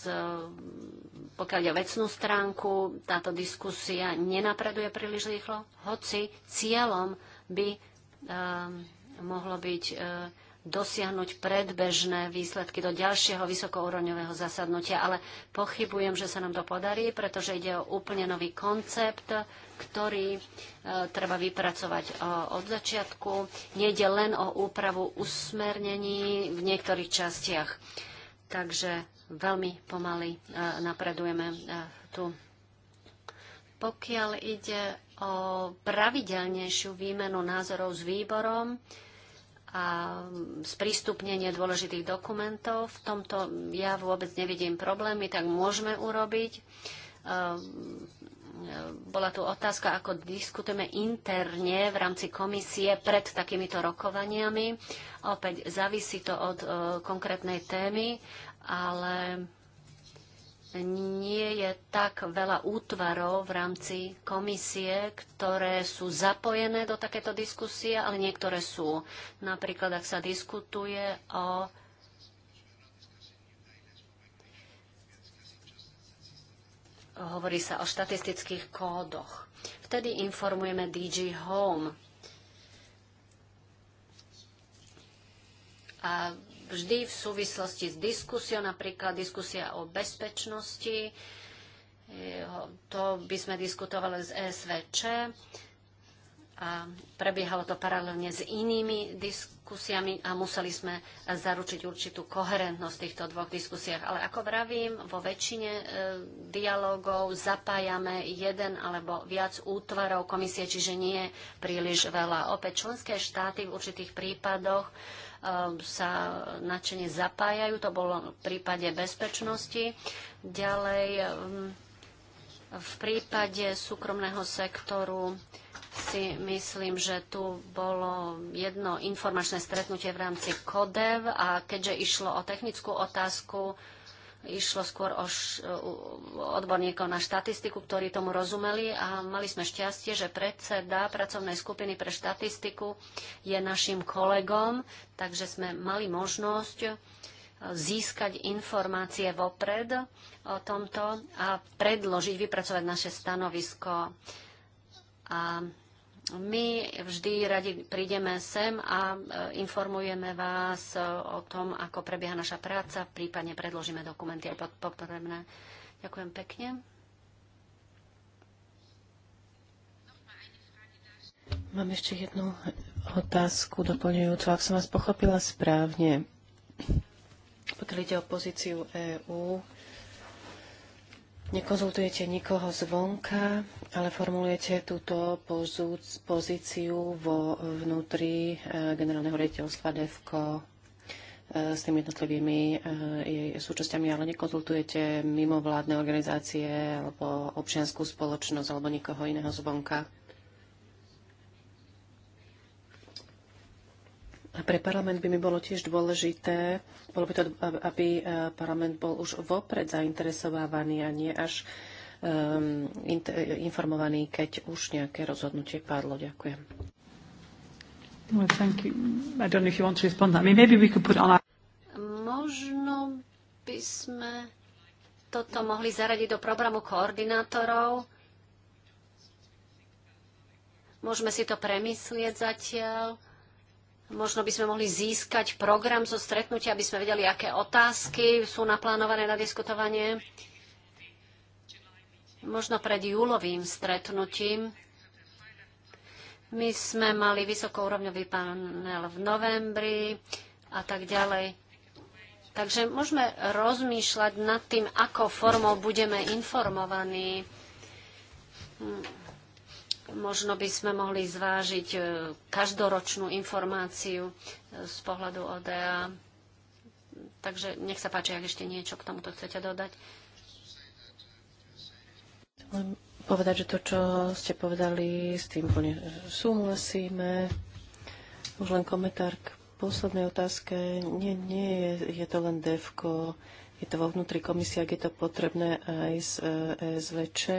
pokiaľ ide vecnú stránku, táto diskusia nenapreduje príliš rýchlo, hoci cieľom by um, mohlo byť um, dosiahnuť predbežné výsledky do ďalšieho vysokouroňového zasadnutia, ale pochybujem, že sa nám to podarí, pretože ide o úplne nový koncept, ktorý e, treba vypracovať e, od začiatku. Nejde len o úpravu usmernení v niektorých častiach. Takže veľmi pomaly e, napredujeme e, tu. Pokiaľ ide o pravidelnejšiu výmenu názorov s výborom, a mm, sprístupnenie dôležitých dokumentov. V tomto ja vôbec nevidím problémy, tak môžeme urobiť. E, e, bola tu otázka, ako diskutujeme interne v rámci komisie pred takýmito rokovaniami. Opäť závisí to od e, konkrétnej témy, ale nie je tak veľa útvarov v rámci komisie, ktoré sú zapojené do takéto diskusie, ale niektoré sú. Napríklad, ak sa diskutuje o hovorí sa o štatistických kódoch. Vtedy informujeme DG Home. A vždy v súvislosti s diskusiou, napríklad diskusia o bezpečnosti, to by sme diskutovali z ESVČ a prebiehalo to paralelne s inými diskusiami a museli sme zaručiť určitú koherentnosť v týchto dvoch diskusiách. Ale ako vravím, vo väčšine e, dialogov zapájame jeden alebo viac útvarov komisie, čiže nie príliš veľa. Opäť členské štáty v určitých prípadoch Um, sa nadšene zapájajú. To bolo v prípade bezpečnosti. Ďalej um, v prípade súkromného sektoru si myslím, že tu bolo jedno informačné stretnutie v rámci kodev a keďže išlo o technickú otázku, Išlo skôr o, š- odborníkov na štatistiku, ktorí tomu rozumeli a mali sme šťastie, že predseda pracovnej skupiny pre štatistiku je našim kolegom, takže sme mali možnosť e, získať informácie vopred o tomto a predložiť, vypracovať naše stanovisko. A my vždy radi prídeme sem a e, informujeme vás o tom, ako prebieha naša práca, prípadne predložíme dokumenty aj potrebné. Ďakujem pekne. Mám ešte jednu otázku doplňujúcu. Ak som vás pochopila správne, pokiaľ ide o pozíciu EÚ, nekonzultujete nikoho zvonka, ale formulujete túto pozíciu vo vnútri e, generálneho riaditeľstva DEFCO e, s tými jednotlivými e, jej súčasťami, ale nekonzultujete mimovládne organizácie alebo občianskú spoločnosť alebo nikoho iného zvonka. A pre parlament by mi bolo tiež dôležité, bolo by to, aby parlament bol už vopred zainteresovávaný a nie až Ehm, informovaní, keď už nejaké rozhodnutie padlo. Ďakujem. No, Možno by sme toto mohli zaradiť do programu koordinátorov. Môžeme si to premyslieť zatiaľ. Možno by sme mohli získať program zo stretnutia, aby sme vedeli, aké otázky sú naplánované na diskutovanie. Možno pred júlovým stretnutím my sme mali vysokourovňový panel v novembri a tak ďalej. Takže môžeme rozmýšľať nad tým, ako formou budeme informovaní. Možno by sme mohli zvážiť e, každoročnú informáciu e, z pohľadu ODA. Takže nech sa páči, ak ešte niečo k tomuto chcete dodať. Len povedať, že to, čo ste povedali, s tým plne súhlasíme. Už len komentár k poslednej otázke. Nie, nie je, je to len DEFCO, je to vo vnútri komisie, ak je to potrebné aj z ESVČ. E,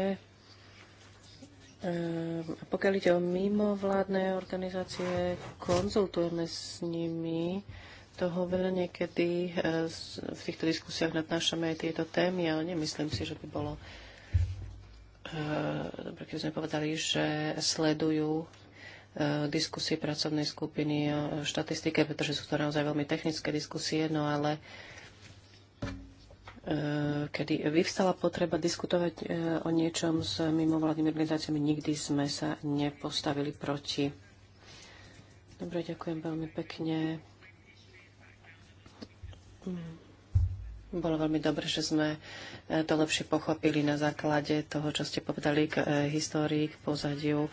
a pokiaľ ide o mimovládne organizácie, konzultujeme s nimi. Toho veľa niekedy e, v týchto diskusiách nadnášame aj tieto témy, ale nemyslím si, že by bolo dobre, eh, sme povedali, že sledujú eh, diskusie pracovnej skupiny o štatistike, pretože sú to naozaj veľmi technické diskusie, no ale eh, kedy vyvstala potreba diskutovať o niečom s mimovládnymi organizáciami, nikdy sme sa nepostavili proti. Dobre, ďakujem veľmi pekne. Mm. Bolo veľmi dobre, že sme e, to lepšie pochopili na základe toho, čo ste povedali k e, histórii, k pozadiu.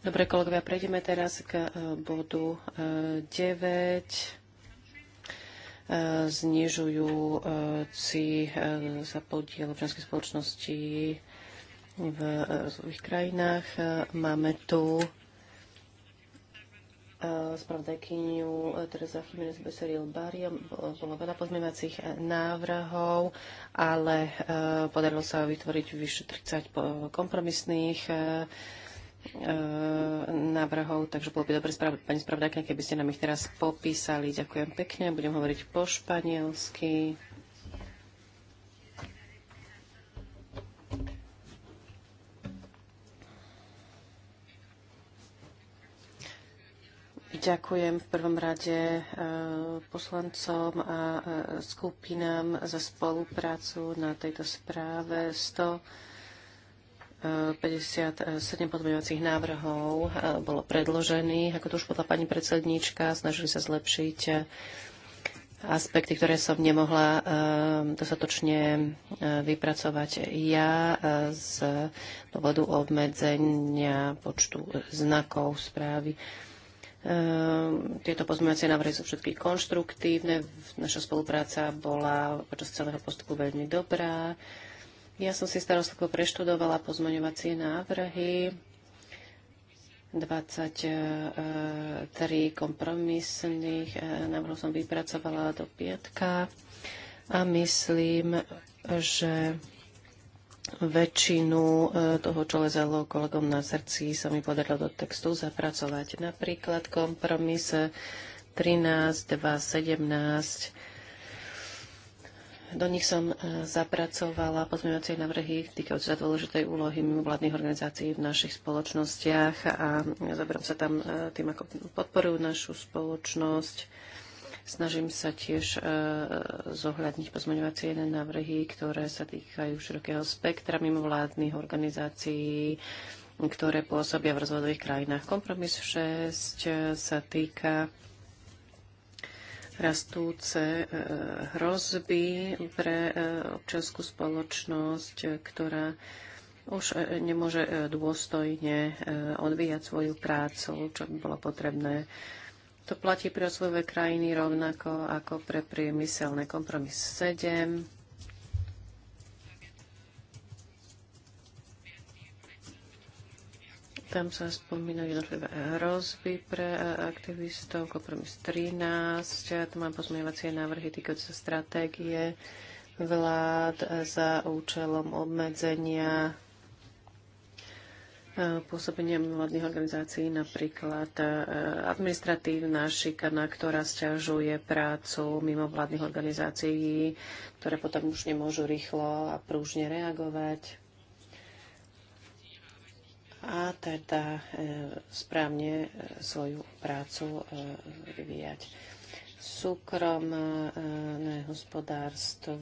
Dobre, kolegovia, prejdeme teraz k e, bodu 9. Znižujúci sa podiel občianskej spoločnosti v rozvojových krajinách. Máme tu spravodajkyniu eh, Teresa Chimenez Beseril Baria. Bolo veľa pozmievacích eh, návrhov, ale eh, podarilo sa vytvoriť vyše 30 kompromisných návrhov, takže bolo by dobre, pani spravodajka, keby ste nám ich teraz popísali. Ďakujem pekne, budem hovoriť po španielsky. Ďakujem v prvom rade e, poslancom a e, skupinám za spoluprácu na tejto správe 157 e, podmeňovacích návrhov bolo predložených. Ako to už podľa pani predsedníčka, snažili sa zlepšiť aspekty, ktoré som nemohla dostatočne vypracovať ja z dôvodu obmedzenia počtu znakov správy. Ehm, tieto pozmeňovacie návrhy sú všetky konštruktívne. Naša spolupráca bola počas celého postupu veľmi dobrá. Ja som si starostlivo preštudovala pozmeňovacie návrhy. 23 kompromisných eh, návrhov som vypracovala do piatka a myslím, že väčšinu e, toho, čo lezalo kolegom na srdci, sa mi podarilo do textu zapracovať. Napríklad kompromis 13, 2, 17. Do nich som e, zapracovala pozmeňovacie návrhy týkajúce sa dôležitej úlohy mimovládnych organizácií v našich spoločnostiach a zaberám sa tam e, tým, ako podporujú našu spoločnosť Snažím sa tiež e, zohľadniť pozmeňovacie návrhy, ktoré sa týkajú širokého spektra mimovládnych organizácií, ktoré pôsobia v rozvojových krajinách. Kompromis 6 e, sa týka rastúce e, hrozby pre občianskú spoločnosť, ktorá už nemôže dôstojne odvíjať svoju prácu, čo by bolo potrebné to platí pre rozvojové krajiny rovnako ako pre priemyselné. Kompromis 7. Tam sa spomínajú jednotlivé hrozby pre aktivistov. Kompromis 13. Tu mám pozmeňovacie návrhy týkajúce sa stratégie vlád za účelom obmedzenia pôsobenia mimovládnych organizácií, napríklad e, administratívna šikana, ktorá stiažuje prácu mimovládnych organizácií, ktoré potom už nemôžu rýchlo a prúžne reagovať. A teda e, správne e, svoju prácu vyvíjať. Súkromné hospodárstvo,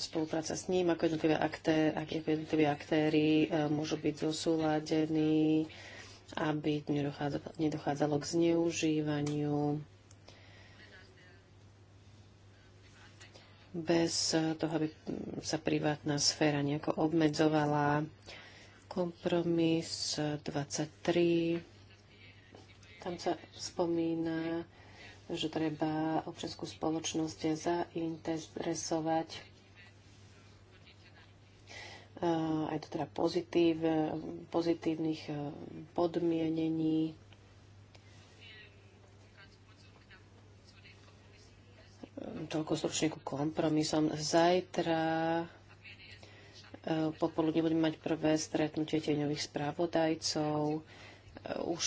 spolupráca s ním, ako jednotlivé, aktéry, ako jednotliví aktéry e, môžu byť zosúladení, aby nedochádzalo, nedochádzalo k zneužívaniu bez toho, aby sa privátna sféra nejako obmedzovala. Kompromis 23. Tam sa spomína, že treba občianskú spoločnosť zainteresovať aj eh, to teda pozitív, pozitívnych eh, podmienení. Eh, toľko stručne ku kompromisom. Zajtra popoludne budeme mať prvé stretnutie tieňových správodajcov. Už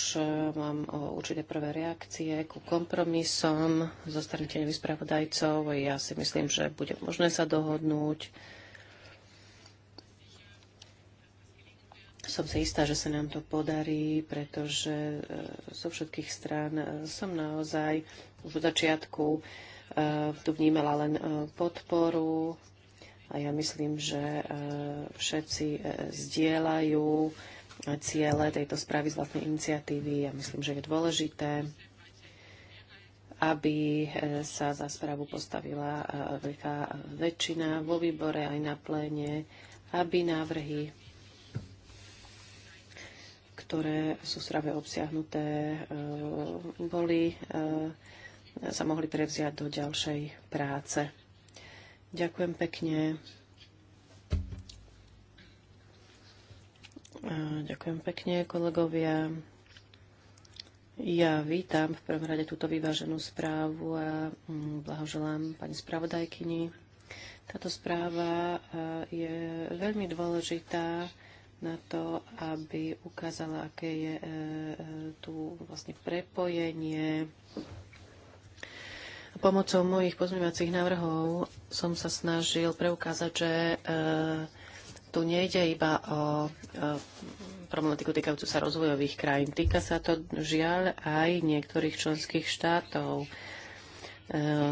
mám určité prvé reakcie ku kompromisom zo strany tieňových správodajcov. Ja si myslím, že bude možné sa dohodnúť Som si istá, že sa nám to podarí, pretože e, zo všetkých strán e, som naozaj už od začiatku e, tu vnímala len podporu a ja myslím, že všetci zdieľajú ciele tejto správy z vlastnej iniciatívy. Ja myslím, že je dôležité, aby sa za správu postavila veľká väčšina vo výbore aj na pléne, aby návrhy ktoré sú v strave obsiahnuté, eh, boli, eh, sa mohli prevziať do ďalšej práce. Ďakujem pekne. Eh, ďakujem pekne, kolegovia. Ja vítam v prvom rade túto vyváženú správu a mm, blahoželám pani spravodajkyni. Táto správa je veľmi dôležitá na to, aby ukázala, aké je e, e, tu vlastne prepojenie. Pomocou mojich pozmeňovacích návrhov som sa snažil preukázať, že e, tu nejde iba o problematiku týkajúcu sa rozvojových krajín. Týka sa to žiaľ aj niektorých členských štátov.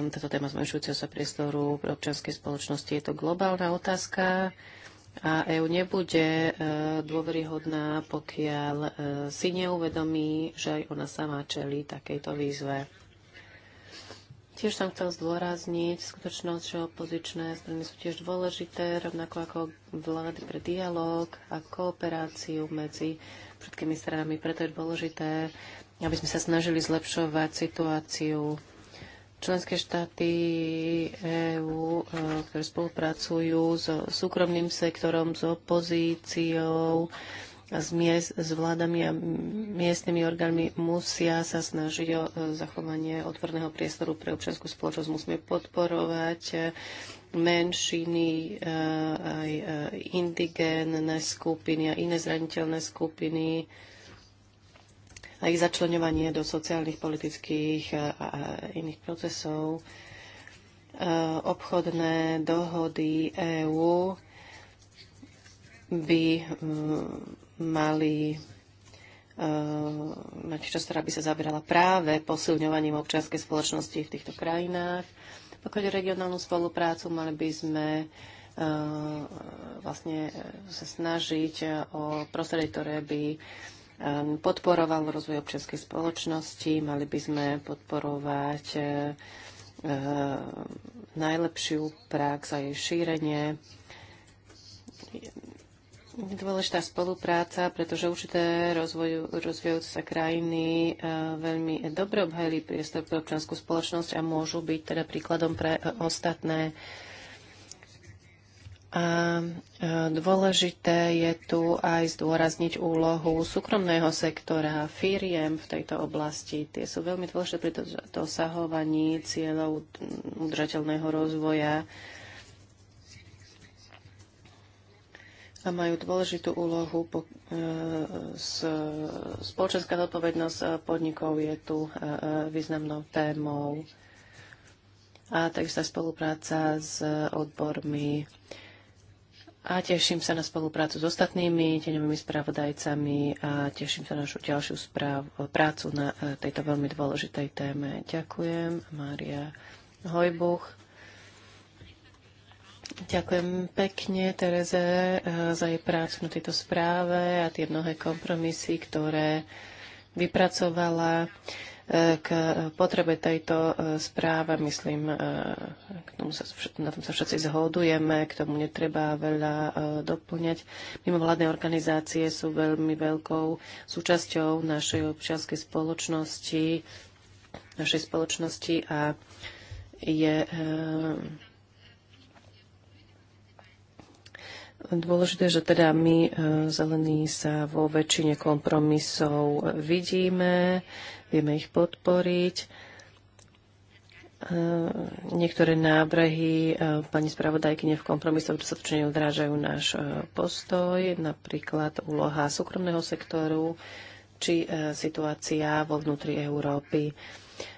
Táto téma zmenšujúceho sa priestoru pre občianskej spoločnosti je to globálna otázka a EÚ nebude e, dôveryhodná, pokiaľ e, si neuvedomí, že aj ona sama čelí takejto výzve. Tiež som chcel zdôrazniť skutočnosť, že opozičné strany sú tiež dôležité, rovnako ako vlády pre dialog a kooperáciu medzi všetkými stranami. Preto je dôležité, aby sme sa snažili zlepšovať situáciu členské štáty EÚ, e, ktoré spolupracujú s súkromným sektorom, s opozíciou, s, miest, s vládami a miestnymi orgánmi musia sa snažiť o e, zachovanie otvorného priestoru pre občianskú spoločnosť. Musíme podporovať menšiny, e, aj indigénne skupiny a iné zraniteľné skupiny a ich začlenovanie do sociálnych, politických a iných procesov. E, obchodné dohody EÚ by mm, mali e, mať časť, ktorá by sa zaberala práve posilňovaním občianskej spoločnosti v týchto krajinách. Pokiaľ regionálnu spoluprácu, mali by sme e, vlastne sa snažiť o prostredie, ktoré by podporoval rozvoj občianskej spoločnosti, mali by sme podporovať eh, eh, najlepšiu prax a jej šírenie. Je dôležitá spolupráca, pretože určité rozvoju, rozvíjajúce sa krajiny eh, veľmi dobre obhajili priestor pre občanskú spoločnosť a môžu byť teda príkladom pre ostatné a dôležité je tu aj zdôrazniť úlohu súkromného sektora firiem v tejto oblasti. Tie sú veľmi dôležité pri dosahovaní cieľov udržateľného rozvoja a majú dôležitú úlohu. Po, e, spoločenská zodpovednosť podnikov je tu e, e, významnou témou a takisto spolupráca s odbormi a teším sa na spoluprácu s ostatnými tieňovými spravodajcami a teším sa na našu ďalšiu správ, prácu na e, tejto veľmi dôležitej téme. Ďakujem, Mária Hojbuch. Ďakujem pekne Tereze e, za jej prácu na tejto správe a tie mnohé kompromisy, ktoré vypracovala. E, k potrebe tejto e, správy. Myslím, e, k tomu sa, na tom sa všetci zhodujeme, k tomu netreba veľa doplňať. Mimovládne organizácie sú veľmi veľkou súčasťou našej občianskej spoločnosti, našej spoločnosti a je Dôležité, že teda my e, zelení sa vo väčšine kompromisov vidíme, vieme ich podporiť. E, niektoré nábrehy e, pani spravodajkyne v kompromisoch dostatočne odrážajú náš postoj, napríklad úloha súkromného sektoru či situácia vo vnútri Európy.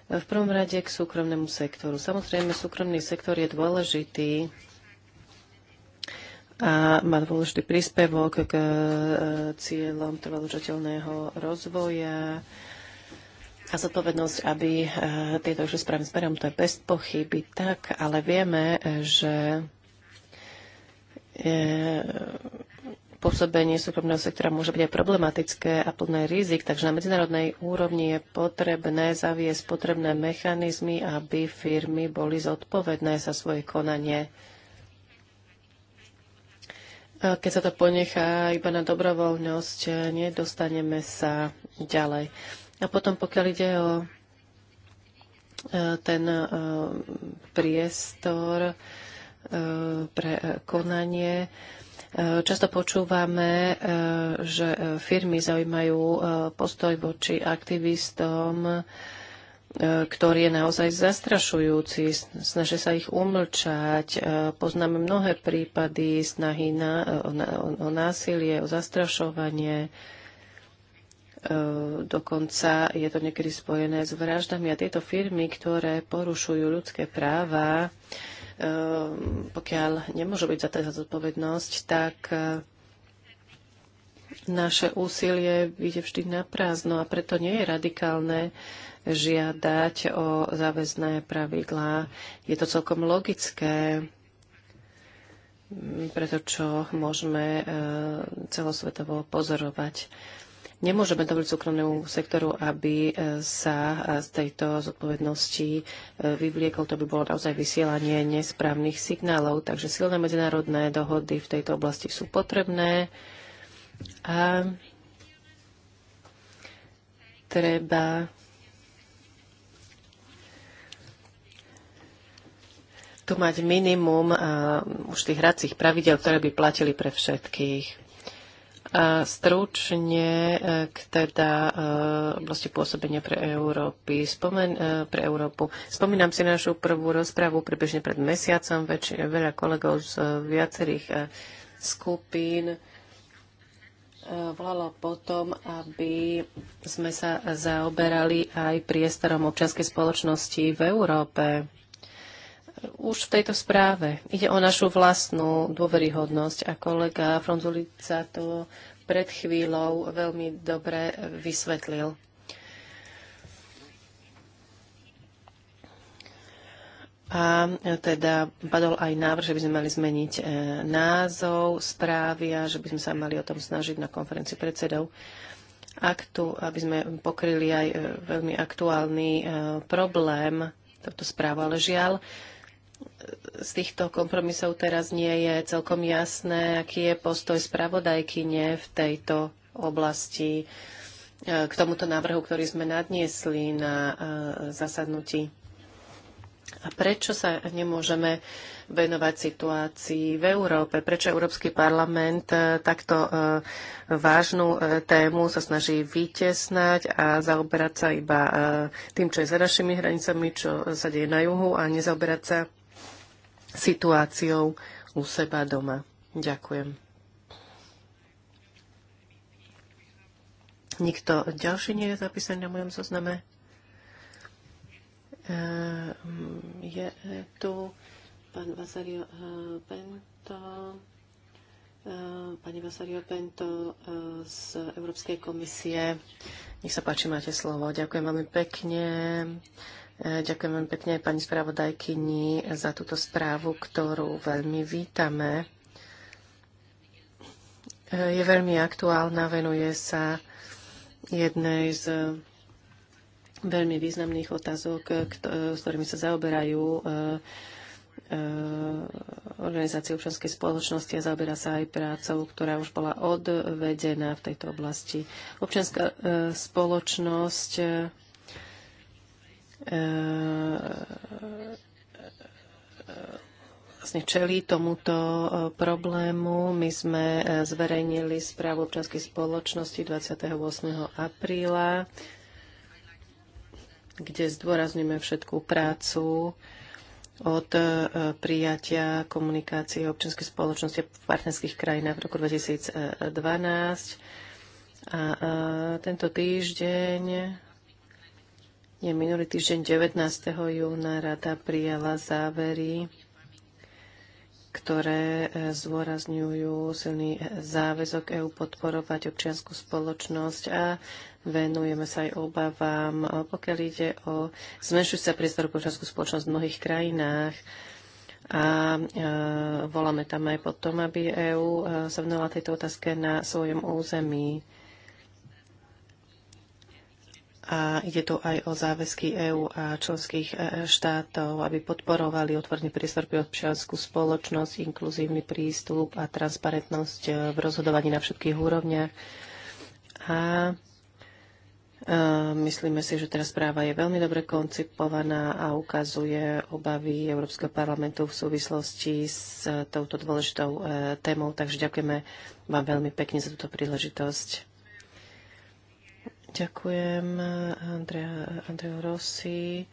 V prvom rade k súkromnému sektoru. Samozrejme, súkromný sektor je dôležitý a má dôležitý príspevok k e, cieľom trvalúžateľného rozvoja a zodpovednosť, aby e, tieto išli správne smerom, to je bez pochyby tak, ale vieme, že e, pôsobenie súkromného sektora môže byť aj problematické a plné rizik, takže na medzinárodnej úrovni je potrebné zaviesť potrebné mechanizmy, aby firmy boli zodpovedné za svoje konanie. Keď sa to ponechá iba na dobrovoľnosť, nedostaneme sa ďalej. A potom, pokiaľ ide o e, ten e, priestor e, pre konanie, Často počúvame, že firmy zaujímajú postoj voči aktivistom, E, ktorý je naozaj zastrašujúci. snaží sa ich umlčať. E, poznáme mnohé prípady snahy na, o, e, o, o násilie, o zastrašovanie. Dokonca je to niekedy spojené s vraždami. A tieto firmy, ktoré porušujú ľudské práva, pokiaľ nemôžu byť za to zodpovednosť, tak naše úsilie ide vždy na prázdno a preto nie je radikálne žiadať o záväzné pravidlá. Je to celkom logické, preto čo môžeme e, celosvetovo pozorovať. Nemôžeme dovoliť súkromnému sektoru, aby e, sa z tejto zodpovednosti e, vyvliekol. To by bolo naozaj vysielanie nesprávnych signálov. Takže silné medzinárodné dohody v tejto oblasti sú potrebné. A treba tu mať minimum uh, už tých hracích pravidel, ktoré by platili pre všetkých. A stručne eh, k teda eh, oblasti pôsobenia pre, Európy, spomen, pre Európu. Spomínam si našu prvú rozprávu približne pred mesiacom. Več, veľa kolegov z viacerých skupín volalo potom, aby sme sa zaoberali aj priestorom občianskej spoločnosti v Európe už v tejto správe. Ide o našu vlastnú dôveryhodnosť a kolega Fronzulica to pred chvíľou veľmi dobre vysvetlil. A teda padol aj návrh, že by sme mali zmeniť e, názov správy a že by sme sa mali o tom snažiť na konferencii predsedov aktu, aby sme pokryli aj e, veľmi aktuálny e, problém tohto správu, ale žiaľ, z týchto kompromisov teraz nie je celkom jasné, aký je postoj spravodajkyne v tejto oblasti e, k tomuto návrhu, ktorý sme nadniesli na e, zasadnutí. A prečo sa nemôžeme venovať situácii v Európe? Prečo Európsky parlament e, takto vážnu tému sa snaží vytesnať a zaoberať sa iba tým, čo je za našimi hranicami, čo sa deje na juhu a nezaoberať sa situáciou u seba doma. Ďakujem. Nikto ďalší nie je zapísaný na mojom zozname? Ehm, je tu pán Vasario Pento, eh, eh, pani Vasario Pento eh, z Európskej komisie. Nech sa páči, máte slovo. Ďakujem veľmi pekne. Ďakujem veľmi pekne pani spravodajkyni za túto správu, ktorú veľmi vítame. Je veľmi aktuálna, venuje sa jednej z veľmi významných otázok, s ktorými sa zaoberajú e, e, organizácie občanskej spoločnosti a zaoberá sa aj prácou, ktorá už bola odvedená v tejto oblasti. Občianská e, spoločnosť E, e, vlastne čelí tomuto e, problému. My sme zverejnili správu občanskej spoločnosti 28. apríla, kde zdôrazňujeme všetkú prácu od prijatia komunikácie občianskej spoločnosti v partnerských krajinách v roku 2012. A, a tento týždeň je minulý týždeň 19. júna rada prijala závery, ktoré e, zdôrazňujú silný záväzok EÚ podporovať občianskú spoločnosť a venujeme sa aj obavám, e, pokiaľ ide o zmenšujúci sa priestor občianskú spoločnosť v mnohých krajinách a e, voláme tam aj potom, aby EÚ e, sa venovala tejto otázke na svojom území a ide tu aj o záväzky EÚ a členských e, štátov, aby podporovali otvorný priestor pre občianskú spoločnosť, inkluzívny prístup a transparentnosť e, v rozhodovaní na všetkých úrovniach. A e, Myslíme si, že teraz správa je veľmi dobre koncipovaná a ukazuje obavy Európskeho parlamentu v súvislosti s touto dôležitou témou, takže ďakujeme vám veľmi pekne za túto príležitosť. Ďakujem eh, Andrea, Andreu Rossi eh,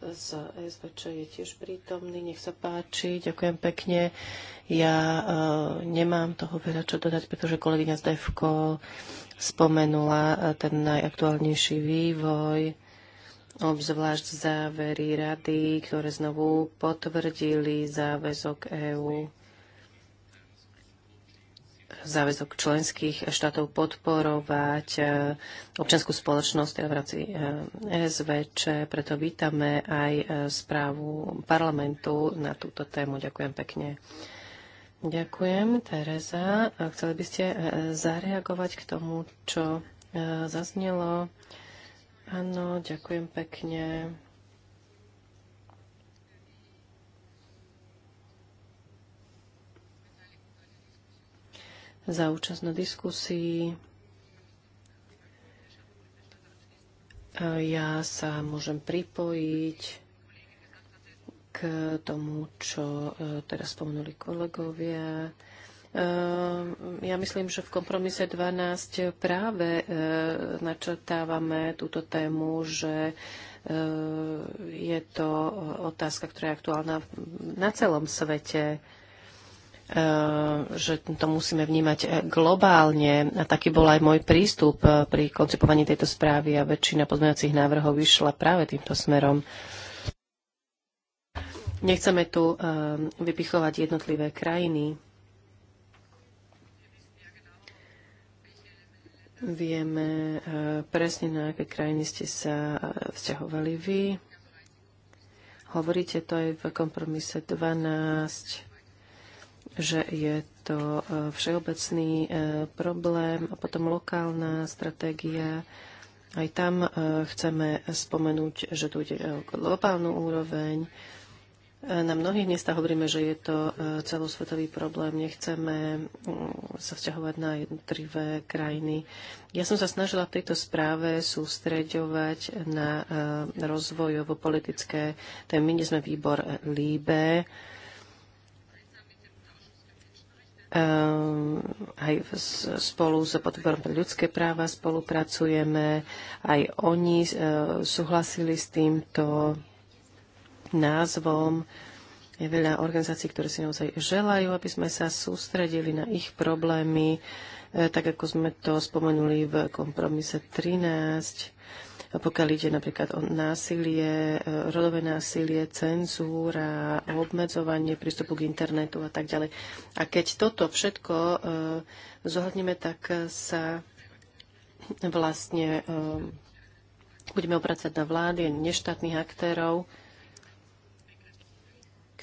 z SBČ je tiež prítomný. Nech sa páči, ďakujem pekne. Ja uh, nemám toho veľa čo dodať, pretože kolegyňa Zdevko spomenula ten najaktuálnejší vývoj, obzvlášť závery rady, ktoré znovu potvrdili záväzok EÚ záväzok členských štátov podporovať e, občanskú spoločnosť teda v rámci e, SVČ. Preto vítame aj e, správu parlamentu na túto tému. Ďakujem pekne. Ďakujem, Tereza. Chceli by ste zareagovať k tomu, čo zaznelo? Áno, ďakujem pekne. za účasť na diskusii. Ja sa môžem pripojiť k tomu, čo e, teraz spomenuli kolegovia. E, ja myslím, že v kompromise 12 práve e, načrtávame túto tému, že je to otázka, ktorá je aktuálna na celom svete. Eh, že to musíme vnímať eh, globálne. A taký bol aj môj prístup eh, pri koncipovaní tejto správy a väčšina pozmeňovacích návrhov vyšla práve týmto smerom. Nechceme tu vypichovať jednotlivé krajiny. Vieme presne, na aké krajiny ste sa vzťahovali vy. Hovoríte to aj v kompromise 12 že je to e, všeobecný e, problém a potom lokálna stratégia. Aj tam e, chceme spomenúť, že tu ide o globálnu úroveň. Na mnohých miestach hovoríme, že je to celosvetový problém, nechceme mm, sa vzťahovať na jednotlivé krajiny. Ja som sa snažila v tejto správe sústreďovať na rozvojovo-politické témy. My nie sme výbor líbe, Ehm, aj spolu s podporom pre ľudské práva spolupracujeme. Aj oni e, súhlasili s týmto názvom. Je veľa organizácií, ktoré si naozaj želajú, aby sme sa sústredili na ich problémy, e, tak ako sme to spomenuli v kompromise 13 pokiaľ ide napríklad o násilie, e, rodové násilie, cenzúra, obmedzovanie prístupu k internetu a tak ďalej. A keď toto všetko e, zohodneme, tak sa vlastne e, budeme obracať na vlády, neštátnych aktérov,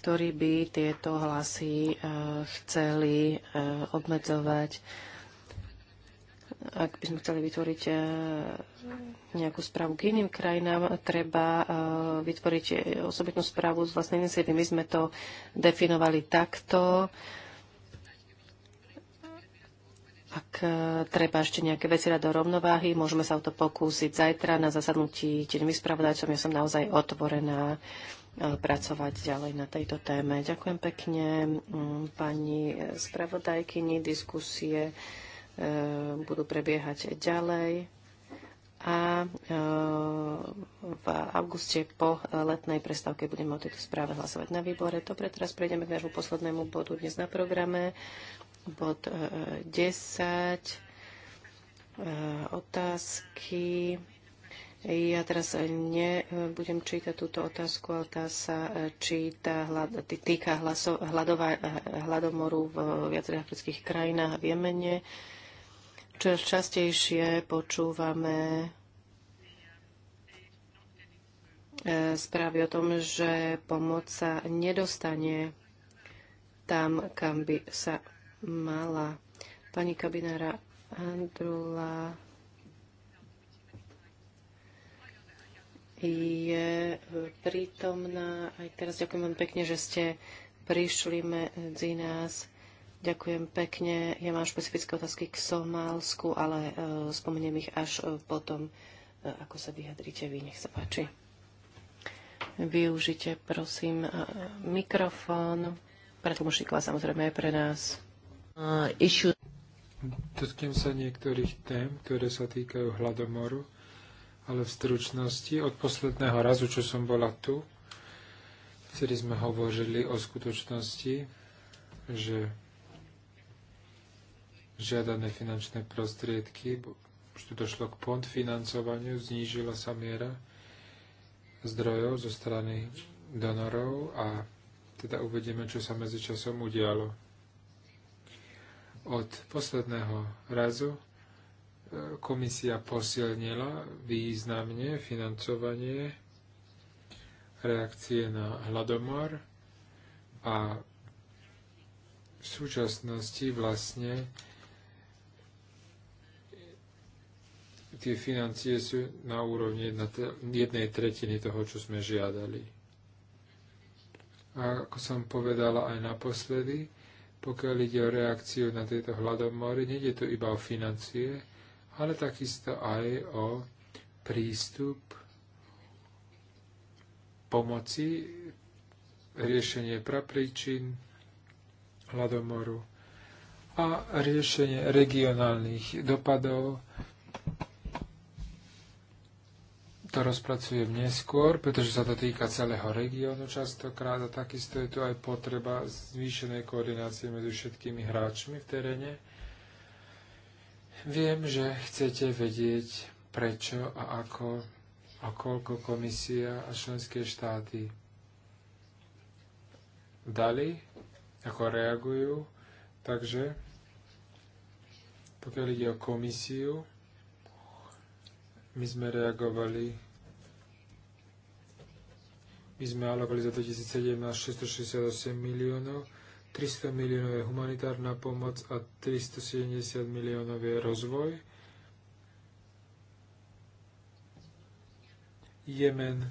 ktorí by tieto hlasy chceli obmedzovať ak by sme chceli vytvoriť e, nejakú správu k iným krajinám, treba e, vytvoriť e, osobitnú správu z vlastnej iniciatívy. My sme to definovali takto. Ak treba ešte nejaké veci dať do rovnováhy, môžeme sa o to pokúsiť zajtra na zasadnutí tieňmi spravodajcom. Ja som naozaj otvorená pracovať ďalej na tejto téme. Ďakujem pekne pani spravodajkyni. Diskusie E, budú prebiehať ďalej a e, v auguste po letnej prestávke budeme o tejto správe hlasovať na výbore. Dobre, teraz prejdeme k nášmu poslednému bodu dnes na programe. Bod 10. E, otázky. Ja teraz nebudem čítať túto otázku, ale tá sa číta, týka hladova, hladomoru v viacerých afrických krajinách a v Jemene. Čoraz častejšie počúvame e, správy o tom, že pomoc sa nedostane tam, kam by sa mala. Pani kabinára Andrula je prítomná. Aj teraz ďakujem vám pekne, že ste prišli medzi nás. Ďakujem pekne. Ja mám špecifické otázky k Somálsku, ale e, spomeniem ich až e, potom, e, ako sa vyjadrite vy. Nech sa páči. Využite, prosím, mikrofón. Pre tlmočníkov samozrejme aj pre nás. Uh, Dotknem sa niektorých tém, ktoré sa týkajú hladomoru, ale v stručnosti od posledného razu, čo som bola tu, vtedy sme hovorili o skutočnosti, že žiadané finančné prostriedky, už tu došlo k pont financovaniu, znížila sa miera zdrojov zo strany donorov a teda uvedieme, čo sa medzičasom udialo. Od posledného razu e, komisia posilnila významne financovanie reakcie na hladomor a v súčasnosti vlastne tie financie sú na úrovni jednej tretiny toho, čo sme žiadali. A ako som povedala aj naposledy, pokiaľ ide o reakciu na tieto hladomory, nejde tu iba o financie, ale takisto aj o prístup pomoci, riešenie prapríčin hladomoru a riešenie regionálnych dopadov to rozpracujem neskôr, pretože sa to týka celého regiónu častokrát a takisto je tu aj potreba zvýšenej koordinácie medzi všetkými hráčmi v teréne. Viem, že chcete vedieť, prečo a ako a koľko komisia a členské štáty dali, ako reagujú. Takže, pokiaľ ide o komisiu, my sme reagovali my sme alokali za 2017 668 miliónov, 300 miliónov je humanitárna pomoc a 370 miliónov je rozvoj. Jemen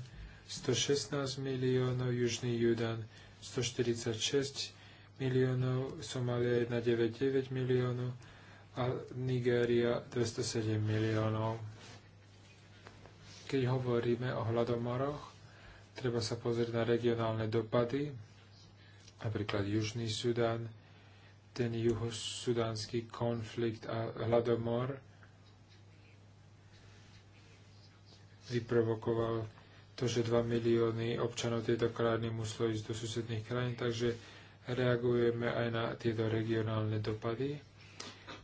116 miliónov, Južný Judan 146 miliónov, Somália 199 miliónov a Nigéria 207 miliónov. Keď hovoríme o hladomoroch, Treba sa pozrieť na regionálne dopady, napríklad Južný Sudán, ten juhosudánsky konflikt a hladomor vyprovokoval to, že 2 milióny občanov tejto krajiny muselo ísť do susedných krajín, takže reagujeme aj na tieto regionálne dopady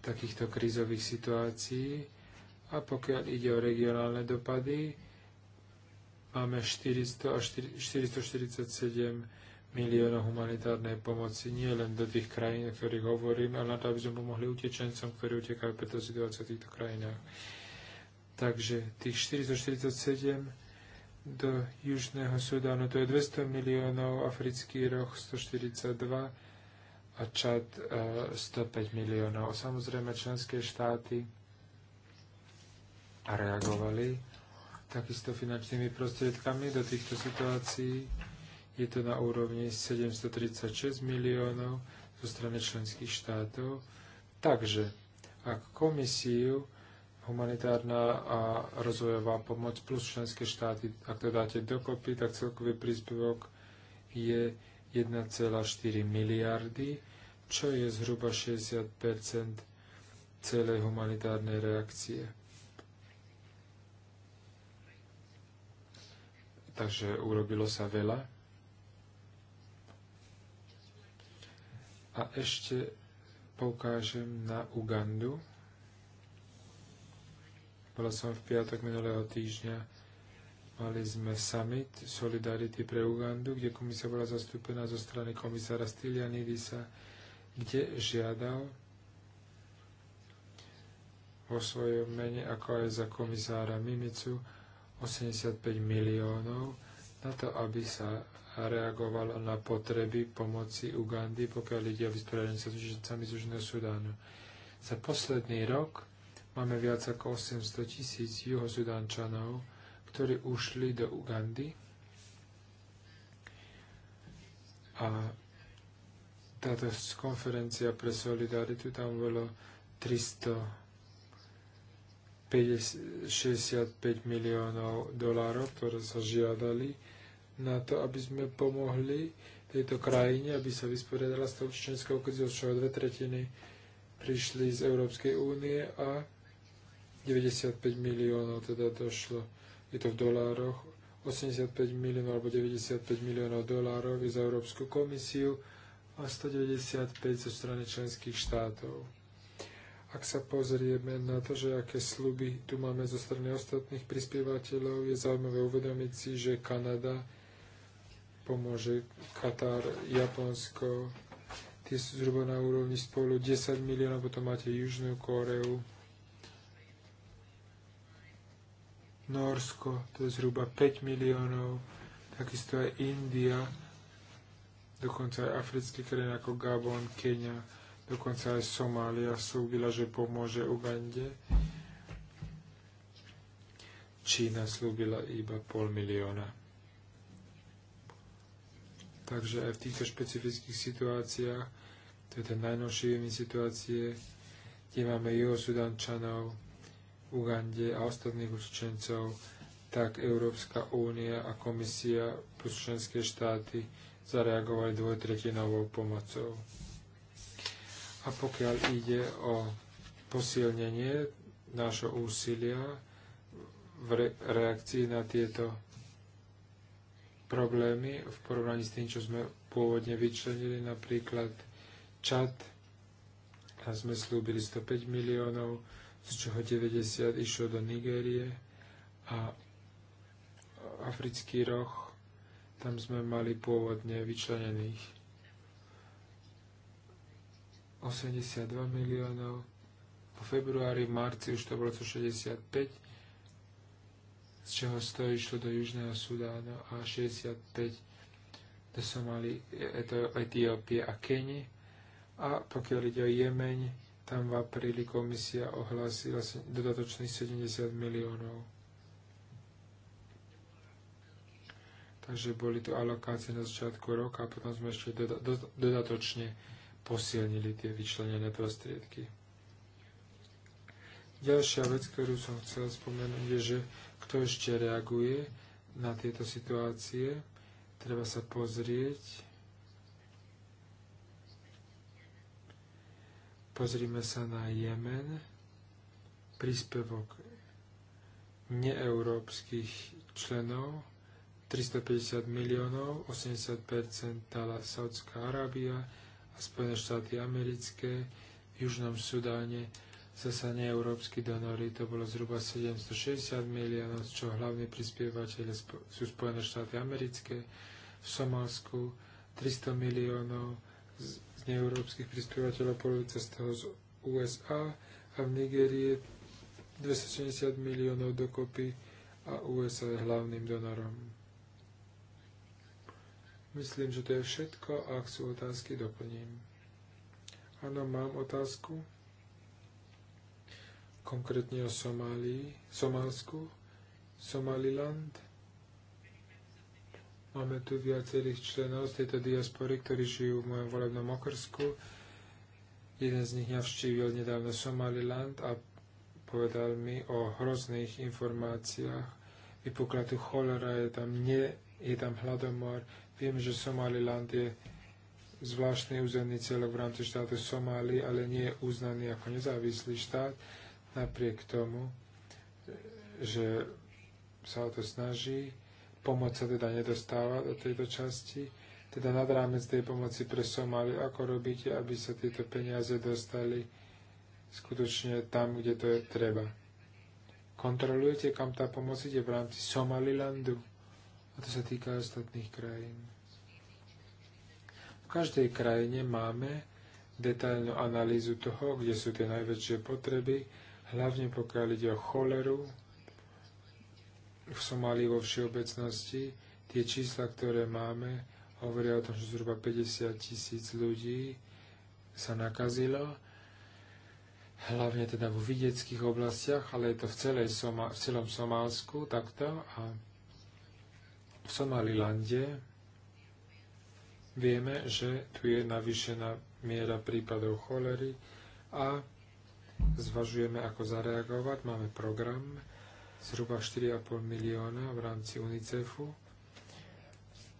takýchto krízových situácií. A pokiaľ ide o regionálne dopady, Máme 400 až 447 miliónov humanitárnej pomoci, nie len do tých krajín, o ktorých hovorím, ale na to, aby sme pomohli utečencom, ktorí utekajú preto situáciu v týchto krajinách. Takže tých 447 do Južného Sudánu, to je 200 miliónov, Africký roh 142 a Čad 105 e, miliónov. Samozrejme, členské štáty reagovali takisto finančnými prostriedkami do týchto situácií. Je to na úrovni 736 miliónov zo strany členských štátov. Takže, ak komisiu humanitárna a rozvojová pomoc plus členské štáty, ak to dáte dokopy, tak celkový príspevok je 1,4 miliardy, čo je zhruba 60 celej humanitárnej reakcie. takže urobilo sa veľa. A ešte poukážem na Ugandu. Bola som v piatok minulého týždňa. Mali sme summit Solidarity pre Ugandu, kde komisia bola zastúpená zo strany komisára Stylianidisa, kde žiadal vo svojom mene, ako aj za komisára Mimicu, 85 miliónov na to, aby sa reagovalo na potreby pomoci Ugandy, pokiaľ ide o vysporiadanie sa s z Južného Sudánu. Za posledný rok máme viac ako 800 tisíc juhosudančanov, ktorí ušli do Ugandy a táto konferencia pre solidaritu tam bolo 300 65 miliónov dolárov, ktoré sa žiadali na to, aby sme pomohli tejto krajine, aby sa vysporiadala s tou čečenskou krizou, z čoho dve tretiny prišli z Európskej únie a 95 miliónov teda došlo, je to v dolároch, 85 miliónov alebo 95 miliónov dolárov je za Európsku komisiu a 195 zo strany členských štátov ak sa pozrieme na to, že aké sluby tu máme zo strany ostatných prispievateľov, je zaujímavé uvedomiť si, že Kanada pomôže Katar, Japonsko, tie sú zhruba na úrovni spolu 10 miliónov, potom máte Južnú Kóreu, Norsko, to je zhruba 5 miliónov, takisto aj India, dokonca aj africké krajiny ako Gabon, Kenia, Dokonca aj Somália súbila, že pomôže Ugande. Čína slúbila iba pol milióna. Takže aj v týchto špecifických situáciách, to je ten najnovší situácie, kde máme juhosudančanov, Ugande a ostatných učencov, tak Európska únia a komisia plus členské štáty zareagovali dvojtretinovou pomocou. A pokiaľ ide o posilnenie nášho úsilia v re- reakcii na tieto problémy v porovnaní s tým, čo sme pôvodne vyčlenili, napríklad čat, a sme slúbili 105 miliónov, z čoho 90 išlo do Nigérie a africký roh, tam sme mali pôvodne vyčlenených 82 miliónov, po februári, marci už to bolo 65, z čoho 100 išlo do Južného Sudánu a 65 do Somali, e, Etiópie a Keni. A pokiaľ ide o Jemeň, tam v apríli komisia ohlásila dodatočných 70 miliónov. Takže boli tu alokácie na začiatku roka a potom sme ešte doda- dodatočne posilnili tie vyčlenené prostriedky. Ďalšia vec, ktorú som chcel spomenúť, je, že kto ešte reaguje na tieto situácie, treba sa pozrieť. Pozrime sa na Jemen, príspevok neeurópskych členov, 350 miliónov, 80% dala Saudská Arábia, a Spojené štáty americké v Južnom Sudáne zase neeurópsky donory, to bolo zhruba 760 miliónov, z čoho hlavní prispievateľe sú Spojené štáty americké, v Somálsku 300 miliónov z, z neeurópskych prispievateľov, polovica z toho z USA a v Nigerii 270 miliónov dokopy a USA je hlavným donorom. Myslím, že to je všetko. Ak sú otázky, doplním. Áno, mám otázku. Konkrétne o Somálii, Somálsku, Somaliland. Máme tu viacerých členov z tejto diaspory, ktorí žijú v mojom volebnom okrsku. Jeden z nich navštívil nedávno Somaliland a povedal mi o hrozných informáciách. Vypukla tu cholera, je tam ne je tam hladomor. Viem, že Somaliland je zvláštny územný celok v rámci štátu Somálii, ale nie je uznaný ako nezávislý štát, napriek tomu, že sa o to snaží. Pomoc sa teda nedostáva do tejto časti. Teda nad rámec tej pomoci pre Somáliu, ako robíte, aby sa tieto peniaze dostali skutočne tam, kde to je treba. Kontrolujete, kam tá pomoc ide v rámci Somalilandu? to sa týka ostatných krajín. V každej krajine máme detailnú analýzu toho, kde sú tie najväčšie potreby, hlavne pokiaľ ide o choleru, v Somálii vo všeobecnosti. Tie čísla, ktoré máme, hovoria o tom, že zhruba 50 tisíc ľudí sa nakazilo, hlavne teda vo vidieckých oblastiach, ale je to v, celej Soma, v celom Somálsku takto a v Somalilande vieme, že tu je navýšená miera prípadov cholery a zvažujeme, ako zareagovať. Máme program zhruba 4,5 milióna v rámci UNICEFu,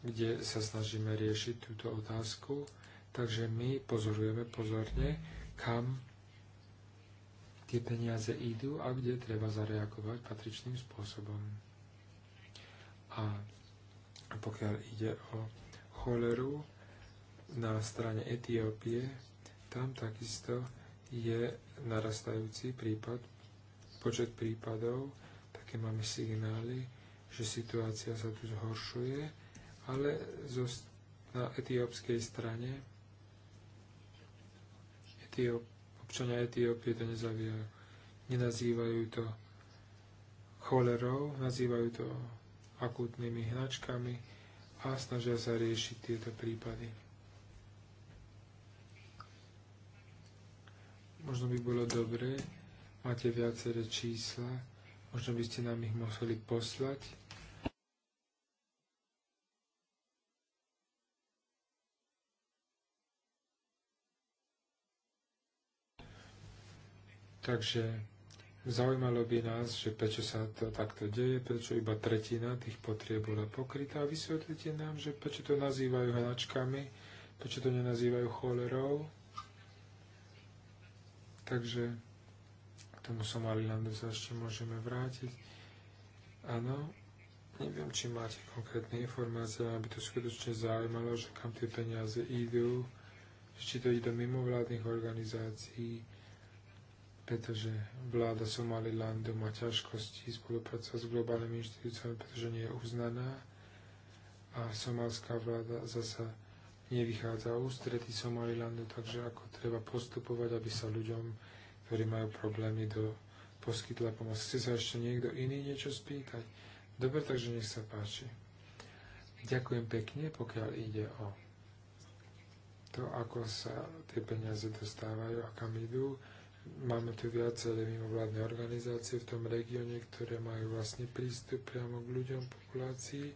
kde sa snažíme riešiť túto otázku. Takže my pozorujeme pozorne, kam tie peniaze idú a kde treba zareagovať patričným spôsobom. A pokiaľ ide o choleru na strane Etiópie, tam takisto je narastajúci prípad, počet prípadov, také máme signály, že situácia sa tu zhoršuje, ale zo, na etiópskej strane Etióp, občania Etiópie to nezavia, nenazývajú to cholerou, nazývajú to akútnymi hnačkami a snažia sa riešiť tieto prípady. Možno by bolo dobré, máte viaceré čísla, možno by ste nám ich museli poslať. Takže Zaujímalo by nás, že prečo sa to takto deje, prečo iba tretina tých potrieb bola pokrytá a vysvetlite nám, že prečo to nazývajú hračkami, prečo to nenazývajú cholerou. Takže k tomu Somalilandu sa ešte môžeme vrátiť. Áno, neviem, či máte konkrétne informácie, aby to skutočne zaujímalo, že kam tie peniaze idú, či to ide do mimovládnych organizácií, pretože vláda Somalilandu má ťažkosti spolupracovať s globálnymi inštitúciami, pretože nie je uznaná a somalská vláda zasa nevychádza ústretí Somalilandu, takže ako treba postupovať, aby sa ľuďom, ktorí majú problémy, do, poskytla pomoc. Chce sa ešte niekto iný niečo spýtať? Dobre, takže nech sa páči. Ďakujem pekne, pokiaľ ide o to, ako sa tie peniaze dostávajú a kam idú. Máme tu viaceré mimovládne organizácie v tom regióne, ktoré majú vlastne prístup priamo k ľuďom, populácii.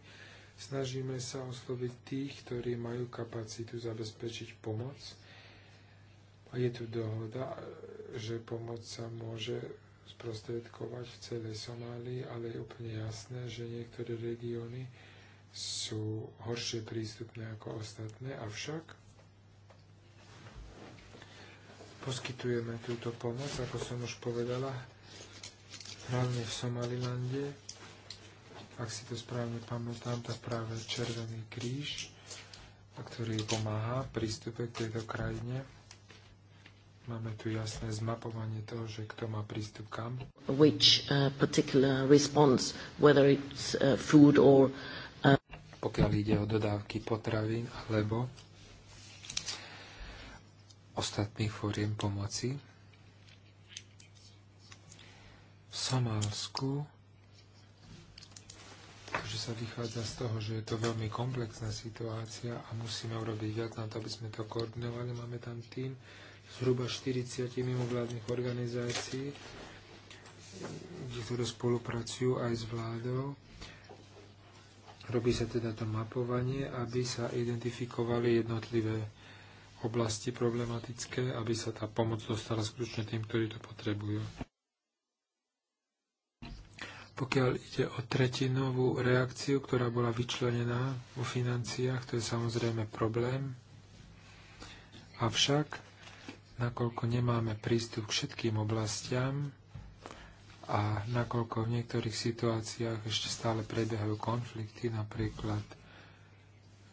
Snažíme sa osloviť tých, ktorí majú kapacitu zabezpečiť pomoc. A je tu dohoda, že pomoc sa môže sprostredkovať v celej Somálii, ale je úplne jasné, že niektoré regióny sú horšie prístupné ako ostatné, avšak Poskytujeme túto pomoc, ako som už povedala, hlavne v Somalilande. Ak si to správne pamätám, tak práve Červený kríž, ktorý pomáha prístupe k tejto krajine. Máme tu jasné zmapovanie toho, že kto má prístup kam. Which uh, particular response, whether it's uh, food or... Uh... Pokiaľ ide o dodávky potravín alebo ostatných fóriem pomoci. V Somálsku, takže sa vychádza z toho, že je to veľmi komplexná situácia a musíme urobiť viac na to, aby sme to koordinovali. Máme tam tým zhruba 40 mimovládnych organizácií, ktoré spolupracujú aj s vládou. Robí sa teda to mapovanie, aby sa identifikovali jednotlivé oblasti problematické, aby sa tá pomoc dostala skutočne tým, ktorí to potrebujú. Pokiaľ ide o tretinovú reakciu, ktorá bola vyčlenená vo financiách, to je samozrejme problém. Avšak, nakoľko nemáme prístup k všetkým oblastiam a nakoľko v niektorých situáciách ešte stále prebiehajú konflikty, napríklad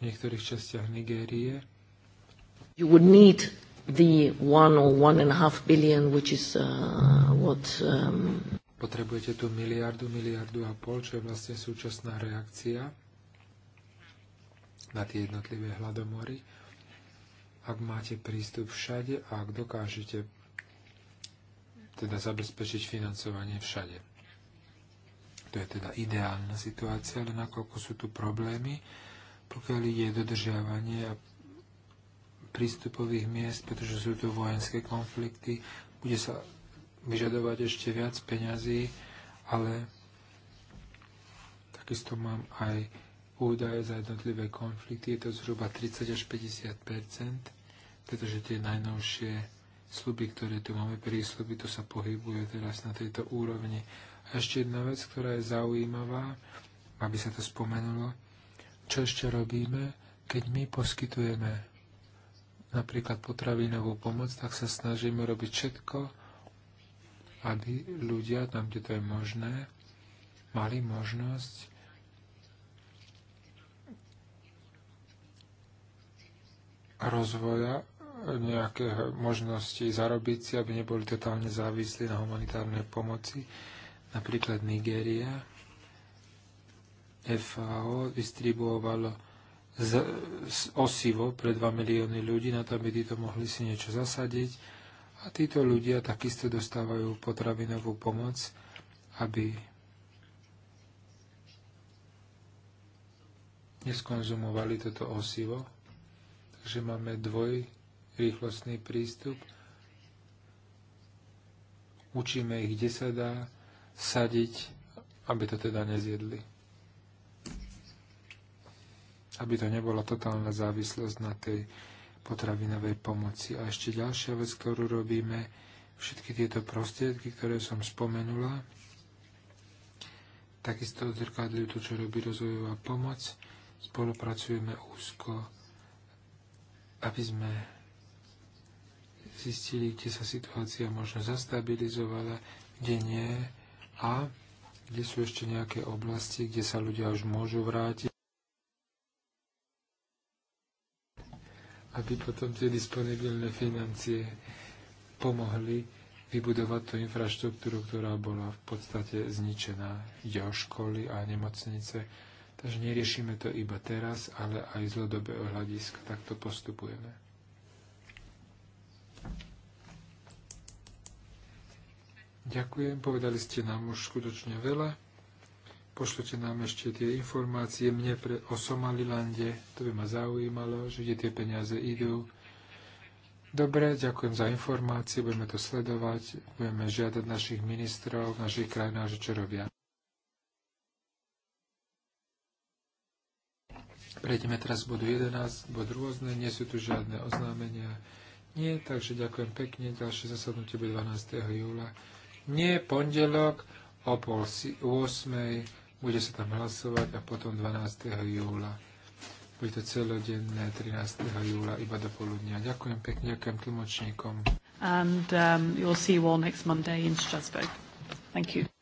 v niektorých častiach Nigérie, You would need the one or one and a half billion, which is uh, what... Um... Potrebujete tú miliardu, miliardu a pol, čo je vlastne súčasná reakcia na tie jednotlivé hladomory. Ak máte prístup všade a ak dokážete teda zabezpečiť financovanie všade. To je teda ideálna situácia, ale nakoľko sú tu problémy, pokiaľ je dodržiavanie a prístupových miest, pretože sú tu vojenské konflikty. Bude sa vyžadovať ešte viac peňazí, ale takisto mám aj údaje za jednotlivé konflikty. Je to zhruba 30 až 50 pretože tie najnovšie sluby, ktoré tu máme, prísluby, to sa pohybuje teraz na tejto úrovni. A ešte jedna vec, ktorá je zaujímavá, aby sa to spomenulo, čo ešte robíme, keď my poskytujeme napríklad potravinovú pomoc, tak sa snažíme robiť všetko, aby ľudia tam, kde to je možné, mali možnosť rozvoja nejaké možnosti zarobiť si, aby neboli totálne závislí na humanitárnej pomoci. Napríklad Nigéria, FAO distribuovalo z, z osivo pre 2 milióny ľudí, na to, aby títo mohli si niečo zasadiť. A títo ľudia takisto dostávajú potravinovú pomoc, aby neskonzumovali toto osivo. Takže máme dvoj rýchlostný prístup. Učíme ich, kde sa dá sadiť, aby to teda nezjedli aby to nebola totálna závislosť na tej potravinovej pomoci. A ešte ďalšia vec, ktorú robíme, všetky tieto prostriedky, ktoré som spomenula, takisto odzrkadľujú to, čo robí rozvojová pomoc. Spolupracujeme úzko, aby sme zistili, kde sa situácia možno zastabilizovala, kde nie a kde sú ešte nejaké oblasti, kde sa ľudia už môžu vrátiť. aby potom tie disponibilné financie pomohli vybudovať tú infraštruktúru, ktorá bola v podstate zničená. Ide o školy a nemocnice. Takže neriešime to iba teraz, ale aj z dlhodobého hľadiska. Takto postupujeme. Ďakujem, povedali ste nám už skutočne veľa pošlete nám ešte tie informácie mne pre, o Somalilande, to by ma zaujímalo, že kde tie peniaze idú. Dobre, ďakujem za informácie, budeme to sledovať, budeme žiadať našich ministrov našich krajinách, že čo robia. Prejdeme teraz k bodu 11, bod rôzne, nie sú tu žiadne oznámenia. Nie, takže ďakujem pekne, ďalšie zasadnutie bude 12. júla. Nie, pondelok o pol 8 bude sa tam hlasovať a potom 12. júla. Bude to celodenné 13. júla iba do poludnia. Ďakujem pekne, ďakujem tlmočníkom. And um, you'll see you all next Monday in Strasbourg. Thank you.